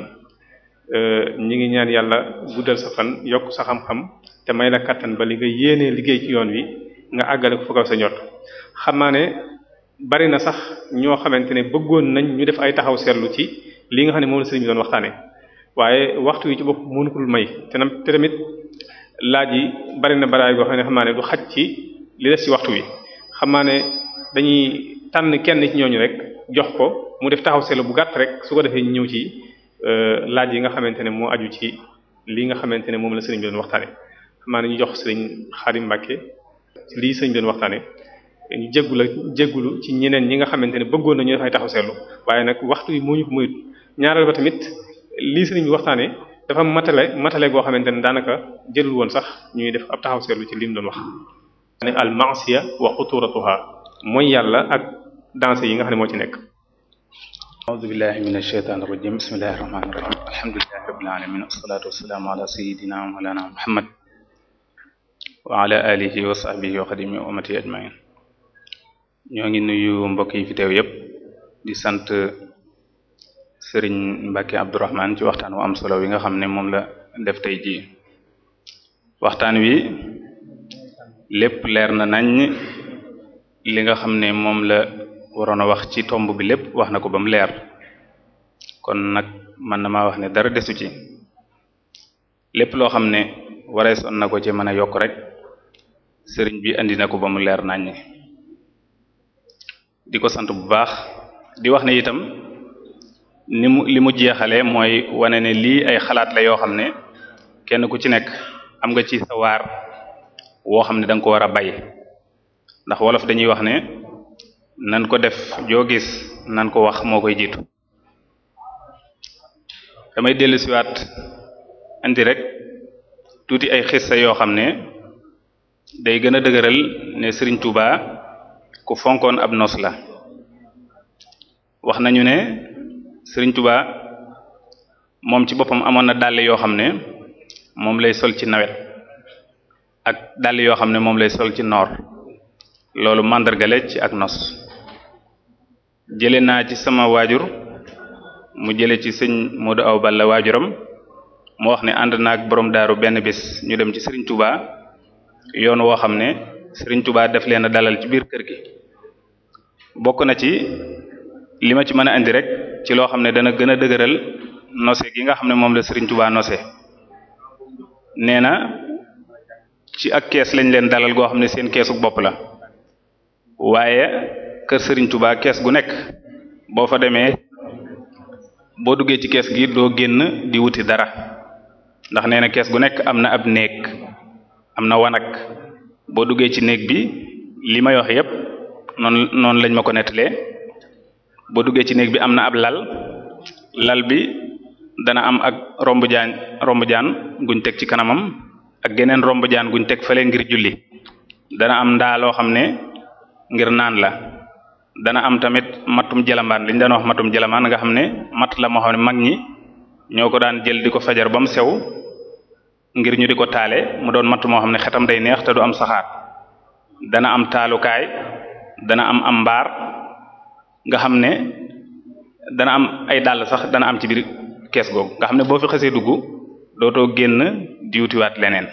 euh, ñi ngi ñaan yàlla guddal sa fan yokk sa xam-xam te may la kattan ba li nga liggéey yoon wi nga àggale ko sa njort xam naa ne bari na sax ñoo xamante ne bëggoon nañ ñu def ay taxaw seetlu ci li nga xam ne moom la sëriñ bi doon waxtaane waaye waxtu wi ci bopp mënu ko may te tamit laaj yi bari na baraay goo xam ne xam naa ne du xaj ci li des ci waxtu wi xam naa ne dañuy tànn kenn ci ñooñu rek jox ko mu def taxaw seetlu bu gàtt rek su ko defee ñëw ci euh, laaj yi nga xamante ne moo aju ci li nga xamante ne moom la sëriñ bi doon waxtaane xam ne ñu jox sëriñ Xadim Mbàkke lii sëriñ bi doon waxtaane ñu jéggu la ci ñeneen ñi nga xamante ne bëggoon nañu dafay taxaw seetlu waaye nag waxtu yi moo ñu ko moyut ñaareel ba tamit lii sëriñ bi waxtaane dafa matale matale goo xamante ne daanaka jëlul woon sax ñuy def ab taxaw seetlu ci li doon wax ne al ma'siya wa xuturatuha mooy yàlla ak danse yi nga xam ne moo ci nekk a'udhu billahi minash shaitanir rajim bismillahir rahmanir rahim alhamdulillahi rabbil alamin wassalatu wassalamu ala sayidina wa mawlana muhammad wa alihi wa sahbihi wa xadimi wa ummati ñoo ngi nuyu mbokk yi fi teew yépp di sant sëriñ Mbacke Abdourahmane ci waxtaan wu am solo wi nga xam ne moom la def tey ji waxtaan wi lépp leer na nañ li nga xam ne moom la waroon a wax ci tomb bi lépp wax na ko ba mu leer kon nag man na maa wax ne dara desu ci lépp loo xam ne wareesoon na ko ci mën a yokk rek sëriñ bi indi na ko ba mu leer nañ di ko sant bu baax di wax ne itam ni mu li mu jeexale mooy wane ne lii ay xalaat la yoo xam ne kenn ku ci nekk am nga ci sa waar woo xam ne danga ko war a bay ndax wolof dañuy wax ne nan ko def joo gis nan ko wax moo koy jiitu damay dellu siwaat indi rek tuuti ay xissa yoo xam ne day gën a dëgëral ne Serigne Touba ku fonkoon ab nos la wax nañu ne sëriñ Touba moom ci boppam amoon na dàll yoo xam ne moom lay sol ci nawet ak dàll yoo xam ne moom lay sol ci noor loolu màndargale ci ak nos jële naa ci sama waajur mu jële ci sëñ Modou Aw Balla waajuram mu wax ne ànd naa ak boroom daaru benn bis ñu dem ci Serigne Touba yoon woo xam ne sëriñ Touba daf leen a dalal ci biir kër gi bokk na ci li ma ci mën a indi rek ci loo xam ne dana gën a dëgëral nose gi nga xam ne moom la Serigne Touba nosé nee na ci ak kees lañ leen dalal goo xam ne seen keesu bopp la waaye kër Serigne Touba kees gu nekk boo fa demee boo duggee ci kees gi doo génn di wuti dara ndax nee na kees gu nekk am na ab néeg am na wanag boo duggee ci néeg bi li may wax yépp noonu noonu lañ ma ko nettalee boo duggee ci néeg bi am na ab lal lal bi dana am ak romb jaan romb jaan guñ teg ci kanamam ak geneen romb jaan guñ teg fële ngir julli dana am ndaa loo xam ne ngir naan la dana am tamit mattum jalambaan li ñu daan wax mattum jalambaan nga xam ne matt la moo xam ne mag ñi ñoo ko daan jël di ko fajar ba mu sew ngir ñu di ko taale mu doon matt moo xam ne xetam day neex te du am saxaar dana am taalukaay dana am am mbaar nga xam ne dana am ay dàll sax dana am ci biir kees googu nga xam ne boo fi xasee dugg dootoo génn di wutiwaat leneen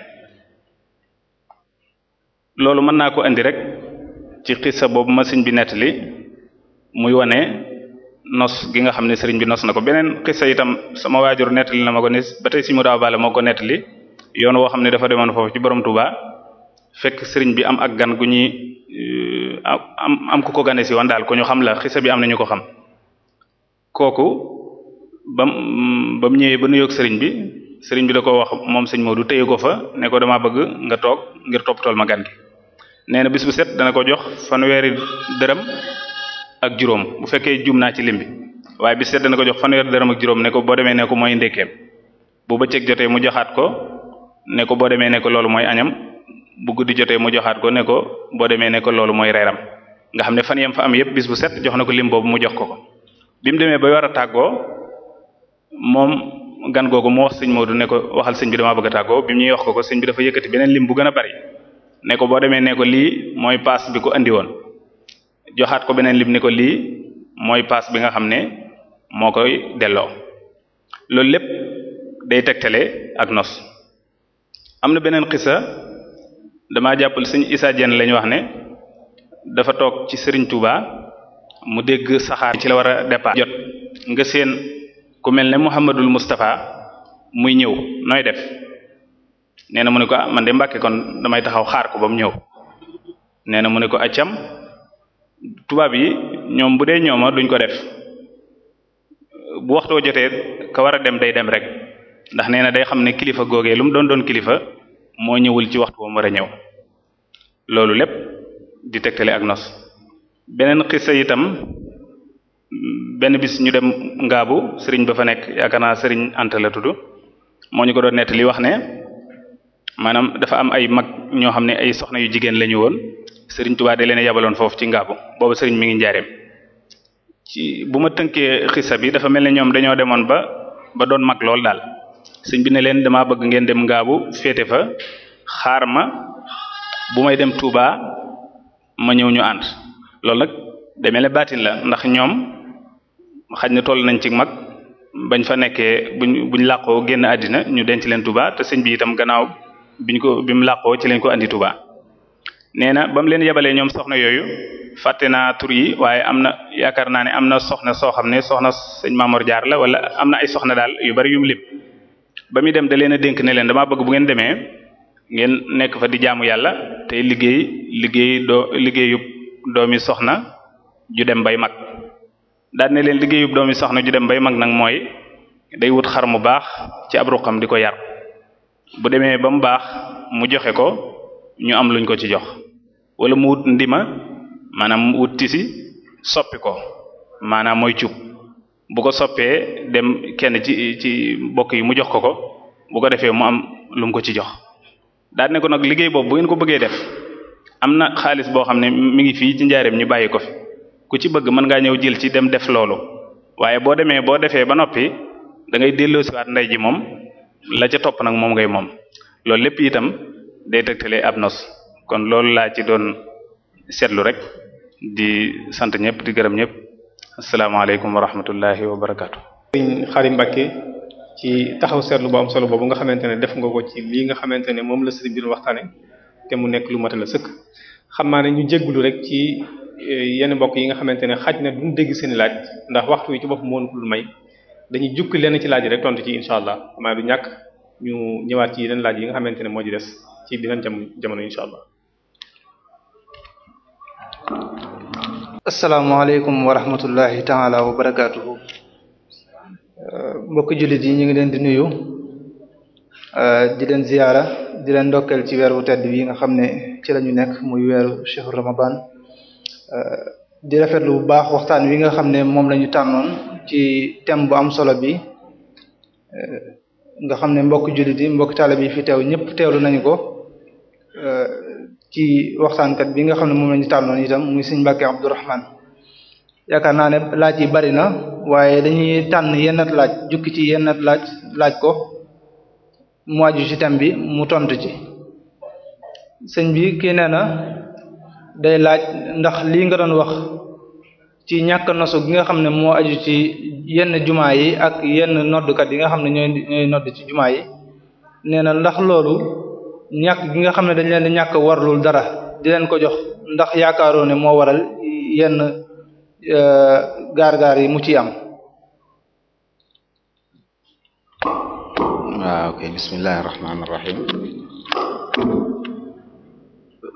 loolu mën naa ko indi ci xissa boobu ma sëriñ bi nettali muy wane nos gi nga xam ne sëriñ bi nos na ko beneen xissa itam sama waajur nettali na ma ko ne ba tey si moo ko nettali yoon woo xam ne dafa demoon foofu ci borom Touba fekk sëriñ bi am ak gan gu ñuy euh, am am ku ko gane si woon daal ko ñu xam la xissa bi am na ñu ko xam kooku bam bam ñëwee ba nuyoog sëriñ bi sëriñ bi da ko wax moom sëñ Modou téye ko fa ne ko damaa bëgg nga toog ngir toppatool ma gan gi nee na bis bu set dana ko jox fanweeri dërëm ak juróom bu fekkee jum naa ci lim bi waaye bis set dana ko jox fanweeri dërëm ak juróom ne ko boo demee ne ko mooy ndékkeem bu bëccëg jotee mu joxaat ko ne ko boo demee ne ko loolu mooy añam bu guddi jotee mu joxaat ko ne ko boo demee ne ko loolu mooy reeram nga xam ne fan yam fa am yépp bis bu set jox na ko lim boobu mu jox ko ko bi mu demee ba war a tàggoo moom gan googu moo wax sëñ Maodo ne ko waxal sëñ bi damaa bëgg a tàggoo bi ñuy wax ko ko sëñ bi dafa yëkkati beneen lim bu gën a bari ne ko boo demee ne ko lii mooy paas bi ko andi woon joxaat ko beneen lim ne ko lii mooy paas bi nga xam ne moo koy delloo loolu lépp day tegtale ak nos am na beneen xisa dama jàppal sëñ Issa Diène lañu wax ne dafa toog ci sëriñ Touba mu dégg saxaar ci la war a jot nga seen ku mel ne Muhammadul Moustapha muy ñëw nooy def nee na mu ne ko ah man de Mbàkke kon damay taxaw xaar ko ba mu ñëw nee na mu ne ko accam tubaab yi ñoom bu dee ñooma duñ ko def bu waxtoo jotee ka war a dem day dem rek ndax nee na day xam ne kilifa googee lu mu doon doon kilifa moo ñëwul ci waxtu ba mu war ñëw loolu lépp di tegtale ak nos beneen xisa itam benn bis ñu dem ngaabu sëriñ ba fa nekk yaakaar naa sëriñ Anta la tudd moo ñu ko doon li wax ne maanaam dafa am ay mag ñoo xam ne ay soxna yu jigéen lañu woon sëriñ Tuubaa de leen yabaloon foofu ci ngaabu boobu sëriñ mi ngi njaareem ci bu ma tënkee xisa bi dafa mel ne ñoom dañoo demoon ba ba doon mag lool daal sëñ bi ne leen damaa bëgg ngeen dem ngaabu féete fa xaar ma bu may dem Touba ma ñëw ñu ànd loolu nag demee ne baatin la ndax ñoom xaj na toll nañ ci mag bañ fa nekkee buñ buñ làqoo génn àddina ñu denc leen Touba te sëñ bi itam gannaaw biñ ko bi mu làqoo ci lañ ko andi tubaa nee na ba leen yebalee ñoom soxna yooyu fàtte naa tur yi waaye am na yaakaar naa ne am na soxna soo xam ne soxna sëñ Mamor jaar la wala am na ay soxna daal yu bari yu lépp ba muy dem da leen a dénk ne leen damaa bëgg bu ngeen demee ngeen nekk fa di jaamu yàlla tey liggéey liggéey doo liggéeyu doomi soxna ju dem bay mag daan ne leen liggéeyub doom sax soxna ju dem bay mag nag mooy day wut xar mu baax ci ab ruqam di ko yar bu demee ba mu baax mu joxe ko ñu am luñ ko ci jox wala mu wut ndima maanaam wut tisi soppi ko maanaam mooy cuub bu ko soppee dem kenn ci ci mbokk yi mu jox ko ko bu ko defee mu am lu ko ci jox daan ne ko nag liggéey boobu bu ngeen ko bëggee def am na xaalis boo xam ne mi ngi fii ci njaareem ñu bàyyi ko fi ku ci bëgg mën ngaa ñëw jël ci dem def loolu waaye boo demee boo defee ba noppi da ngay delloosiwaat ndey ji moom la ca topp nag moom ngay moom loolu lépp itam day tegtale ab nos kon loolu laa ci doon seetlu rek di sant ñëpp di gërëm ñëpp asalaamaaleykum wa rahmatullahi wa barakaatu. Sëriñ Xarim ci taxaw seetlu bu solo boobu nga xamante ne def nga ko ci lii nga xamante ne moom la sëriñ bi waxtaane te mu nekk lu matala sëkk xam ne ñu jéggulu rek ci. yenn mbokk yi nga xamante ne xaj na duñ dégg seen laaj ndax waxtu wi ci bopp moonu ko lu may dañuy jukki lenn ci laaj rek tontu ci insha allah maa du ñàkk ñu ñëwaat ci yeneen laaj yi nga xamante ne moo ci des ci beneen jamono insha allah asalaamaaleykum wa rahmatullahi taala wa barakaatuhu mbokki jullit yi ñu ngi leen di nuyu eh, di leen ziyaara di leen ndokkeel ci weeru tedd bi nga xam ne ci lañu nekk muy weeru shahru ramadan Euh, di rafetlu bu baax waxtaan wi nga xam ne moom la ñu tànnoon ci thème bu am solo bi euh, nga xam ne mbokk jullit yi mbokk taalibe yi fi teew ñëpp teewlu nañu ko euh, ci waxtaankat bi nga xam ne moom la ñu tànnoon itam muy Sëriñ Mbàkke Abdourahman yaakaar naa ne laaj yi bari na waaye dañuy tànn yenn laaj jukki ci yenn laaj laaj ko mu aju ci thème bi mu tontu ci sëñ bi kii nee day laaj ndax lii nga doon wax ci ñàkk nosu gi nga xam ne moo aju ci yenn jumaa yi ak yenn noddukat yi nga xam ne ñooy ñooy nodd ci jumaa yi nee na ndax loolu ñàkk gi nga xam ne dañ leen di ñàkk warlul dara di leen ko jox ndax yaakaaroo ne moo waral yenn e, gaar-gaar yi mu ci am waaw ah, ok bismillahir rahmanir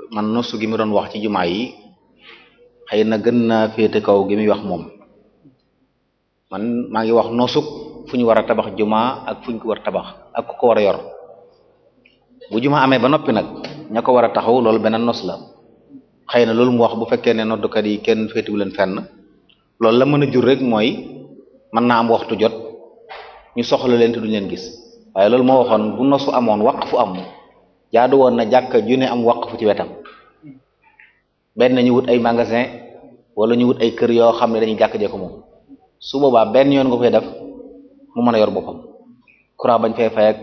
man nosu gi mu doon wax ci jumaa yi xëy na gën naa féete kaw gi muy wax moom man maa ngi wax nosuk fu ñu war a tabax jumaa ak fu ñu ko war a tabax ak ku ko war a yor bu jumaa amee ba noppi nag ña ko war a taxaw loolu beneen nos la xëy na loolu mu wax bu fekkee ne noddukat yi kenn féetewu leen fenn loolu la mën a jur rek mooy mën naa am waxtu jot ñu soxla leen te du leen gis waaye loolu moo waxoon bu nosu amoon fu am jaadu woon na jàkka ju ne am waqfu ci wetam benn ñu wut ay magasin wala ñu wut ay kër yoo xam ne dañuy jàkk-jekko moom su boobaa benn yoon nga koy def mu mën a yor boppam courant bañ fay fay ak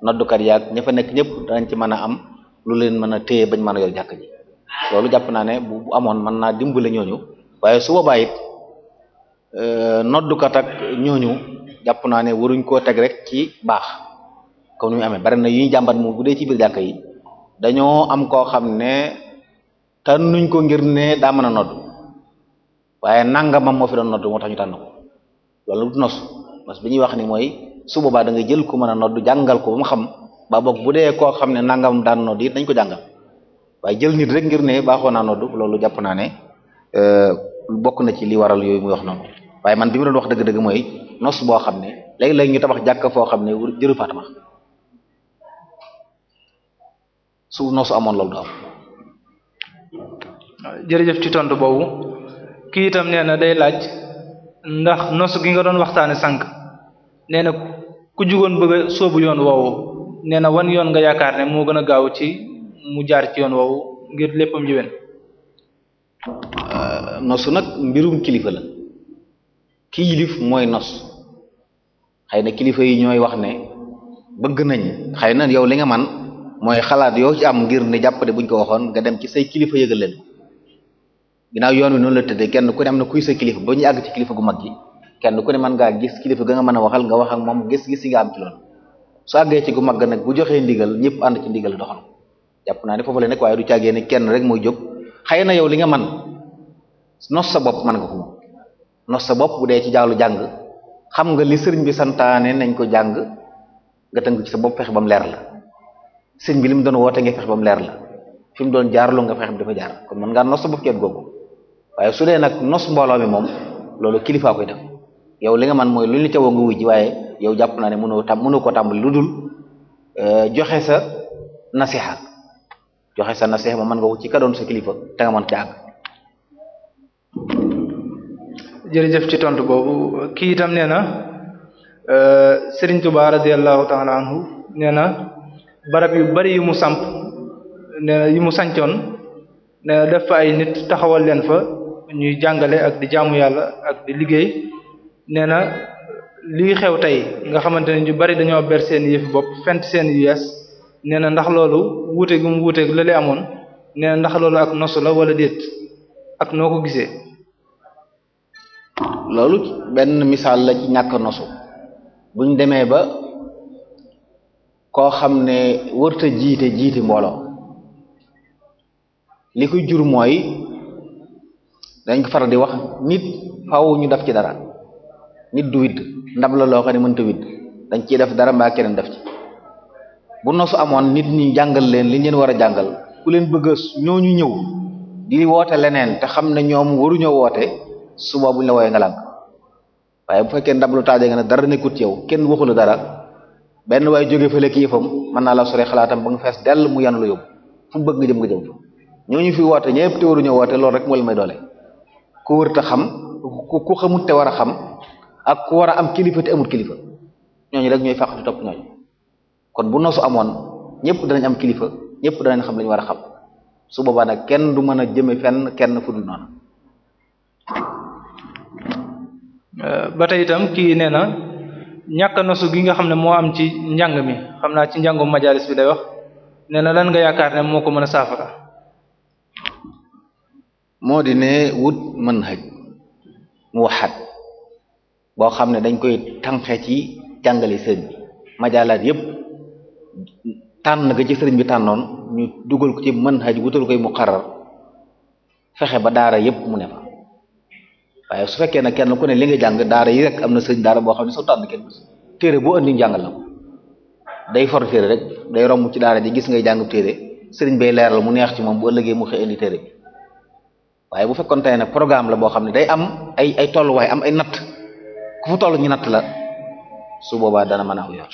noddukat yaag ña fa nekk ñëpp danañ ci mën am lu leen mën a bañ mën a yor jàkka ji jàpp naa ne bu amoon mën naa dimbale ñooñu waaye su boobaa it euh, noddukat ak ñooñu jàpp naa ne waruñ koo teg rek ci baax comme ni muy amee bari na yu jàmbat mu bu dee ci biir jàkk yi dañoo am koo xam ne tànnuñ ko ngir ne daa mën a nodd waaye nangamam moo fi doon nodd moo tax ñu tànn ko loolu du parce que bi ñuy wax ni mooy su boobaa da nga jël ku mën a nodd jàngal ba mu xam ba boog bu dee koo xam ne nangam daan nodd it dañ ko jàngal waaye jël nit rek ngir ne baaxoo naa nodd loolu jàpp naa ne euh, bokk na ci li waral yooyu muy wax noonu waaye man bi mu doon wax dëgg-dëgg mooy nos boo xam ne léeg-léeg ñu tabax jàkk foo xam ne jëru faa tabax su nosu amoon loolu du jërëjëf ci tontu boobu kii itam nee na day laaj ndax nos gi nga doon waxtaane sànq nee na ku jugoon bëgg a sóobu yoon woowu nee na wan yoon nga yaakaar ne moo gën a gaaw ci mu jaar ci yoon woowu ngir léppam jiwén euh, nosu nag mbirum kilifa la ki yilif mooy nos xëy na kilifa yi ñooy wax ne bëgg nañ xay na yow li nga man mooy xalaat yow ci am ngir ne jàpp buñ ko waxoon nga dem ci say kilifa yëgal leen ginnaaw yoon wi noonu la tëddee kenn ku ne am na kuy sa kilifa ba ñu àgg ci kilifa gu mag gi kenn ku ne mën ngaa gis kilifa ga nga mën a waxal nga wax ak moom gis-gis yi nga am ci loolu su àggee ci gu mag nag bu joxee ndigal ñëpp ànd ci ndigal doxal jàpp naa ne foofu la nekk waaye du càggee ne kenn rek mooy jóg xëy na yow li nga man nos sa bopp mën nga ko moom nos sa bopp bu dee ci jaalu jàng xam nga li sëriñ bi santaane nañ ko jàng nga tënk ci bopp fexe ba mu leer la sëriñ bi li mu doon woote nga fexe leer la fi mu doon jaarloo nga fexe bi dafa jaar kon mën ngaa nos sa bopp kenn googu waaye su dee nag nos mbooloo mi moom loolu kilifa koy def yow li nga man mooy lu ñu tewoo nga wujji waaye yow jàpp naa ne mënoo tam mënoo ko tàmbali lu dul euh, joxe sa nasiha joxe sa nasiha moom mën nga ko ci ka doon sa kilifa te nga mën ci àgg jërëjëf ci tontu boobu kii itam nee na euh, Sëriñ Tuba radiyallahu taala anhu nee na barab yu bari yu mu samp nee na mu sancoon nee na ay nit taxawal leen fa ñuy jàngale ak di jaamu yàlla ak di liggéey nee na lii xew tey nga xamante ne ñu bari dañoo ber seen yëfi bopp fent seen yu yees nee na ndax loolu wuute gu mu wuuteeg lële amoon nee ndax loolu ak nosu la wala déet ak noo ko gisee. loolu benn misaal la ñàkk nosu buñ demee ba koo xam ne wërta jiite jiite mbooloo li ko jur mooy dañ ko faral di wax nit faw ñu def ci dara nit du widd ndab la loo xam ne mënta widd dañ ciy def dara mbaa keneen def ci bu nosu amoon nit ñi jàngal leen li leen war a jàngal ku leen bëgg a ñu ñëw di wootee leneen te xam ne ñoom waruñoo woote suba buñ la wooyee nga lànk waaye bu fekkee ndab lu taajee nga ne dara nekkut yow kenn waxu la dara benn waaye jóge fële kii fam mën naa la sore xalaatam ba nga fees dell mu yanu la yóbbu fu bëgg nga jëm nga jëm fi woote ñëpp te waruñoo woote loolu rek moo la may doole ku wërta xam ku xamut te war a xam ak ku war a am kilifa te amul kilifa ñooñu rek ñooy fàqatu topp ñooñu kon bu nosu amoon ñëpp danañ am kilifa ñëpp danañ xam lañu war a xam su boobaa nag kenn du mën a jëme fenn kenn fu du noonu euh, ba tey itam kii nee na ñàkk a nosu gi nga xam ne moo am ci njàng mi xam naa ci njàngu majalis bi day wax nee na lan nga yaakaar ne moo ko mën a saafara moo di ne wut manhaj mu waxat boo xam ne dañ koy tànqe ci jàngale sëriñ bi majaalaat yépp tànn ga ci sëriñ bi tànnoon ñu dugal ko ci manhaj wutal koy muqarrar fexe ba daara yépp mu ne fa waaye su fekkee ne kenn ku ne li nga jàng daara yi rek am na sëriñ daara boo xam ne soo tànn kenn téere boo andi jàngal la ko day for téere rek day romb ci daara ji gis ngay jàng téere sëriñ bay leeral mu neex ci moom bu ëllëgee mu xëy indi téere waaye bu fekkoon tey programme la boo xam ne day am ay ay tolluwaay am ay natt ku fu toll ñu natt la su boobaa dana mën a aw yoon